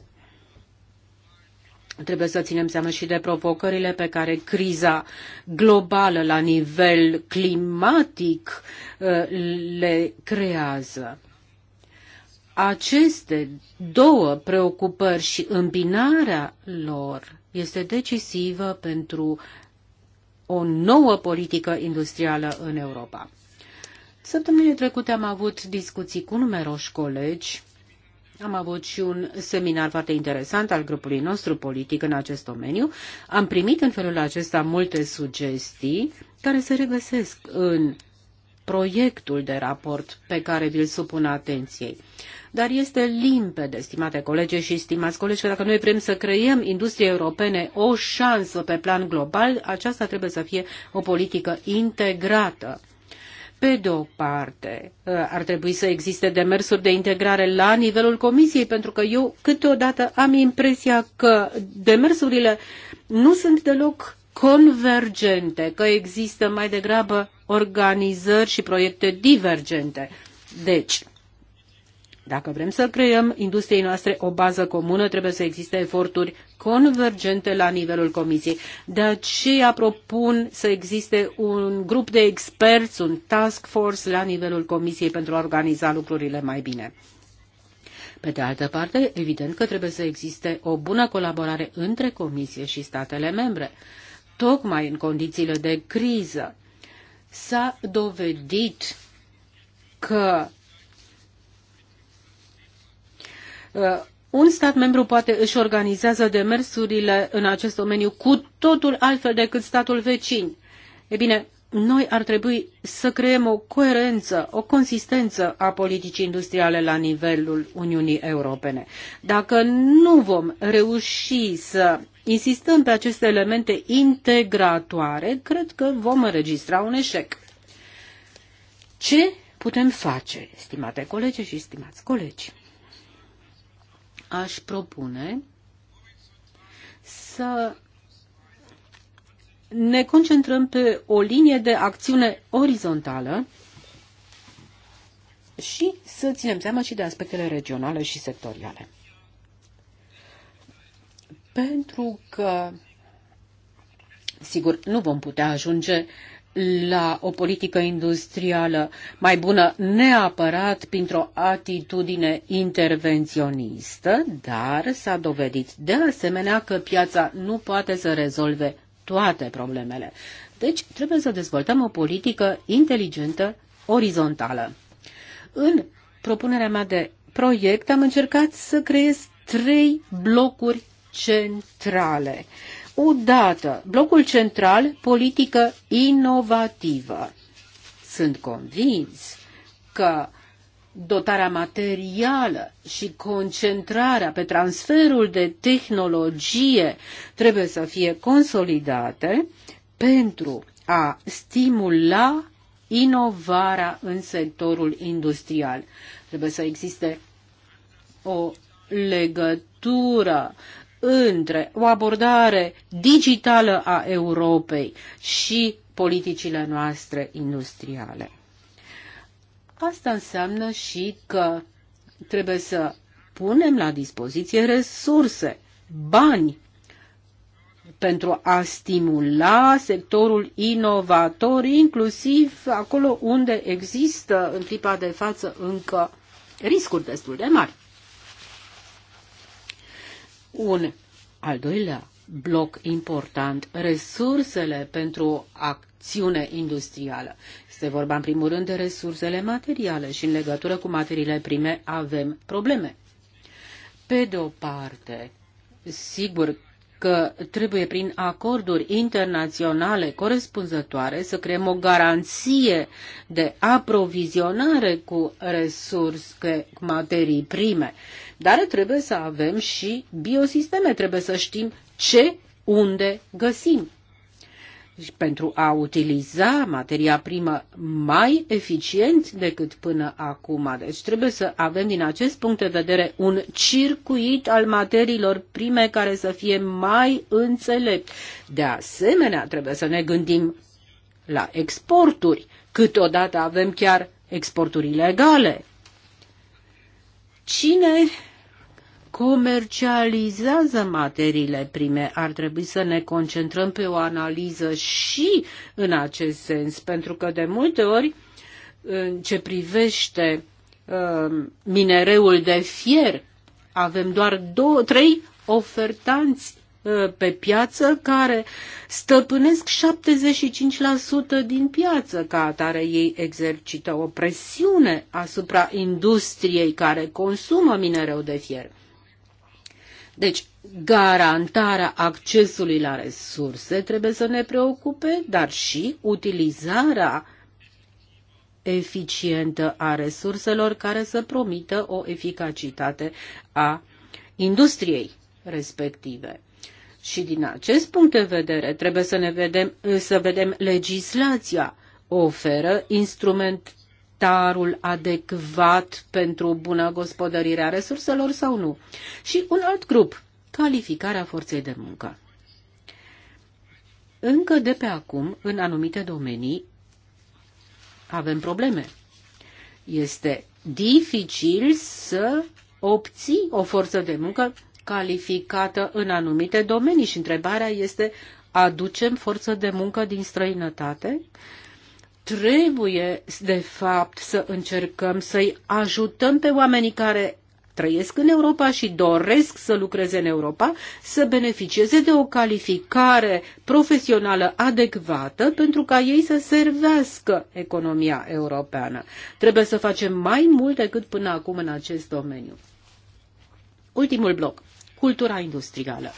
trebuie să ținem seama și de provocările pe care criza globală la nivel climatic uh, le creează. Aceste două preocupări și îmbinarea lor este decisivă pentru o nouă politică industrială în Europa. Săptămâna trecute am avut discuții cu numeroși colegi am avut și un seminar foarte interesant al grupului nostru politic în acest domeniu. Am primit în felul acesta multe sugestii care se regăsesc în proiectul de raport pe care vi-l supun atenției. Dar este limpede, stimate colege și stimați colegi, că dacă noi vrem să creăm industrie europene o șansă pe plan global, aceasta trebuie să fie o politică integrată. Pe de o parte, ă, ar trebui să existe demersuri de integrare la nivelul comisiei, pentru că eu câteodată am impresia că demersurile nu sunt deloc convergente, că există mai degrabă organizări și proiecte divergente. Deci, dacă vrem să creăm industriei noastre o bază comună, trebuie să existe eforturi convergente la nivelul Comisiei. De aceea propun să existe un grup de experți, un task force la nivelul Comisiei pentru a organiza lucrurile mai bine. Pe de altă parte, evident că trebuie să existe o bună colaborare între Comisie și statele membre, tocmai în condițiile de criză. S-a dovedit că Uh, un stat membru poate își organizează demersurile în acest domeniu cu totul altfel decât statul vecin. E bine, noi ar trebui să creăm o coerență, o consistență a politicii industriale la nivelul Uniunii Europene. Dacă nu vom reuși să insistăm pe aceste elemente integratoare, cred că vom înregistra un eșec. Ce putem face, stimate colegi și stimați colegi? aș propune să ne concentrăm pe o linie de acțiune orizontală și să ținem seama și de aspectele regionale și sectoriale. Pentru că, sigur, nu vom putea ajunge uh, la o politică industrială mai bună neapărat printr-o atitudine intervenționistă, dar s-a dovedit de asemenea că piața nu poate să rezolve toate problemele. Deci trebuie să dezvoltăm o politică inteligentă, orizontală. În propunerea mea de proiect am încercat să creez trei blocuri centrale Udată, blocul central, politică inovativă. Sunt convins că dotarea materială și concentrarea pe transferul de tehnologie trebuie să fie consolidate pentru a stimula inovarea în sectorul industrial. Trebuie să existe o legătură între o abordare digitală a Europei și politicile noastre industriale. Asta înseamnă și că trebuie să punem la dispoziție resurse, bani pentru a stimula sectorul inovator, inclusiv acolo unde există în clipa de față încă riscuri destul de mari. Un al doilea bloc important, resursele pentru acțiune industrială. Este vorba în primul rând de resursele materiale și în legătură cu materiile prime avem probleme. Pe de o parte, sigur că trebuie prin acorduri internaționale corespunzătoare să creăm o garanție de aprovizionare cu resurse, cu materii prime. Dar trebuie să avem și biosisteme, trebuie să știm ce, unde găsim. Și pentru a utiliza materia primă mai eficient decât până acum. Deci trebuie să avem din acest punct de vedere un circuit al materiilor prime care să fie mai înțelept. De asemenea, trebuie să ne gândim la exporturi. Câteodată avem chiar exporturi ilegale. Cine comercializează materiile prime. Ar trebui să ne concentrăm pe o analiză și în acest sens, pentru că de multe ori, în ce privește uh, minereul de fier, avem doar două, trei ofertanți Uh, pe piață care stăpânesc 75% din piață, ca atare ei exercită o presiune asupra industriei care consumă minereu de fier. Deci, garantarea accesului la resurse trebuie să ne preocupe, dar și utilizarea eficientă a resurselor care să promită o eficacitate a industriei respective. Și din acest punct de vedere trebuie să ne vedem, să vedem legislația oferă instrumentarul adecvat pentru bună gospodărirea resurselor sau nu. Și un alt grup, calificarea forței de muncă. Încă de pe acum, în anumite domenii, avem probleme. Este dificil să obții o forță de muncă calificată în anumite domenii și întrebarea este aducem forță de muncă din străinătate? Trebuie, de fapt, să încercăm să-i ajutăm pe oamenii care trăiesc în Europa și doresc să lucreze în Europa, să beneficieze de o calificare profesională adecvată pentru ca ei să servească economia europeană. Trebuie să facem mai mult decât până acum în acest domeniu. Ultimul bloc cultura industrială.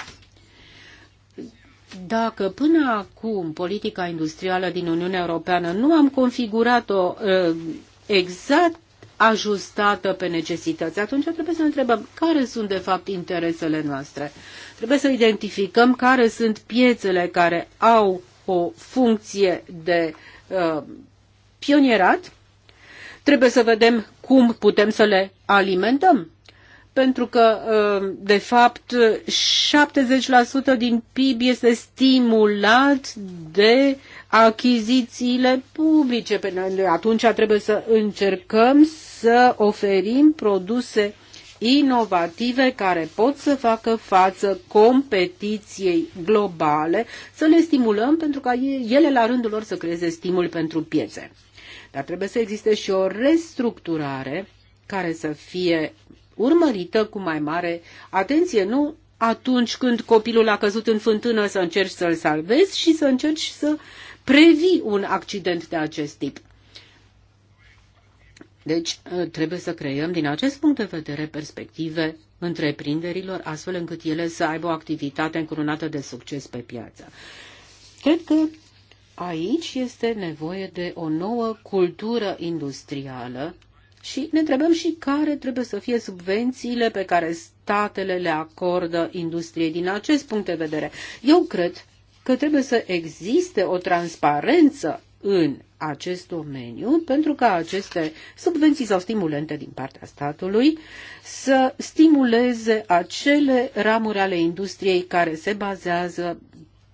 Dacă până acum politica industrială din Uniunea Europeană nu am configurat-o ă, exact ajustată pe necesități, atunci trebuie să ne întrebăm care sunt de fapt interesele noastre. Trebuie să identificăm care sunt piețele care au o funcție de uh, pionierat. Trebuie să vedem cum putem să le alimentăm pentru că, uh, de fapt, 70% din PIB este stimulat de achizițiile publice. Atunci trebuie să încercăm să oferim produse inovative care pot să facă față competiției globale, să le stimulăm pentru ca ele la rândul lor să creeze stimul pentru piețe. Dar trebuie să existe și o restructurare care să fie urmărită cu mai mare atenție, nu atunci când copilul a căzut în fântână să încerci să-l salvezi și să încerci să previi un accident de acest tip. Deci trebuie să creăm din acest punct de vedere perspective întreprinderilor, astfel încât ele să aibă o activitate încurunată de succes pe piață. Cred că aici este nevoie de o nouă cultură industrială și ne întrebăm și care trebuie să fie subvențiile pe care statele le acordă industriei din acest punct de vedere. Eu cred că trebuie să existe o transparență în acest domeniu pentru ca aceste subvenții sau stimulente din partea statului să stimuleze acele ramuri ale industriei care se bazează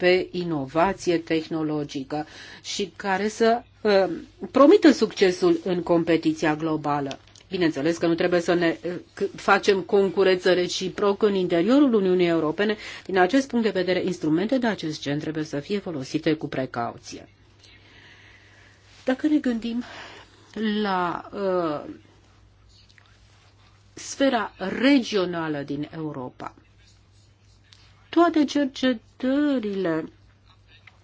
pe inovație tehnologică și care să uh, promită succesul în competiția globală. Bineînțeles că nu trebuie să ne uh, facem concurență reciproc în interiorul Uniunii Europene. Din acest punct de vedere, instrumente de acest gen trebuie să fie folosite cu precauție. Dacă ne gândim la uh, sfera regională din Europa, toate cercetările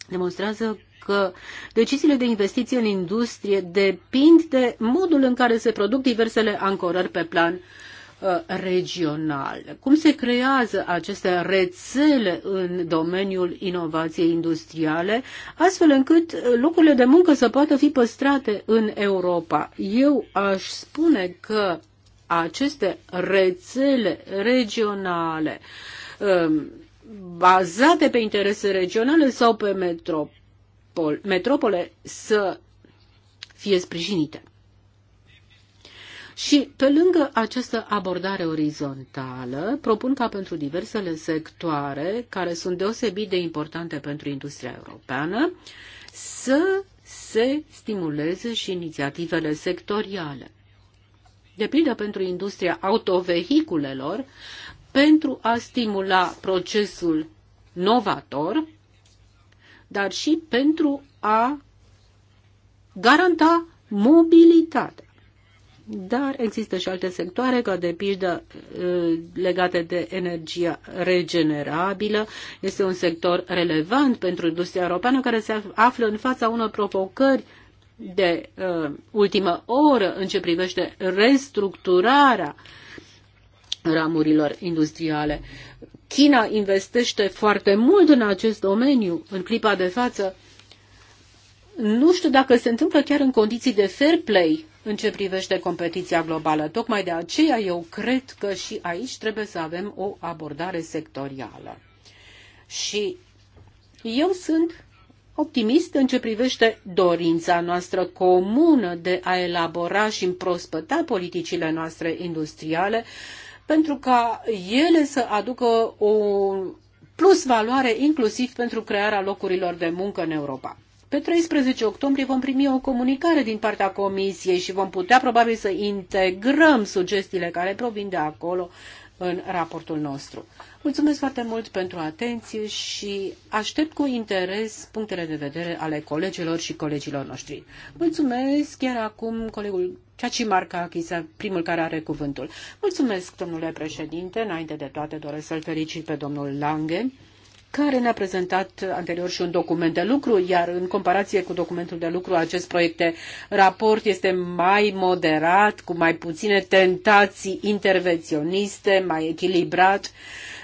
demonstrează că deciziile de investiție în industrie depind de modul în care se produc diversele ancorări pe plan uh, regional. Cum se creează aceste rețele în domeniul inovației industriale, astfel încât locurile de muncă să poată fi păstrate în Europa? Eu aș spune că aceste rețele regionale um, bazate pe interese regionale sau pe metropol, metropole să fie sprijinite. Și pe lângă această abordare orizontală, propun ca pentru diversele sectoare care sunt deosebit de importante pentru industria europeană să se stimuleze și inițiativele sectoriale. De pildă pentru industria autovehiculelor, pentru a stimula procesul novator, dar și pentru a garanta mobilitatea. Dar există și alte sectoare, ca de pildă uh, legate de energia regenerabilă. Este un sector relevant pentru industria europeană care se află în fața unor provocări de uh, ultimă oră în ce privește restructurarea uh, ramurilor industriale. China investește foarte mult în acest domeniu în clipa de față. Nu știu dacă se întâmplă chiar în condiții de fair play în ce privește competiția globală. Tocmai de aceea eu cred că și aici trebuie să avem o abordare sectorială. Și eu sunt optimist în ce privește dorința noastră comună de a elabora și împrospăta politicile noastre industriale pentru ca ele să aducă o plus valoare inclusiv pentru crearea locurilor de muncă în Europa. Pe 13 octombrie vom primi o comunicare din partea Comisiei și vom putea probabil să integrăm sugestiile care provin de acolo în raportul nostru. Mulțumesc foarte mult pentru atenție și aștept cu interes punctele de vedere ale colegilor și colegilor noștri. Mulțumesc chiar acum colegul Ceaci Marcachis, primul care are cuvântul. Mulțumesc, domnule președinte, înainte de toate doresc să-l felicit pe domnul Lange care ne-a prezentat anterior și un document de lucru, iar în comparație cu documentul de lucru, acest proiect de raport este mai moderat, cu mai puține tentații intervenționiste, mai echilibrat.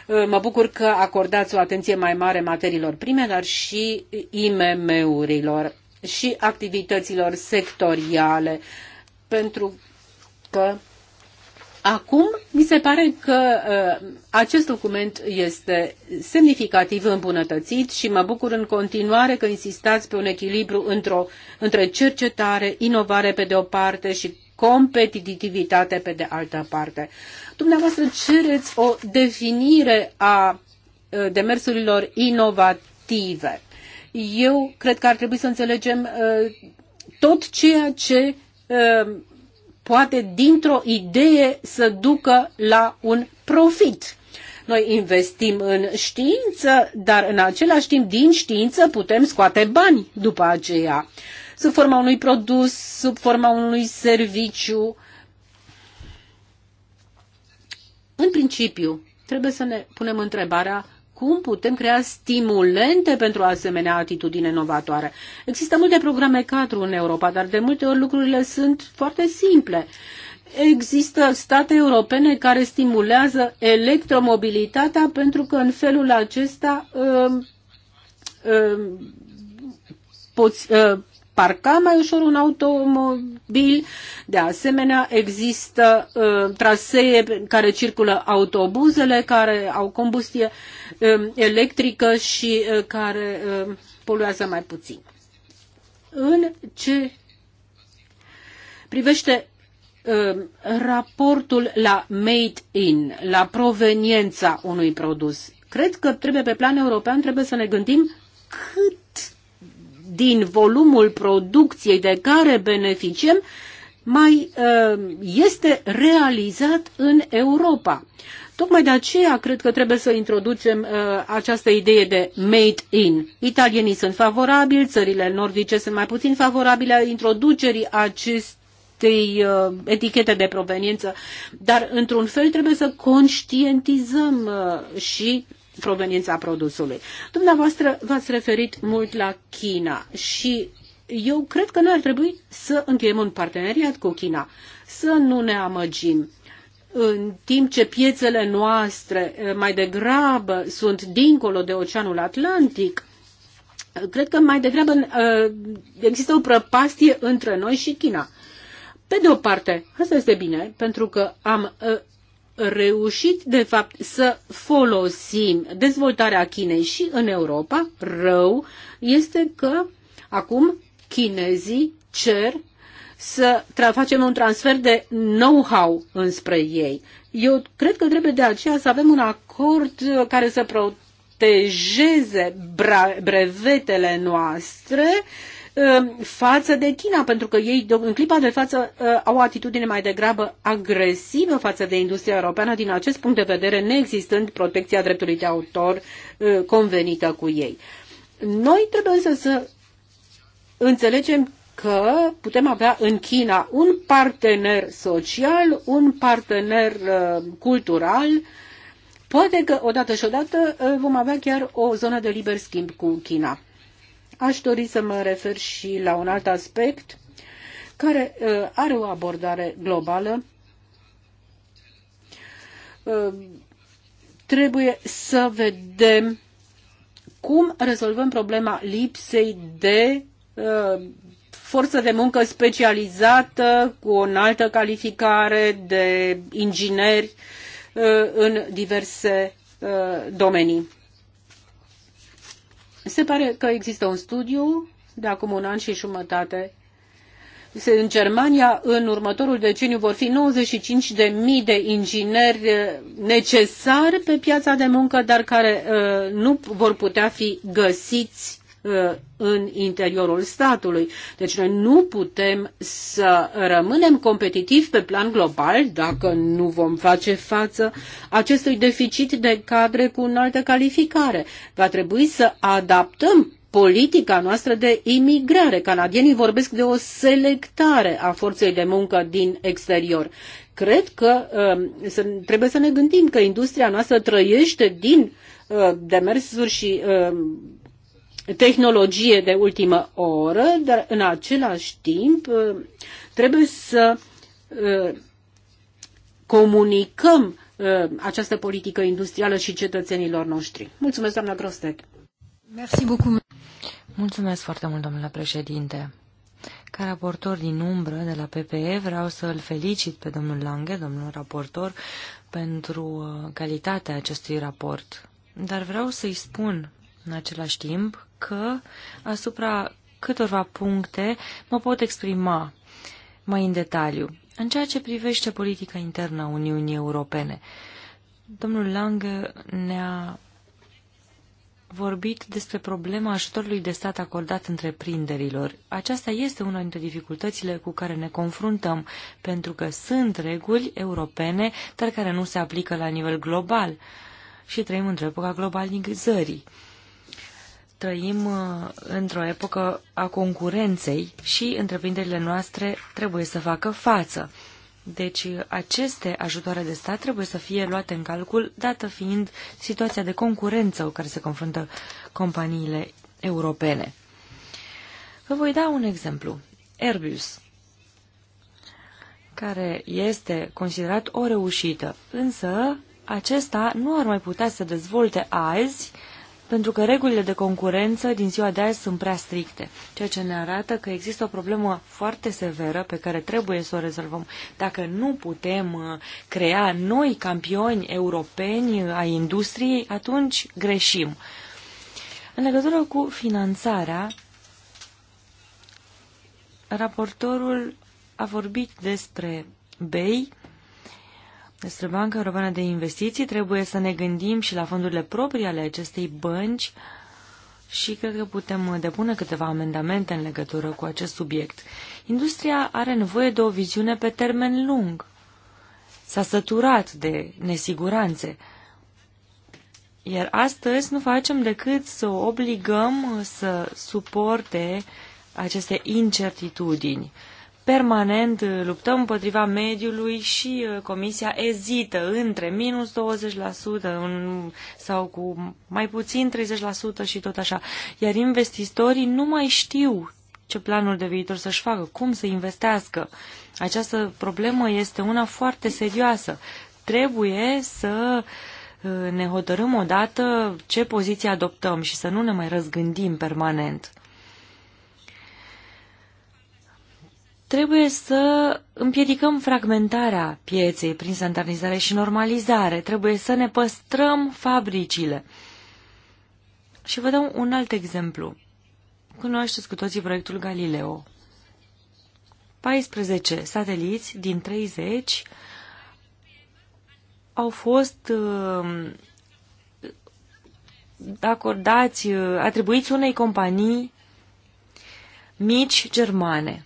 Uh, mă bucur că acordați o atenție mai mare materiilor prime, dar și IMM-urilor și activităților sectoriale, pentru că Acum, mi se pare că uh, acest document este semnificativ îmbunătățit și mă bucur în continuare că insistați pe un echilibru într-o, între cercetare, inovare pe de o parte și competitivitate pe de altă parte. Dumneavoastră cereți o definire a uh, demersurilor inovative. Eu cred că ar trebui să înțelegem uh, tot ceea ce uh, poate dintr-o idee să ducă la un profit. Noi investim în știință, dar în același timp din știință putem scoate bani după aceea, sub forma unui produs, sub forma unui serviciu. În principiu, trebuie să ne punem întrebarea cum putem crea stimulente pentru asemenea atitudine inovatoare. Există multe programe cadru în Europa, dar de multe ori lucrurile sunt foarte simple. Există state europene care stimulează electromobilitatea pentru că în felul acesta uh, uh, poți, uh, parca mai ușor un automobil. De asemenea, există uh, trasee care circulă autobuzele care au combustie uh, electrică și uh, care uh, poluează mai puțin. În ce privește um, raportul la made in, la proveniența unui produs. Cred că trebuie pe plan european trebuie să ne gândim cât din volumul producției de care beneficiem mai uh, este realizat în Europa. Tocmai de aceea cred că trebuie să introducem uh, această idee de made in. Italienii sunt favorabili, țările nordice sunt mai puțin favorabile introducerii acestei uh, etichete de proveniență, dar într-un fel trebuie să conștientizăm uh, și proveniența produsului. Dumneavoastră v-ați referit mult la China și eu cred că noi ar trebui să încheiem un parteneriat cu China, să nu ne amăgim în timp ce piețele noastre eh, mai degrabă sunt dincolo de Oceanul Atlantic, cred că mai degrabă eh, există o prăpastie între noi și China. Pe de o parte, asta este bine, pentru că am eh, reușit, de fapt, să folosim dezvoltarea Chinei și în Europa, rău, este că acum chinezii cer să facem un transfer de know-how înspre ei. Eu cred că trebuie de aceea să avem un acord care să protejeze brevetele noastre Um, față de China, pentru că ei în clipa de față uh, au o atitudine mai degrabă agresivă față de industria europeană, din acest punct de vedere neexistând protecția dreptului de autor uh, convenită cu ei. Noi trebuie să, să înțelegem că putem avea în China un partener social, un partener uh, cultural, poate că odată și odată vom avea chiar o zonă de liber schimb cu China. Aș dori să mă refer și la un alt aspect care uh, are o abordare globală. Uh, trebuie să vedem cum rezolvăm problema lipsei de uh, forță de muncă specializată cu o înaltă calificare de ingineri în diverse domenii. Se pare că există un studiu de acum un an și jumătate. În Germania, în următorul deceniu, vor fi 95 de mii de ingineri eh, necesari pe piața de muncă, dar care uh, nu vor putea fi găsiți Uh, în interiorul statului. Deci noi nu putem să rămânem competitivi pe plan global dacă nu vom face față acestui deficit de cadre cu înaltă calificare. Va trebui să adaptăm politica noastră de imigrare. Canadienii vorbesc de o selectare a forței de muncă din exterior. Cred că um, trebuie să ne gândim că industria noastră trăiește din uh, demersuri și um, tehnologie de ultimă oră, dar în același timp uh, trebuie să uh, comunicăm uh, această politică industrială și cetățenilor noștri. Mulțumesc, doamna Grostet. Merci beaucoup. Mulțumesc foarte mult, domnule președinte. Ca raportor din umbră de la PPE vreau să îl felicit pe domnul Lange, domnul raportor, pentru calitatea acestui raport. Dar vreau să-i spun în același timp că asupra câtorva puncte mă pot exprima mai în detaliu. În ceea ce privește politica internă a Uniunii Europene, domnul Lange ne-a vorbit despre problema ajutorului de stat acordat întreprinderilor. Aceasta este una dintre dificultățile cu care ne confruntăm, pentru că sunt reguli europene, dar care nu se aplică la nivel global. Și trăim într-o epoca globalizării trăim uh, într-o epocă a concurenței și întreprinderile noastre trebuie să facă față. Deci aceste ajutoare de stat trebuie să fie luate în calcul, dată fiind situația de concurență cu care se confruntă companiile europene. Vă voi da un exemplu. Airbus, care este considerat o reușită, însă acesta nu ar mai putea să dezvolte azi uh, pentru că regulile de concurență din ziua de azi sunt prea stricte, ceea ce ne arată că există o problemă foarte severă pe care trebuie să o rezolvăm. Dacă nu putem uh, crea noi campioni europeni uh, ai industriei, atunci greșim. În legătură cu finanțarea, raportorul a vorbit despre BEI, despre Banca Europeană de Investiții, trebuie să ne gândim și la fondurile proprii ale acestei bănci și cred că putem depune câteva amendamente în legătură cu acest subiect. Industria are nevoie de o viziune pe termen lung. S-a săturat de nesiguranțe. Iar astăzi nu facem decât să o obligăm să suporte aceste incertitudini permanent uh, luptăm împotriva mediului și uh, comisia ezită între minus 20% în, sau cu mai puțin 30% și tot așa. Iar investitorii nu mai știu ce planuri de viitor să-și facă, cum să investească. Această problemă este una foarte serioasă. Trebuie să uh, ne hotărâm odată ce poziție adoptăm și să nu ne mai răzgândim permanent. Trebuie să împiedicăm fragmentarea pieței prin standardizare și normalizare. Trebuie să ne păstrăm fabricile. Și vă dau un alt exemplu. Cunoașteți cu toții proiectul Galileo. 14 sateliți din 30 au fost uh, acordați, uh, atribuiți unei companii mici germane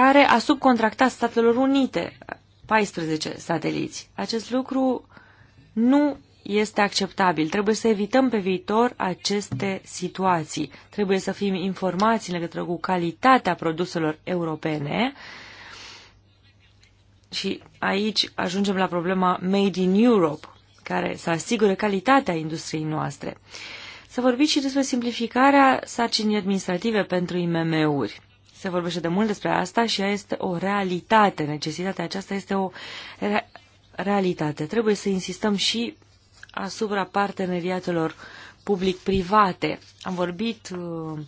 care a subcontractat Statelor Unite 14 sateliți. Acest lucru nu este acceptabil. Trebuie să evităm pe viitor aceste situații. Trebuie să fim informați în legătură cu calitatea produselor europene și aici ajungem la problema Made in Europe, care să asigure calitatea industriei noastre. Să vorbim și despre simplificarea sarcinii administrative pentru IMM-uri. Se vorbește de mult despre asta și ea este o realitate. Necesitatea aceasta este o re realitate. Trebuie să insistăm și asupra parteneriatelor public-private. Am vorbit uh,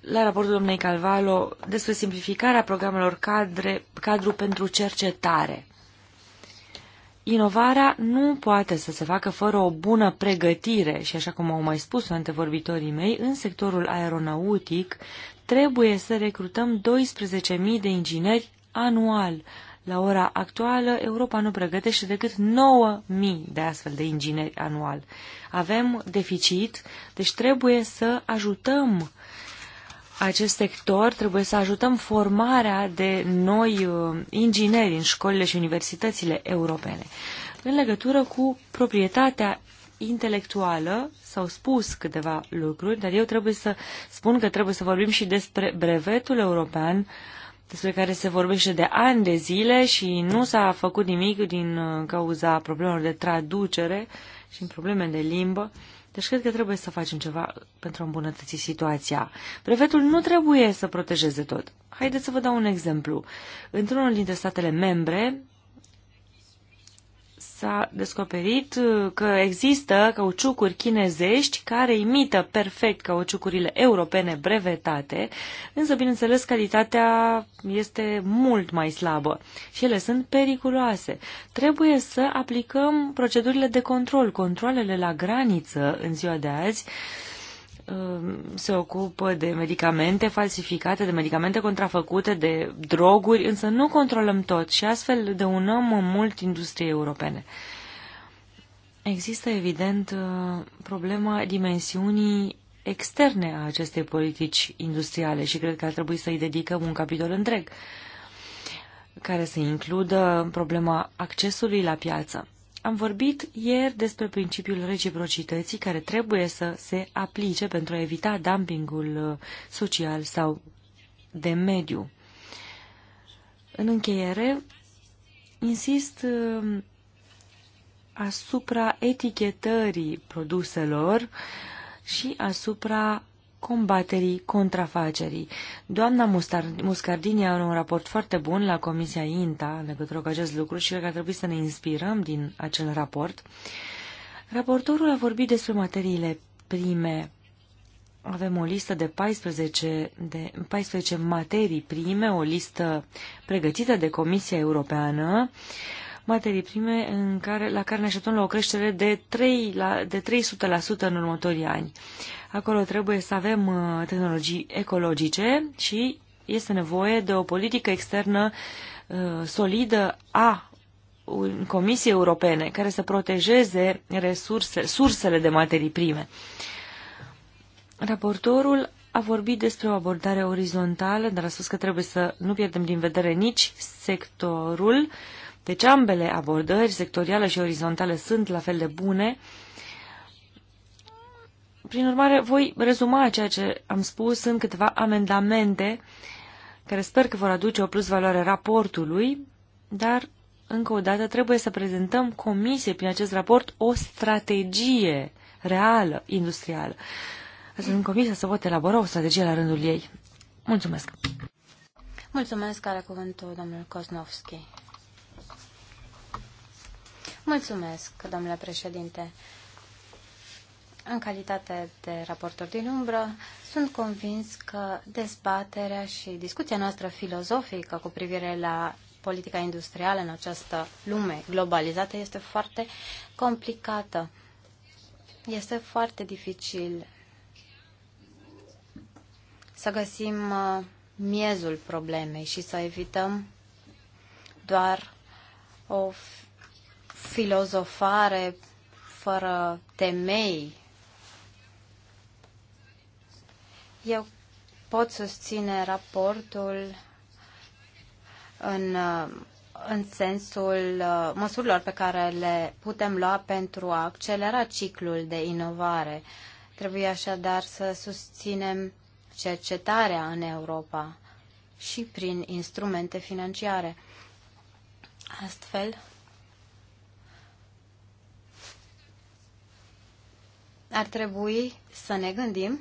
la raportul domnei Calvalo despre simplificarea programelor cadre, cadru pentru cercetare. Inovarea nu poate să se facă fără o bună pregătire și, așa cum au mai spus antevorbitorii mei, în sectorul aeronautic trebuie să recrutăm 12.000 de ingineri anual. La ora actuală, Europa nu pregătește decât 9.000 de astfel de ingineri anual. Avem deficit, deci trebuie să ajutăm acest sector, trebuie să ajutăm formarea de noi uh, ingineri în școlile și universitățile europene. În legătură cu proprietatea intelectuală s-au spus câteva lucruri, dar eu trebuie să spun că trebuie să vorbim și despre brevetul european, despre care se vorbește de ani de zile și nu s-a făcut nimic din uh, cauza problemelor de traducere și în probleme de limbă. Deci cred că trebuie să facem ceva pentru a îmbunătăți situația. Brevetul nu trebuie să protejeze tot. Haideți să vă dau un exemplu. Într-unul dintre statele membre, s-a descoperit uh, că există cauciucuri chinezești care imită perfect cauciucurile europene brevetate, însă, bineînțeles, calitatea este mult mai slabă și ele sunt periculoase. Trebuie să aplicăm procedurile de control, controlele la graniță în ziua de azi, Um, se ocupă de medicamente falsificate, de medicamente contrafăcute, de droguri, însă nu controlăm tot și astfel dăunăm mult industriei europene. Există, evident, uh, problema dimensiunii externe a acestei politici industriale și cred că ar trebui să-i dedicăm un capitol întreg care să includă problema accesului la piață. Am vorbit ieri despre principiul reciprocității care trebuie să se aplice pentru a evita dumpingul uh, social sau de mediu. În încheiere, insist uh, asupra etichetării produselor și asupra combaterii contrafacerii. Doamna Mustar, Muscardini are un raport foarte bun la Comisia INTA în legătură cu acest lucru și cred că ar trebui să ne inspirăm din acel raport. Raportorul a vorbit despre materiile prime. Avem o listă de 14, de 14 materii prime, o listă pregătită de Comisia Europeană. Uh, materii prime în care, la care ne așteptăm la o creștere de, 3, la, de 300% în următorii ani. Acolo trebuie să avem uh, tehnologii ecologice și este nevoie de o politică externă uh, solidă a Comisiei Europene care să protejeze resurse, sursele de materii prime. Raportorul a vorbit despre o abordare orizontală, dar a spus că trebuie să nu pierdem din vedere nici sectorul uh, deci ambele abordări, sectorială și orizontală, sunt la fel de bune. Prin urmare, voi rezuma ceea ce am spus în câteva amendamente care sper că vor aduce o plus valoare raportului, dar, încă o dată, trebuie să prezentăm comisie prin acest raport o strategie reală, industrială. Asta în comisia să pot elabora o strategie la rândul ei. Mulțumesc! Mulțumesc, are cuvântul domnul Kosnovski. Mulțumesc, domnule președinte. În calitate de raportor din umbră, sunt convins că dezbaterea și discuția noastră filozofică cu privire la politica industrială în această lume globalizată este foarte complicată. Este foarte dificil să găsim uh, miezul problemei și să evităm doar o filozofare fără temei. Eu pot susține raportul în, în sensul uh, măsurilor pe care le putem lua pentru a accelera ciclul de inovare. Trebuie așadar să susținem cercetarea în Europa și prin instrumente financiare. Astfel, ar trebui să ne gândim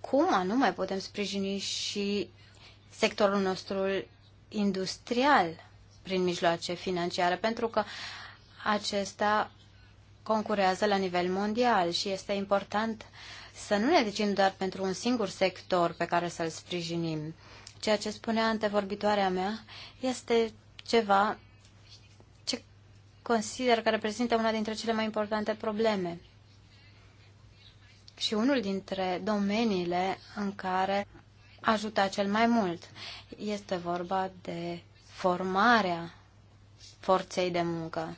cum anume putem sprijini și sectorul nostru industrial prin mijloace financiare, pentru că acesta concurează la nivel mondial și este important să nu ne decim doar pentru un singur sector pe care să-l sprijinim. Ceea ce spunea antevorbitoarea mea este ceva consider că reprezintă una dintre cele mai importante probleme și unul dintre domeniile în care ajuta cel mai mult. Este vorba de formarea forței de muncă.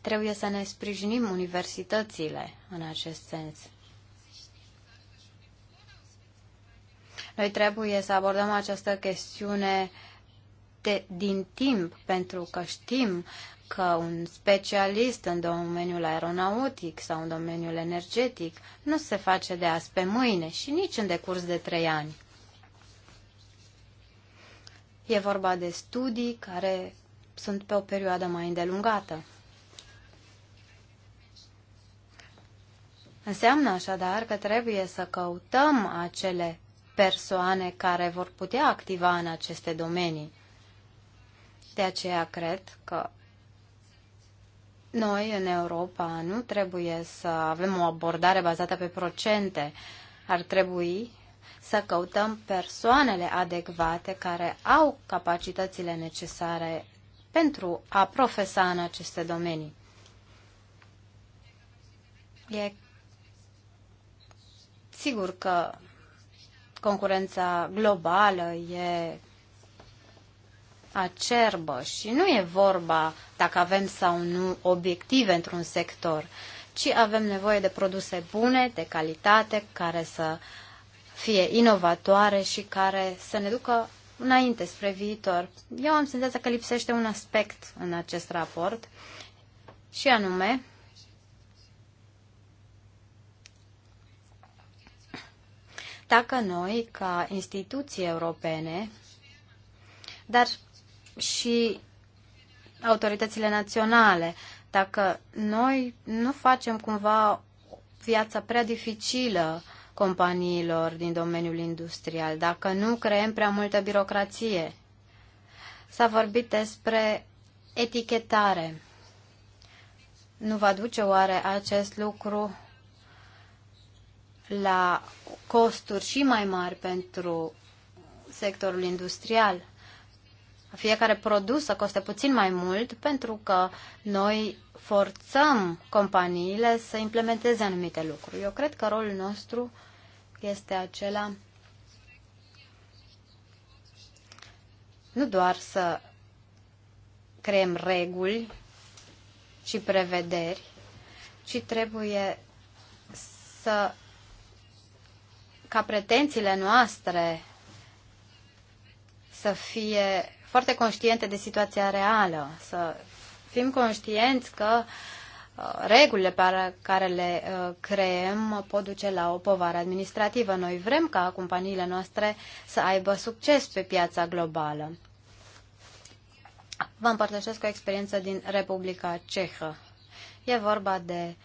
Trebuie să ne sprijinim universitățile în acest sens. Noi trebuie să abordăm această chestiune de, din timp, pentru că știm că un specialist în domeniul aeronautic sau în domeniul energetic nu se face de azi pe mâine și nici în decurs de trei ani. E vorba de studii care sunt pe o perioadă mai îndelungată. Înseamnă așadar că trebuie să căutăm acele persoane care vor putea activa în aceste domenii. De aceea cred că noi, în Europa, nu trebuie să avem o abordare bazată pe procente. Ar trebui să căutăm persoanele adecvate care au capacitățile necesare pentru a profesa în aceste domenii. E sigur că concurența globală e acerbă și nu e vorba dacă avem sau nu obiective într-un sector, ci avem nevoie de produse bune, de calitate, care să fie inovatoare și care să ne ducă înainte, spre viitor. Eu am senzația că lipsește un aspect în acest raport și anume dacă noi, ca instituții europene, dar și autoritățile naționale. Dacă noi nu facem cumva viața prea dificilă companiilor din domeniul industrial, dacă nu creăm prea multă birocrație. S-a vorbit despre etichetare. Nu va duce oare acest lucru la costuri și mai mari pentru sectorul industrial? fiecare produs să coste puțin mai mult pentru că noi forțăm companiile să implementeze anumite lucruri. Eu cred că rolul nostru este acela nu doar să creăm reguli și prevederi, ci trebuie să ca pretențiile noastre să fie foarte conștiente de situația reală, să fim conștienți că uh, regulile pe care le uh, creăm pot duce la o povară administrativă. Noi vrem ca companiile noastre să aibă succes pe piața globală. Vă împărtășesc o experiență din Republica Cehă. E vorba de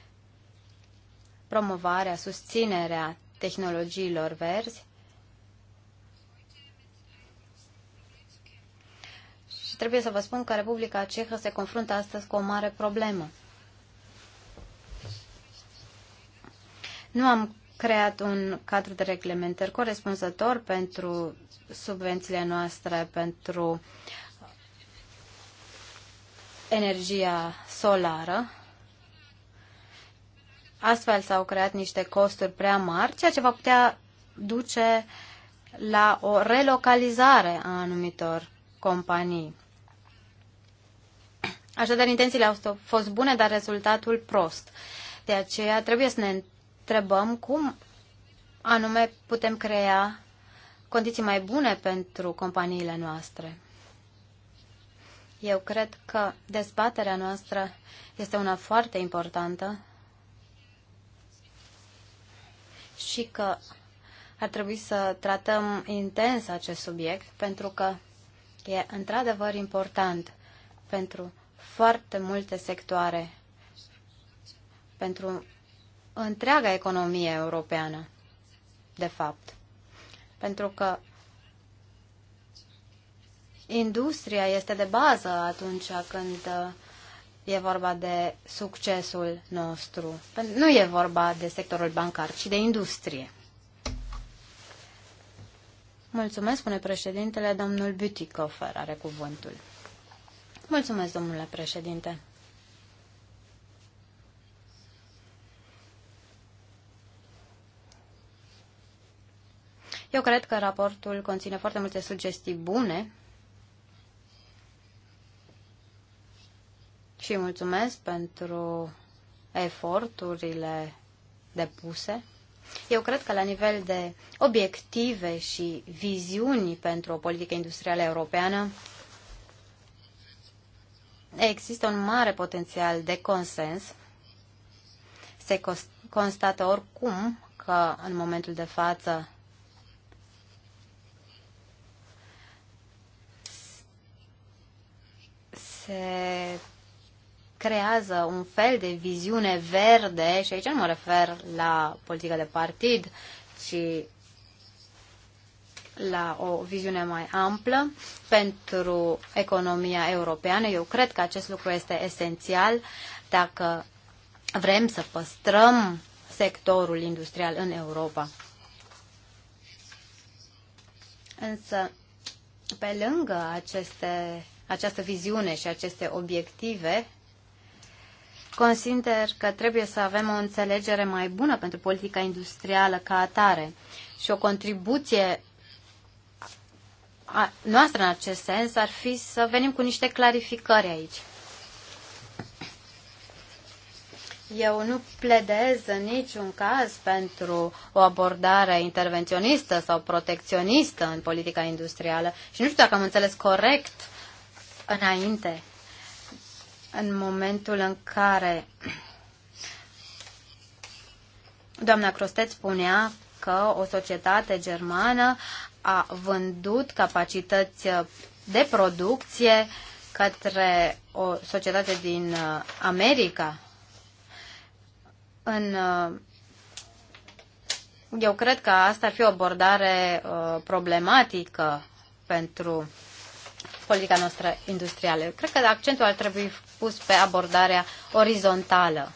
promovarea, susținerea tehnologiilor verzi Și trebuie să vă spun că Republica Cehă se confruntă astăzi cu o mare problemă. Nu am creat un cadru de reglementări corespunzător pentru subvențiile noastre, pentru energia solară. Astfel s-au creat niște costuri prea mari, ceea ce va putea duce la o relocalizare a anumitor companii. Așadar, intențiile au fost bune, dar rezultatul prost. De aceea trebuie să ne întrebăm cum anume putem crea condiții mai bune pentru companiile noastre. Eu cred că dezbaterea noastră este una foarte importantă și că ar trebui să tratăm intens acest subiect, pentru că e într-adevăr important pentru foarte multe sectoare, pentru întreaga economie europeană, de fapt. Pentru că industria este de bază atunci când uh, e vorba de succesul nostru. Nu e vorba de sectorul bancar, ci de industrie. Mulțumesc, spune președintele, domnul Butikofer are cuvântul. Mulțumesc, domnule președinte. Eu cred că raportul conține foarte multe sugestii bune și mulțumesc pentru eforturile depuse. Eu cred că la nivel de obiective și viziuni pentru o politică industrială europeană există un mare potențial de consens. Se constată oricum că în momentul de față se creează un fel de viziune verde, și aici nu mă refer la politica de partid, ci la o viziune mai amplă pentru economia europeană. Eu cred că acest lucru este esențial dacă vrem să păstrăm sectorul industrial în Europa. Însă, pe lângă aceste, această viziune și aceste obiective, Consider că trebuie să avem o înțelegere mai bună pentru politica industrială ca atare și o contribuție a noastră în acest sens ar fi să venim cu niște clarificări aici. Eu nu pledez în niciun caz pentru o abordare intervenționistă sau protecționistă în politica industrială și nu știu dacă am înțeles corect înainte în momentul în care doamna Crosteț spunea că o societate germană a vândut capacități de producție către o societate din uh, America. În, uh, eu cred că asta ar fi o abordare uh, problematică pentru politica noastră industrială. Eu cred că accentul ar trebui pus pe abordarea orizontală,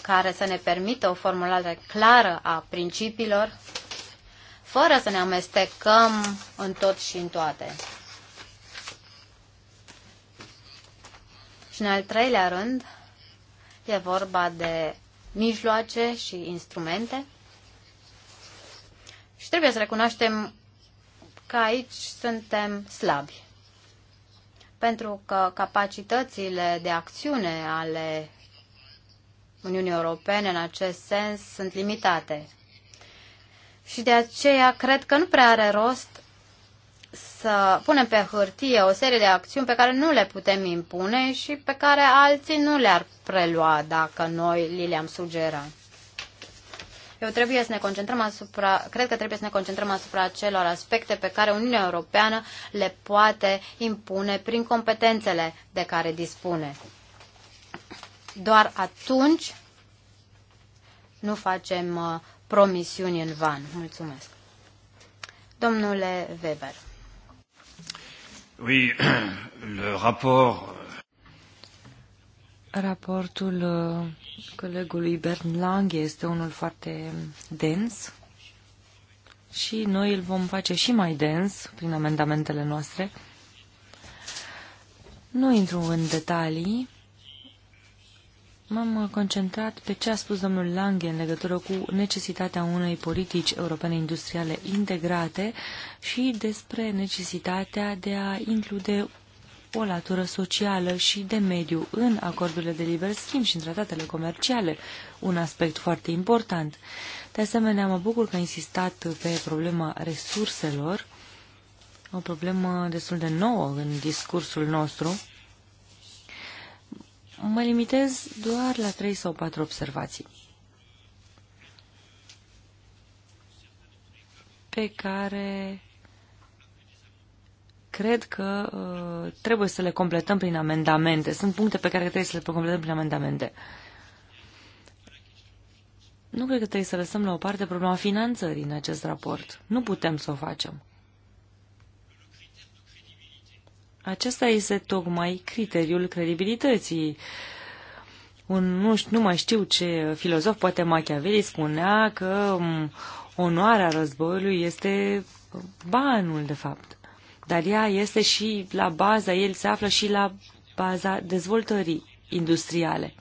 care să ne permită o formulare clară a principiilor, fără să ne amestecăm în tot și în toate. Și în al treilea rând, e vorba de mijloace și instrumente. Și trebuie să recunoaștem că aici suntem slabi pentru că capacitățile de acțiune ale Uniunii Europene în acest sens sunt limitate. Și de aceea cred că nu prea are rost să punem pe hârtie o serie de acțiuni pe care nu le putem impune și pe care alții nu le-ar prelua dacă noi li le-am sugera. Eu trebuie să ne concentrăm asupra, cred că trebuie să ne concentrăm asupra celor aspecte pe care Uniunea Europeană le poate impune prin competențele de care dispune. Doar atunci nu facem uh, promisiuni în van. Mulțumesc. Domnule Weber. Oui, *clears throat* le rapport Raportul uh, colegului Bernd Lang este unul foarte dens și noi îl vom face și mai dens prin amendamentele noastre. Nu intru în detalii. M-am concentrat pe ce a spus domnul Lange în legătură cu necesitatea unei politici europene industriale integrate și despre necesitatea de a include o latură socială și de mediu în acordurile de liber schimb și în tratatele comerciale, un aspect foarte important. De asemenea, mă bucur că a insistat pe problema resurselor, o problemă destul de nouă în discursul nostru. Mă limitez doar la trei sau patru observații. pe care cred că uh, trebuie să le completăm prin amendamente. Sunt puncte pe care trebuie să le completăm prin amendamente. Nu cred că trebuie să lăsăm la o parte problema finanțării în acest raport. Nu putem să o facem. Acesta este tocmai criteriul credibilității. Un, nu, nu mai știu ce filozof, poate Machiavelli spunea că um, onoarea războiului este banul, de fapt dar ea este și la baza, el se află și la baza dezvoltării industriale.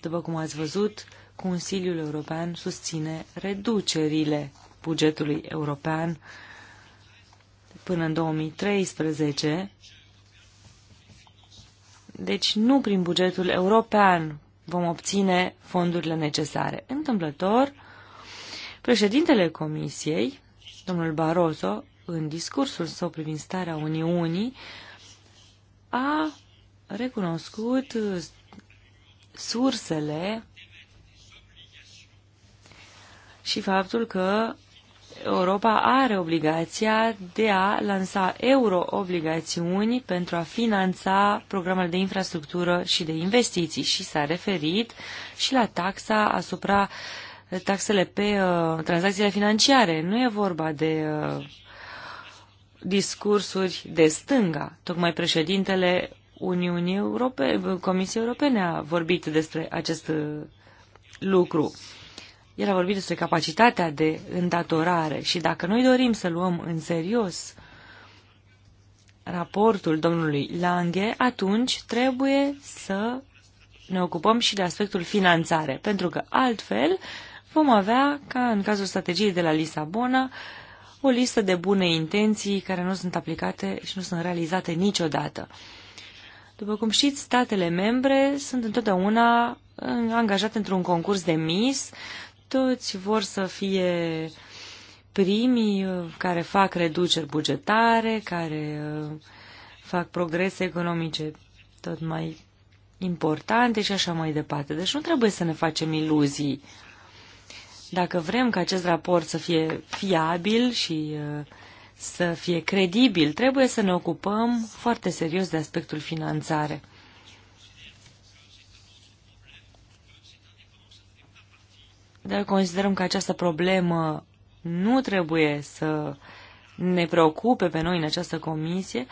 După cum ați văzut, Consiliul European susține reducerile bugetului european până în 2013. Deci nu prin bugetul european vom obține fondurile necesare. Întâmplător, președintele Comisiei, domnul Barroso, în discursul său privind starea Uniunii, a recunoscut uh, sursele și faptul că Europa are obligația de a lansa euroobligațiuni pentru a finanța programele de infrastructură și de investiții și s-a referit și la taxa asupra taxele pe uh, tranzacțiile financiare. Nu e vorba de uh, discursuri de stânga. Tocmai președintele Uniunii Europene, Comisiei Europene a vorbit despre acest lucru. El a vorbit despre capacitatea de îndatorare și dacă noi dorim să luăm în serios raportul domnului Lange, atunci trebuie să ne ocupăm și de aspectul finanțare, pentru că altfel vom avea, ca în cazul strategiei de la Lisabona, o listă de bune intenții care nu sunt aplicate și nu sunt realizate niciodată. După cum știți, statele membre sunt întotdeauna angajate într-un concurs de MIS, toți vor să fie primii uh, care fac reduceri bugetare, care uh, fac progrese economice tot mai importante și așa mai departe. Deci nu trebuie să ne facem iluzii. Dacă vrem ca acest raport să fie fiabil și uh, să fie credibil, trebuie să ne ocupăm foarte serios de aspectul finanțare. Dar considerăm că această problemă nu trebuie să ne preocupe pe noi în această comisie,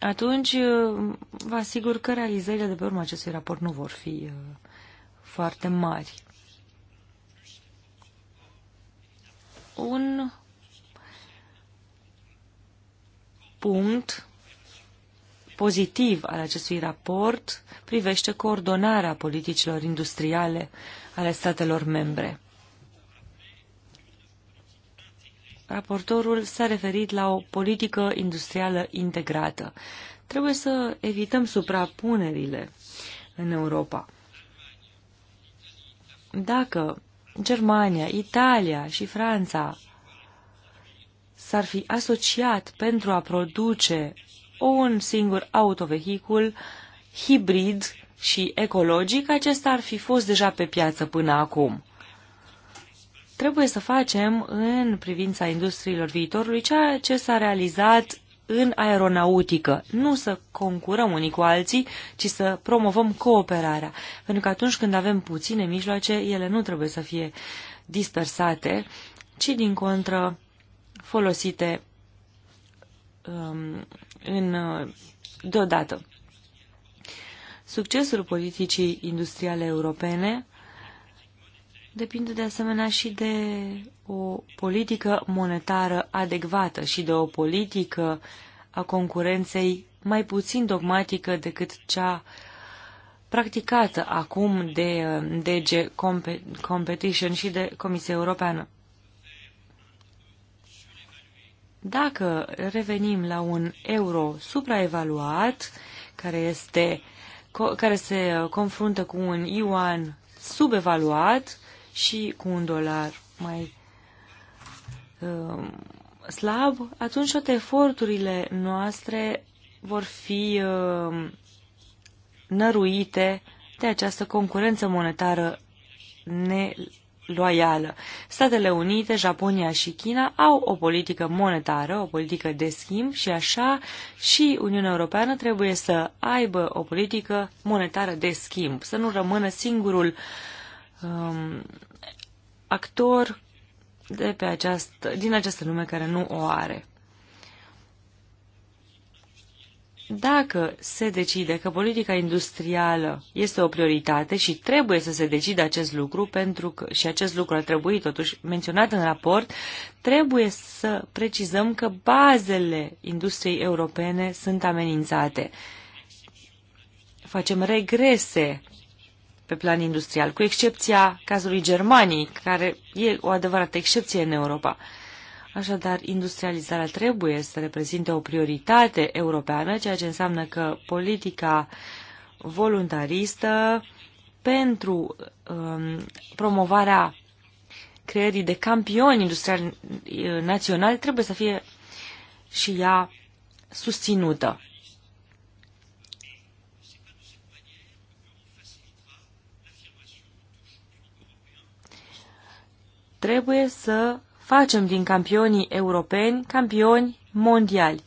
atunci uh, vă asigur că realizările de pe urma acestui raport nu vor fi uh, foarte mari. Un punct pozitiv al acestui raport privește coordonarea politicilor industriale ale statelor membre. Raportorul s-a referit la o politică industrială integrată. Trebuie să evităm suprapunerile în Europa. Dacă Germania, Italia și Franța s-ar fi asociat pentru a produce un singur autovehicul hibrid și ecologic, acesta ar fi fost deja pe piață până acum trebuie să facem în privința industriilor viitorului ceea ce s-a realizat în aeronautică. Nu să concurăm unii cu alții, ci să promovăm cooperarea. Pentru că atunci când avem puține mijloace, ele nu trebuie să fie dispersate, ci din contră folosite um, în, deodată. Succesul politicii industriale europene Depinde de asemenea și de o politică monetară adecvată și de o politică a concurenței mai puțin dogmatică decât cea practicată acum de uh, DG Competition și de Comisia Europeană. Dacă revenim la un euro supraevaluat, care, este, care se uh, confruntă cu un yuan subevaluat, și cu un dolar mai uh, slab, atunci toate eforturile noastre vor fi uh, năruite de această concurență monetară neloială. Statele Unite, Japonia și China au o politică monetară, o politică de schimb și așa și Uniunea Europeană trebuie să aibă o politică monetară de schimb, să nu rămână singurul uh, um, actor de pe această, din această lume care nu o are. Dacă se decide că politica industrială este o prioritate și trebuie să se decide acest lucru, pentru că și acest lucru ar trebui totuși menționat în raport, trebuie să precizăm că bazele industriei europene sunt amenințate. Facem regrese pe plan industrial, cu excepția cazului Germaniei, care e o adevărată excepție în Europa. Așadar, industrializarea trebuie să reprezinte o prioritate europeană, ceea ce înseamnă că politica voluntaristă pentru um, promovarea creierii de campioni industriali uh, naționali trebuie să fie și ea susținută. Trebuie să facem din campionii europeni campioni mondiali.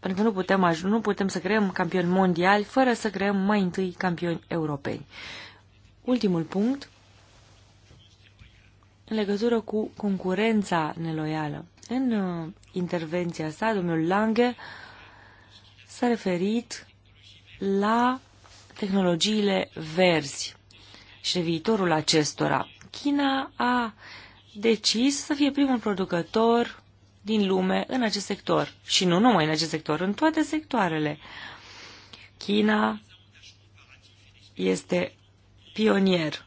Pentru că nu putem, nu putem să creăm campioni mondiali fără să creăm mai întâi campioni europeni. Ultimul punct, în legătură cu concurența neloială. În uh, intervenția sa, domnul Lange s-a referit la tehnologiile verzi și viitorul acestora. China a decis să fie primul producător din lume în acest sector. Și nu numai în acest sector, în toate sectoarele. China este pionier.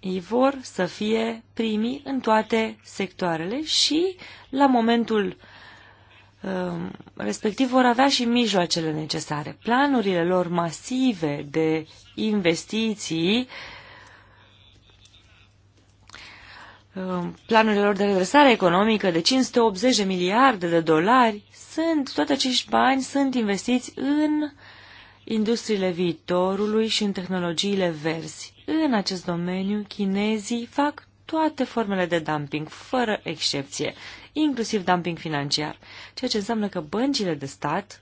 Ei vor să fie primii în toate sectoarele și la momentul uh, Um, respectiv vor avea și mijloacele necesare. Planurile lor masive de investiții, um, planurile lor de redresare economică de 580 de miliarde de dolari, sunt, toate acești bani sunt investiți în industriile viitorului și în tehnologiile verzi. În acest domeniu, chinezii fac toate formele de dumping, fără excepție inclusiv dumping financiar, ceea ce înseamnă că băncile de stat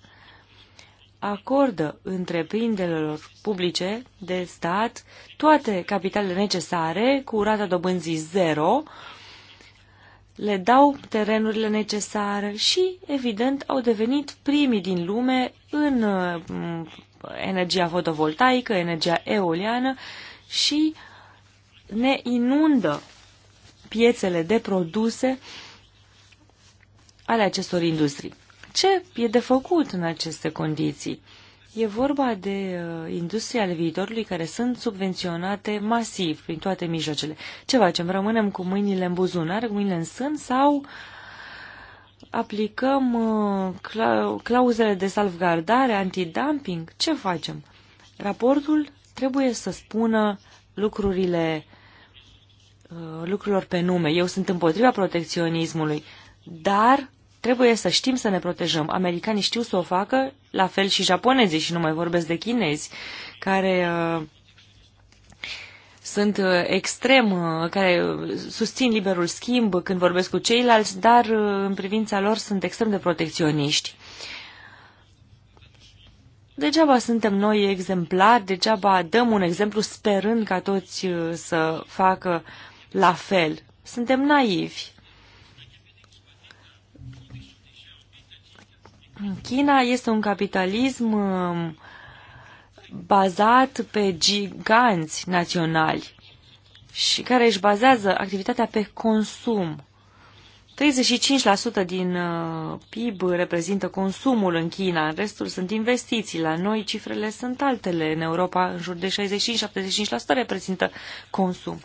acordă întreprinderilor publice de stat toate capitalele necesare cu rata dobânzii zero, le dau terenurile necesare și, evident, au devenit primii din lume în mm, energia fotovoltaică, energia eoliană și ne inundă piețele de produse ale acestor industrii. Ce e de făcut în aceste condiții? E vorba de uh, industrie ale viitorului care sunt subvenționate masiv prin toate mijloacele. Ce facem? Rămânem cu mâinile în buzunar, cu mâinile în sân sau aplicăm uh, cla clauzele de salvgardare, antidumping? Ce facem? Raportul trebuie să spună lucrurile uh, lucrurilor pe nume. Eu sunt împotriva protecționismului, dar trebuie să știm să ne protejăm. Americanii știu să o facă, la fel și japonezii, și nu mai vorbesc de chinezi, care uh, sunt uh, extrem, uh, care uh, susțin liberul schimb când vorbesc cu ceilalți, dar uh, în privința lor sunt extrem de protecționiști. Degeaba suntem noi exemplari, degeaba dăm un exemplu sperând ca toți uh, să facă la fel. Suntem naivi China este un capitalism um, bazat pe giganți naționali și care își bazează activitatea pe consum. 35% din uh, PIB reprezintă consumul în China, în restul sunt investiții. La noi cifrele sunt altele. În Europa, în jur de 65-75% reprezintă consum.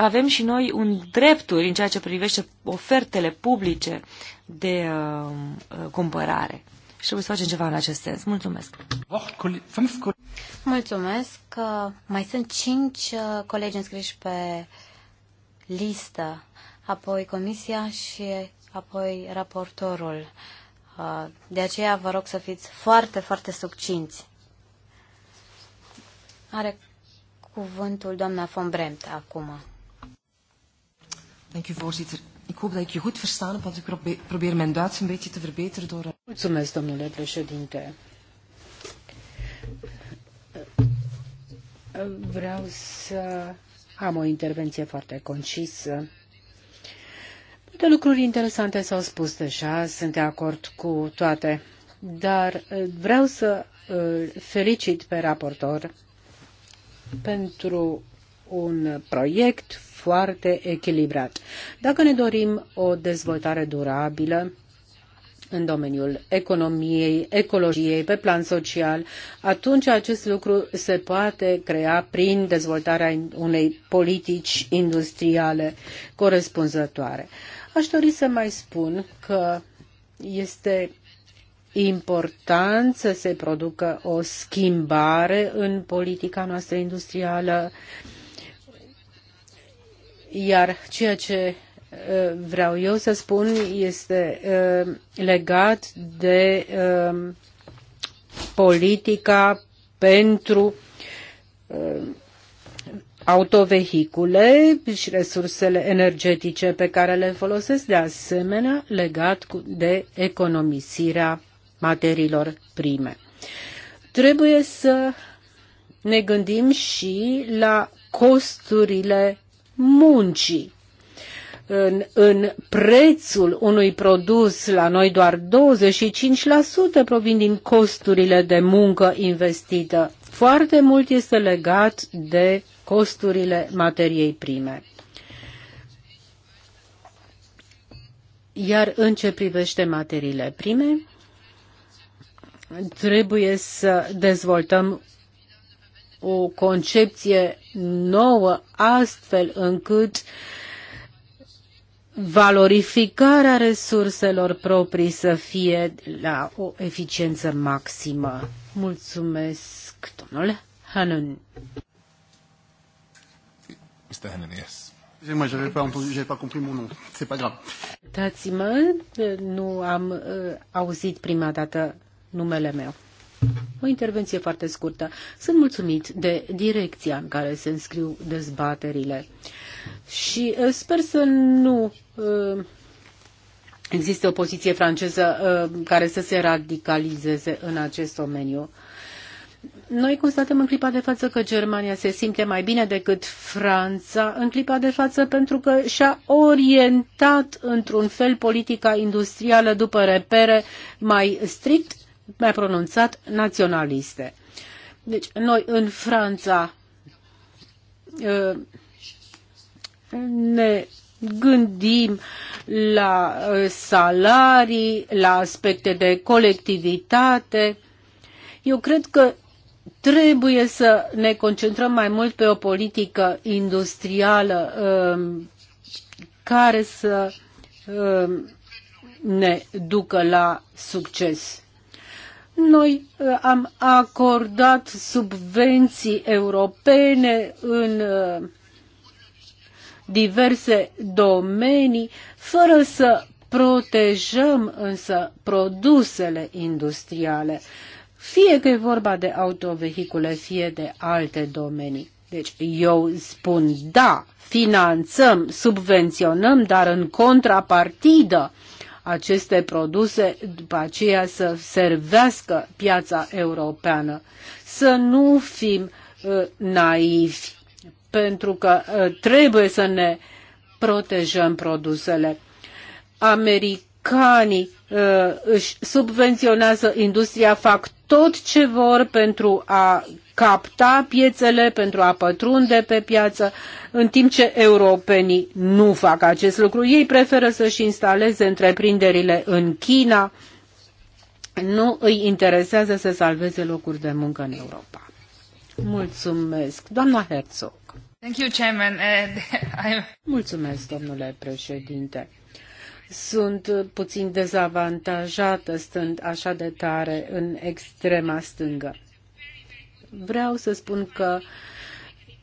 avem și noi un drepturi în ceea ce privește ofertele publice de uh, uh, cumpărare. Și trebuie să facem ceva în acest sens. Mulțumesc! Mulțumesc! Că mai sunt cinci uh, colegi înscriși pe listă, apoi comisia și apoi raportorul. Uh, de aceea vă rog să fiți foarte, foarte succinți. Are cuvântul doamna von Bremt acum. Dank u, voorzitter. Ik hoop dat ik je goed verstaan heb, want ik probeer mijn Duits een beetje te verbeteren door... Mulțumesc, domnule președinte. Vreau să am o intervenție foarte concisă. Multe lucruri interesante s-au spus deja, sunt de acord cu toate, dar eh, vreau să eh, felicit pe raportor pentru un proiect foarte echilibrat. Dacă ne dorim o dezvoltare durabilă, în domeniul economiei, ecologiei, pe plan social, atunci acest lucru se poate crea prin dezvoltarea unei politici industriale corespunzătoare. Aș dori să mai spun că este important să se producă o schimbare în politica noastră industrială uh, iar ceea ce uh, vreau eu să spun este uh, legat de um, politica pentru uh, autovehicule și resursele energetice pe care le folosesc, de asemenea legat de economisirea materiilor prime. Trebuie să ne gândim și la costurile muncii. În, în prețul unui produs la noi doar 25% provin din costurile de muncă investită. Foarte mult este legat de costurile materiei prime. Iar în ce privește materiile prime, trebuie să dezvoltăm o concepție nouă astfel încât valorificarea resurselor proprii să fie la o eficiență maximă. Mulțumesc, domnule Hanun. Este Hannon, yes. Dați-mă, nu am uh, auzit prima dată numele meu. O intervenție foarte scurtă. Sunt mulțumit de direcția în care se înscriu dezbaterile și uh, sper să nu uh, există o poziție franceză uh, care să se radicalizeze în acest domeniu. Noi constatăm în clipa de față că Germania se simte mai bine decât Franța în clipa de față pentru că și-a orientat într-un fel politica industrială după repere mai strict mai pronunțat naționaliste. Deci, noi în Franța ă, ne gândim la ă, salarii, la aspecte de colectivitate. Eu cred că trebuie să ne concentrăm mai mult pe o politică industrială ă, care să ne ducă la succes. Noi uh, am acordat subvenții europene în uh, diverse domenii, fără să protejăm însă produsele industriale, fie că e vorba de autovehicule, fie de alte domenii. Deci eu spun da, finanțăm, subvenționăm, dar în contrapartidă aceste produse după aceea să servească piața europeană. Să nu fim uh, naivi, pentru că uh, trebuie să ne protejăm produsele. Americanii uh, își subvenționează industria, fac tot ce vor pentru a capta piețele, pentru a pătrunde pe piață, în timp ce europenii nu fac acest lucru. Ei preferă să-și instaleze întreprinderile în China, nu îi interesează să salveze locuri de muncă în Europa. Mulțumesc. Doamna Herzog. Thank you, Chairman. Uh, *laughs* Mulțumesc, domnule președinte. Sunt puțin dezavantajată stând așa de tare în extrema stângă vreau să spun că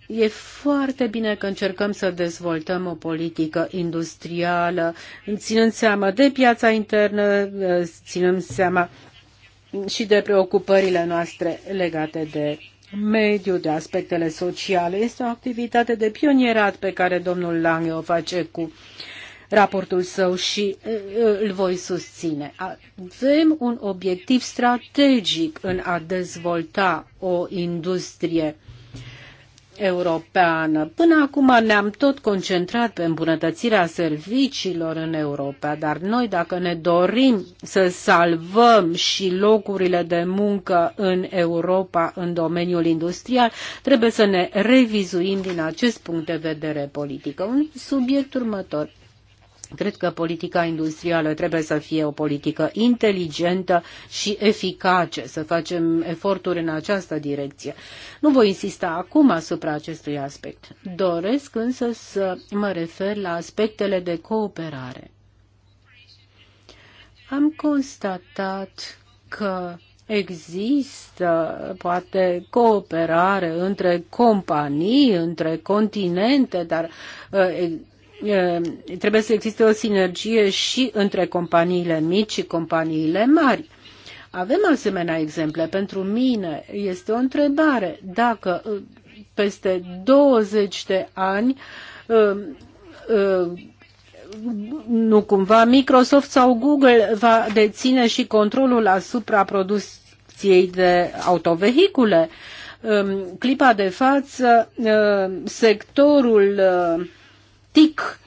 E foarte bine că încercăm să dezvoltăm o politică industrială, ținând seama de piața internă, ținând seama și de preocupările noastre legate de mediu, de aspectele sociale. Este o activitate de pionierat pe care domnul Lange o face cu raportul său și uh, uh, îl voi susține. Avem un obiectiv strategic în a dezvolta o industrie europeană. Până acum ne-am tot concentrat pe îmbunătățirea serviciilor în Europa, dar noi dacă ne dorim să salvăm și locurile de muncă în Europa în domeniul industrial, trebuie să ne revizuim din acest punct de vedere politică. Un subiect următor. Cred că politica industrială trebuie să fie o politică inteligentă și eficace, să facem eforturi în această direcție. Nu voi insista acum asupra acestui aspect. Doresc însă să mă refer la aspectele de cooperare. Am constatat că există poate cooperare între companii, între continente, dar uh, Eh, trebuie să existe o sinergie și între companiile mici și companiile mari. Avem asemenea exemple. Pentru mine este o întrebare dacă eh, peste 20 de ani eh, nu cumva Microsoft sau Google va deține și controlul asupra producției de autovehicule. Clipa de față, sectorul TIC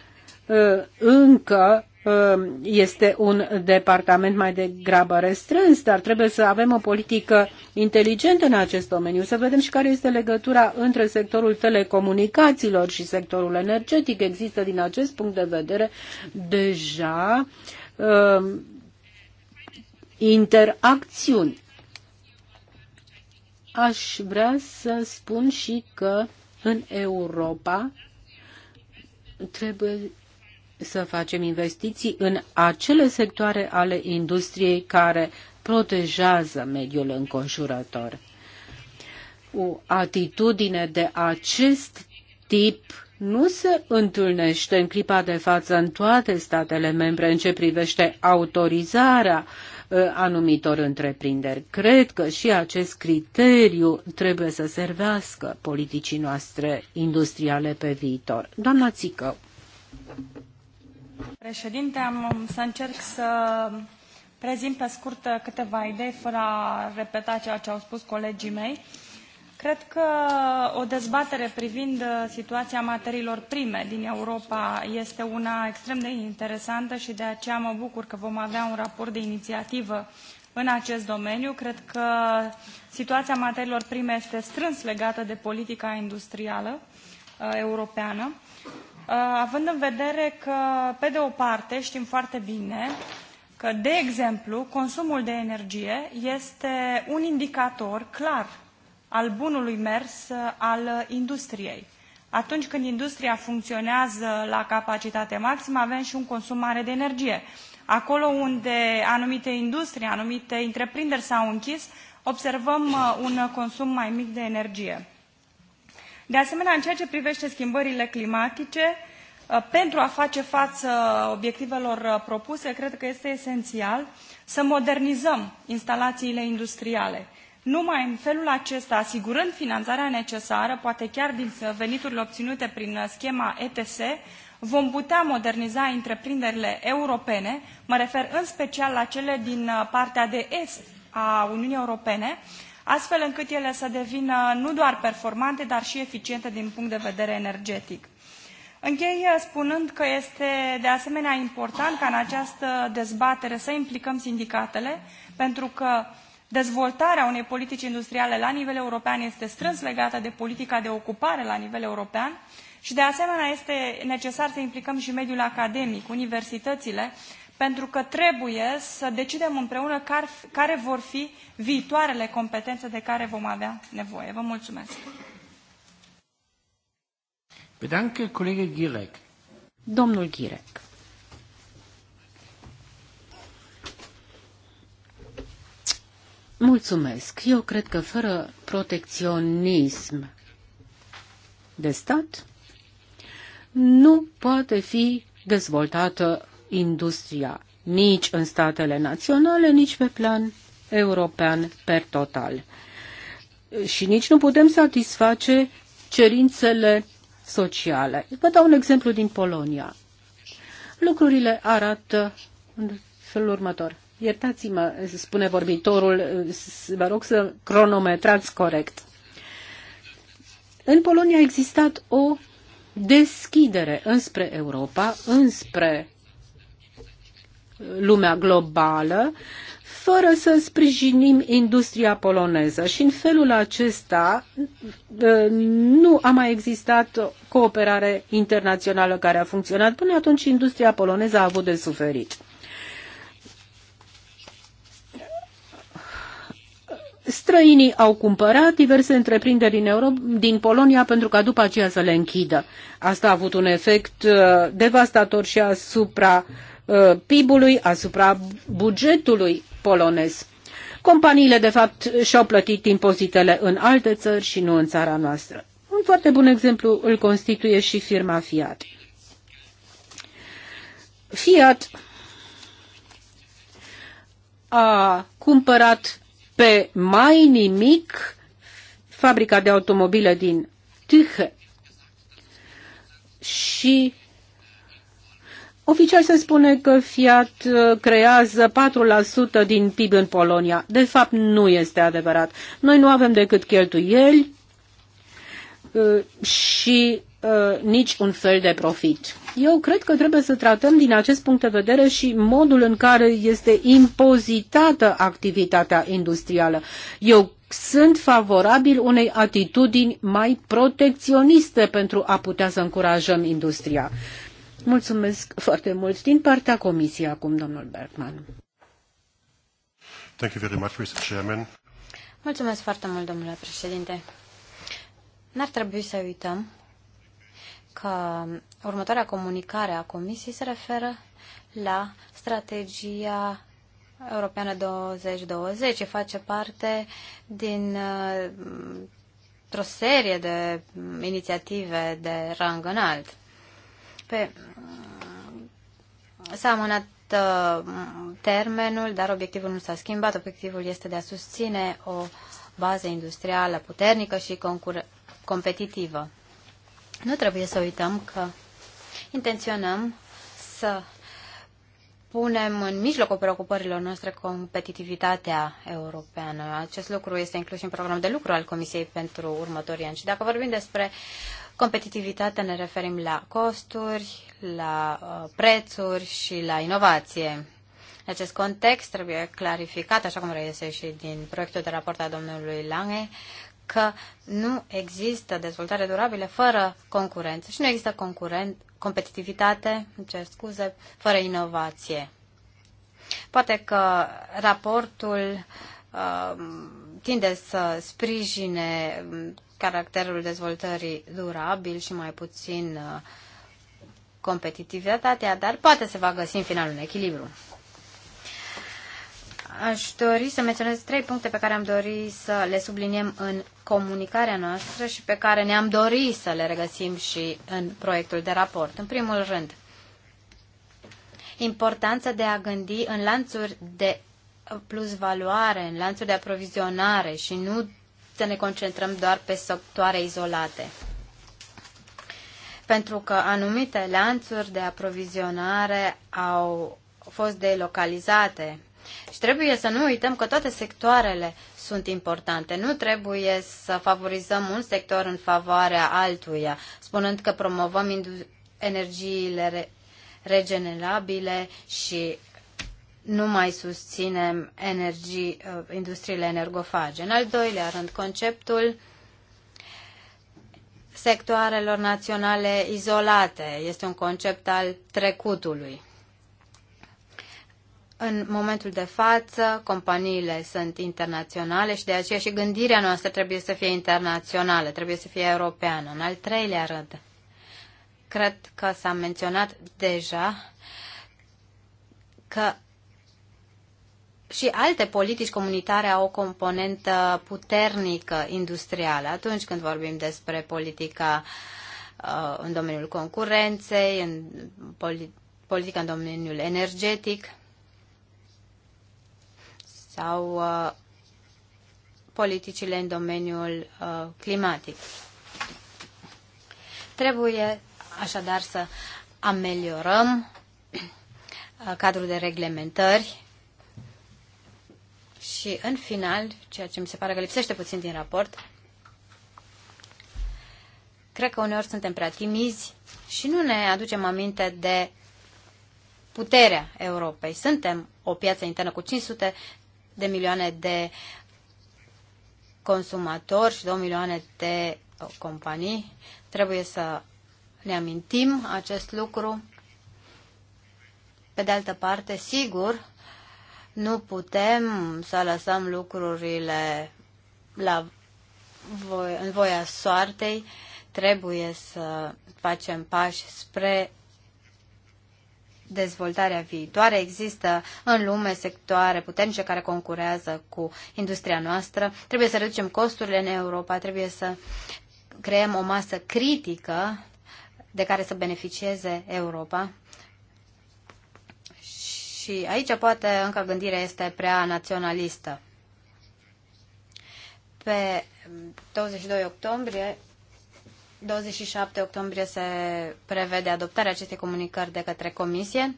uh, încă uh, este un departament mai degrabă restrâns, dar trebuie să avem o politică inteligentă în acest domeniu, să vedem și care este legătura între sectorul telecomunicațiilor și sectorul energetic. Există din acest punct de vedere deja uh, interacțiuni. Aș vrea să spun și că în Europa trebuie să facem investiții în acele sectoare ale industriei care protejează mediul înconjurător. O atitudine de acest tip nu se întâlnește în clipa de față în toate statele membre în ce privește autorizarea uh, Uh, anumitor întreprinderi. Cred că și acest criteriu trebuie să servească politicii noastre industriale pe viitor. Doamna Țică. Președinte, am să încerc să prezint pe scurt câteva idei fără a repeta ceea ce au spus colegii mei. Cred că o dezbatere privind uh, situația materiilor prime din Europa este una extrem de interesantă și de aceea mă bucur că vom avea un raport de inițiativă în acest domeniu. Cred că situația materiilor prime este strâns legată de politica industrială uh, europeană, uh, având în vedere că, pe de o parte, știm foarte bine că, de exemplu, consumul de energie este un indicator clar al bunului mers uh, al industriei. Atunci când industria funcționează la capacitate maximă, avem și un consum mare de energie. Acolo unde anumite industrie, anumite întreprinderi s-au închis, observăm uh, un consum mai mic de energie. De asemenea, în ceea ce privește schimbările climatice, uh, pentru a face față obiectivelor propuse, cred că este esențial să modernizăm instalațiile industriale. Numai în felul acesta, asigurând finanțarea necesară, poate chiar din veniturile obținute prin uh, schema ETS, vom putea moderniza întreprinderile europene, mă refer în special la cele din uh, partea de est a Uniunii Europene, astfel încât ele să devină uh, nu doar performante, dar și eficiente din punct de vedere energetic. Închei spunând că este de asemenea important ca în această dezbatere să implicăm sindicatele, pentru că Dezvoltarea unei politici industriale la nivel european este strâns legată de politica de ocupare la nivel european și de asemenea este necesar să implicăm și mediul academic, universitățile, pentru că trebuie să decidem împreună care vor fi viitoarele competențe de care vom avea nevoie. Vă mulțumesc! Bedanke, colegă Ghirec. Domnul Ghirec. Mulțumesc. Eu cred că fără protecționism de stat nu poate fi dezvoltată industria nici în statele naționale, nici pe plan european per total. Și nici nu putem satisface cerințele sociale. Vă dau un exemplu din Polonia. Lucrurile arată în felul următor. Iertați-mă, spune vorbitorul, vă rog să cronometrați corect. În Polonia a existat o deschidere înspre Europa, înspre lumea globală, fără să sprijinim industria poloneză. Și în felul acesta ă, nu a mai existat cooperare internațională care a funcționat. Până atunci industria poloneză a avut de suferit. străinii au cumpărat diverse întreprinderi din, Europa, din Polonia pentru ca după aceea să le închidă. Asta a avut un efect uh, devastator și asupra uh, PIB-ului, asupra bugetului polonez. Companiile, de fapt, și-au plătit impozitele în alte țări și nu în țara noastră. Un foarte bun exemplu îl constituie și firma Fiat. Fiat a cumpărat pe mai nimic fabrica de automobile din Tüche și Oficial se spune că Fiat uh, creează 4% din PIB în Polonia. De fapt, nu este adevărat. Noi nu avem decât cheltuieli uh, și uh, nici un fel de profit. Eu cred că trebuie să tratăm din acest punct de vedere și modul în care este impozitată activitatea industrială. Eu sunt favorabil unei atitudini mai protecționiste pentru a putea să încurajăm industria. Mulțumesc foarte mult din partea Comisiei acum, domnul Bergman. Thank you very much, Mr. Chairman. Mulțumesc foarte mult, domnule președinte. N-ar trebui să uităm că următoarea comunicare a Comisiei se referă la strategia europeană 2020. Face parte din uh, o serie de inițiative de rang înalt. Pe, uh, s-a amânat uh, termenul, dar obiectivul nu s-a schimbat. Obiectivul este de a susține o bază industrială puternică și competitivă. Nu trebuie să uităm că intenționăm să punem în mijlocul preocupărilor noastre competitivitatea europeană. Acest lucru este inclus în programul de lucru al Comisiei pentru următorii ani. Și dacă vorbim despre competitivitate, ne referim la costuri, la uh, prețuri și la inovație. În acest context trebuie clarificat, așa cum reiese și din proiectul de raport al domnului Lange, că nu există dezvoltare durabilă fără concurență și nu există concurent, competitivitate, cer scuze, fără inovație. Poate că raportul uh, tinde să sprijine um, caracterul dezvoltării durabil și mai puțin uh, competitivitatea, dar poate se va găsi în final un echilibru aș dori să menționez trei puncte pe care am dori să le subliniem în comunicarea noastră și pe care ne-am dori să le regăsim și în proiectul de raport. În primul rând, importanța de a gândi în lanțuri de plus valoare, în lanțuri de aprovizionare și nu să ne concentrăm doar pe sectoare izolate. Pentru că anumite lanțuri de aprovizionare au fost delocalizate și trebuie să nu uităm că toate sectoarele sunt importante. Nu trebuie să favorizăm un sector în favoarea altuia, spunând că promovăm energiile re- regenerabile și nu mai susținem energii, uh, industriile energofage. În al doilea rând, conceptul sectoarelor naționale izolate este un concept al trecutului. În momentul de față, companiile sunt internaționale și de aceea și gândirea noastră trebuie să fie internațională, trebuie să fie europeană. În al treilea rând, cred că s-a menționat deja că și alte politici comunitare au o componentă puternică industrială atunci când vorbim despre politica uh, în domeniul concurenței, în polit- politica în domeniul energetic sau uh, politicile în domeniul uh, climatic. Trebuie așadar să ameliorăm uh, cadrul de reglementări și în final, ceea ce mi se pare că lipsește puțin din raport, cred că uneori suntem prea timizi și nu ne aducem aminte de puterea Europei. Suntem o piață internă cu 500 de milioane de consumatori și 2 milioane de uh, companii. Trebuie să ne amintim acest lucru. Pe de altă parte, sigur, nu putem să lăsăm lucrurile la voi, în voia soartei, trebuie să facem pași spre dezvoltarea viitoare. Există în lume sectoare puternice care concurează cu industria noastră. Trebuie să reducem costurile în Europa, trebuie să creăm o masă critică de care să beneficieze Europa. Și aici poate încă gândirea este prea naționalistă. Pe 22 octombrie 27 octombrie se prevede adoptarea acestei comunicări de către Comisie.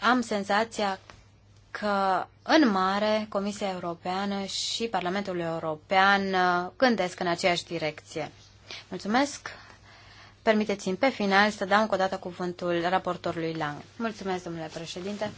Am senzația că, în mare, Comisia Europeană și Parlamentul European uh, gândesc în aceeași direcție. Mulțumesc! Permiteți-mi pe final să dau încă o dată cuvântul raportorului Lang. Mulțumesc, domnule președinte!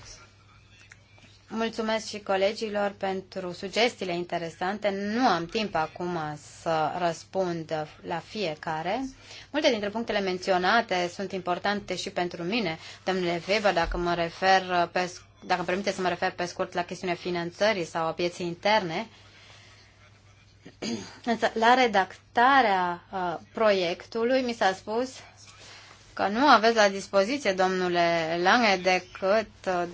Mulțumesc și colegilor pentru sugestiile interesante. Nu am timp acum să răspund la fiecare. Multe dintre punctele menționate sunt importante și pentru mine. Domnule Weber, dacă mă refer pe, dacă îmi permite să mă refer pe scurt la chestiunea finanțării sau a pieței interne, *clears throat* însă la redactarea uh, proiectului mi s-a spus că nu aveți la dispoziție, domnule Lange, decât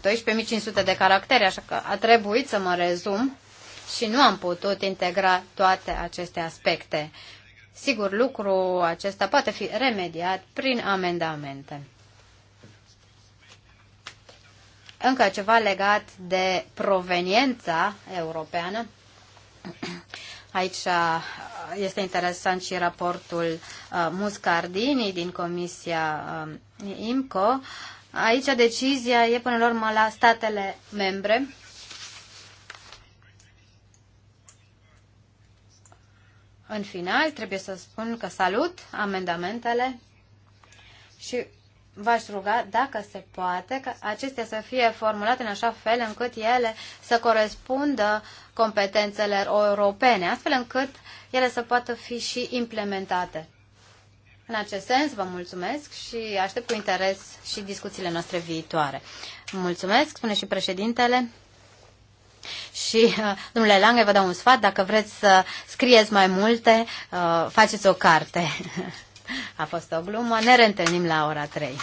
12.500 uh, de caractere, așa că a trebuit să mă rezum și nu am putut integra toate aceste aspecte. Sigur, lucru acesta poate fi remediat prin amendamente. Încă ceva legat de proveniența europeană. Aici uh, este interesant și raportul uh, Muscardini din Comisia uh, IMCO. Aici decizia e până la urmă la statele membre. În final, trebuie să spun că salut amendamentele și v-aș ruga, dacă se poate, ca acestea să fie formulate în așa fel încât ele să corespundă competențelor europene, astfel încât ele să poată fi și implementate. În acest sens, vă mulțumesc și aștept cu interes și discuțiile noastre viitoare. Mulțumesc, spune și președintele. Și, *laughs* domnule Lange, vă dau un sfat, dacă vreți să scrieți mai multe, uh, faceți o carte. *laughs* A fost o glumă. Ne reîntâlnim la ora 3.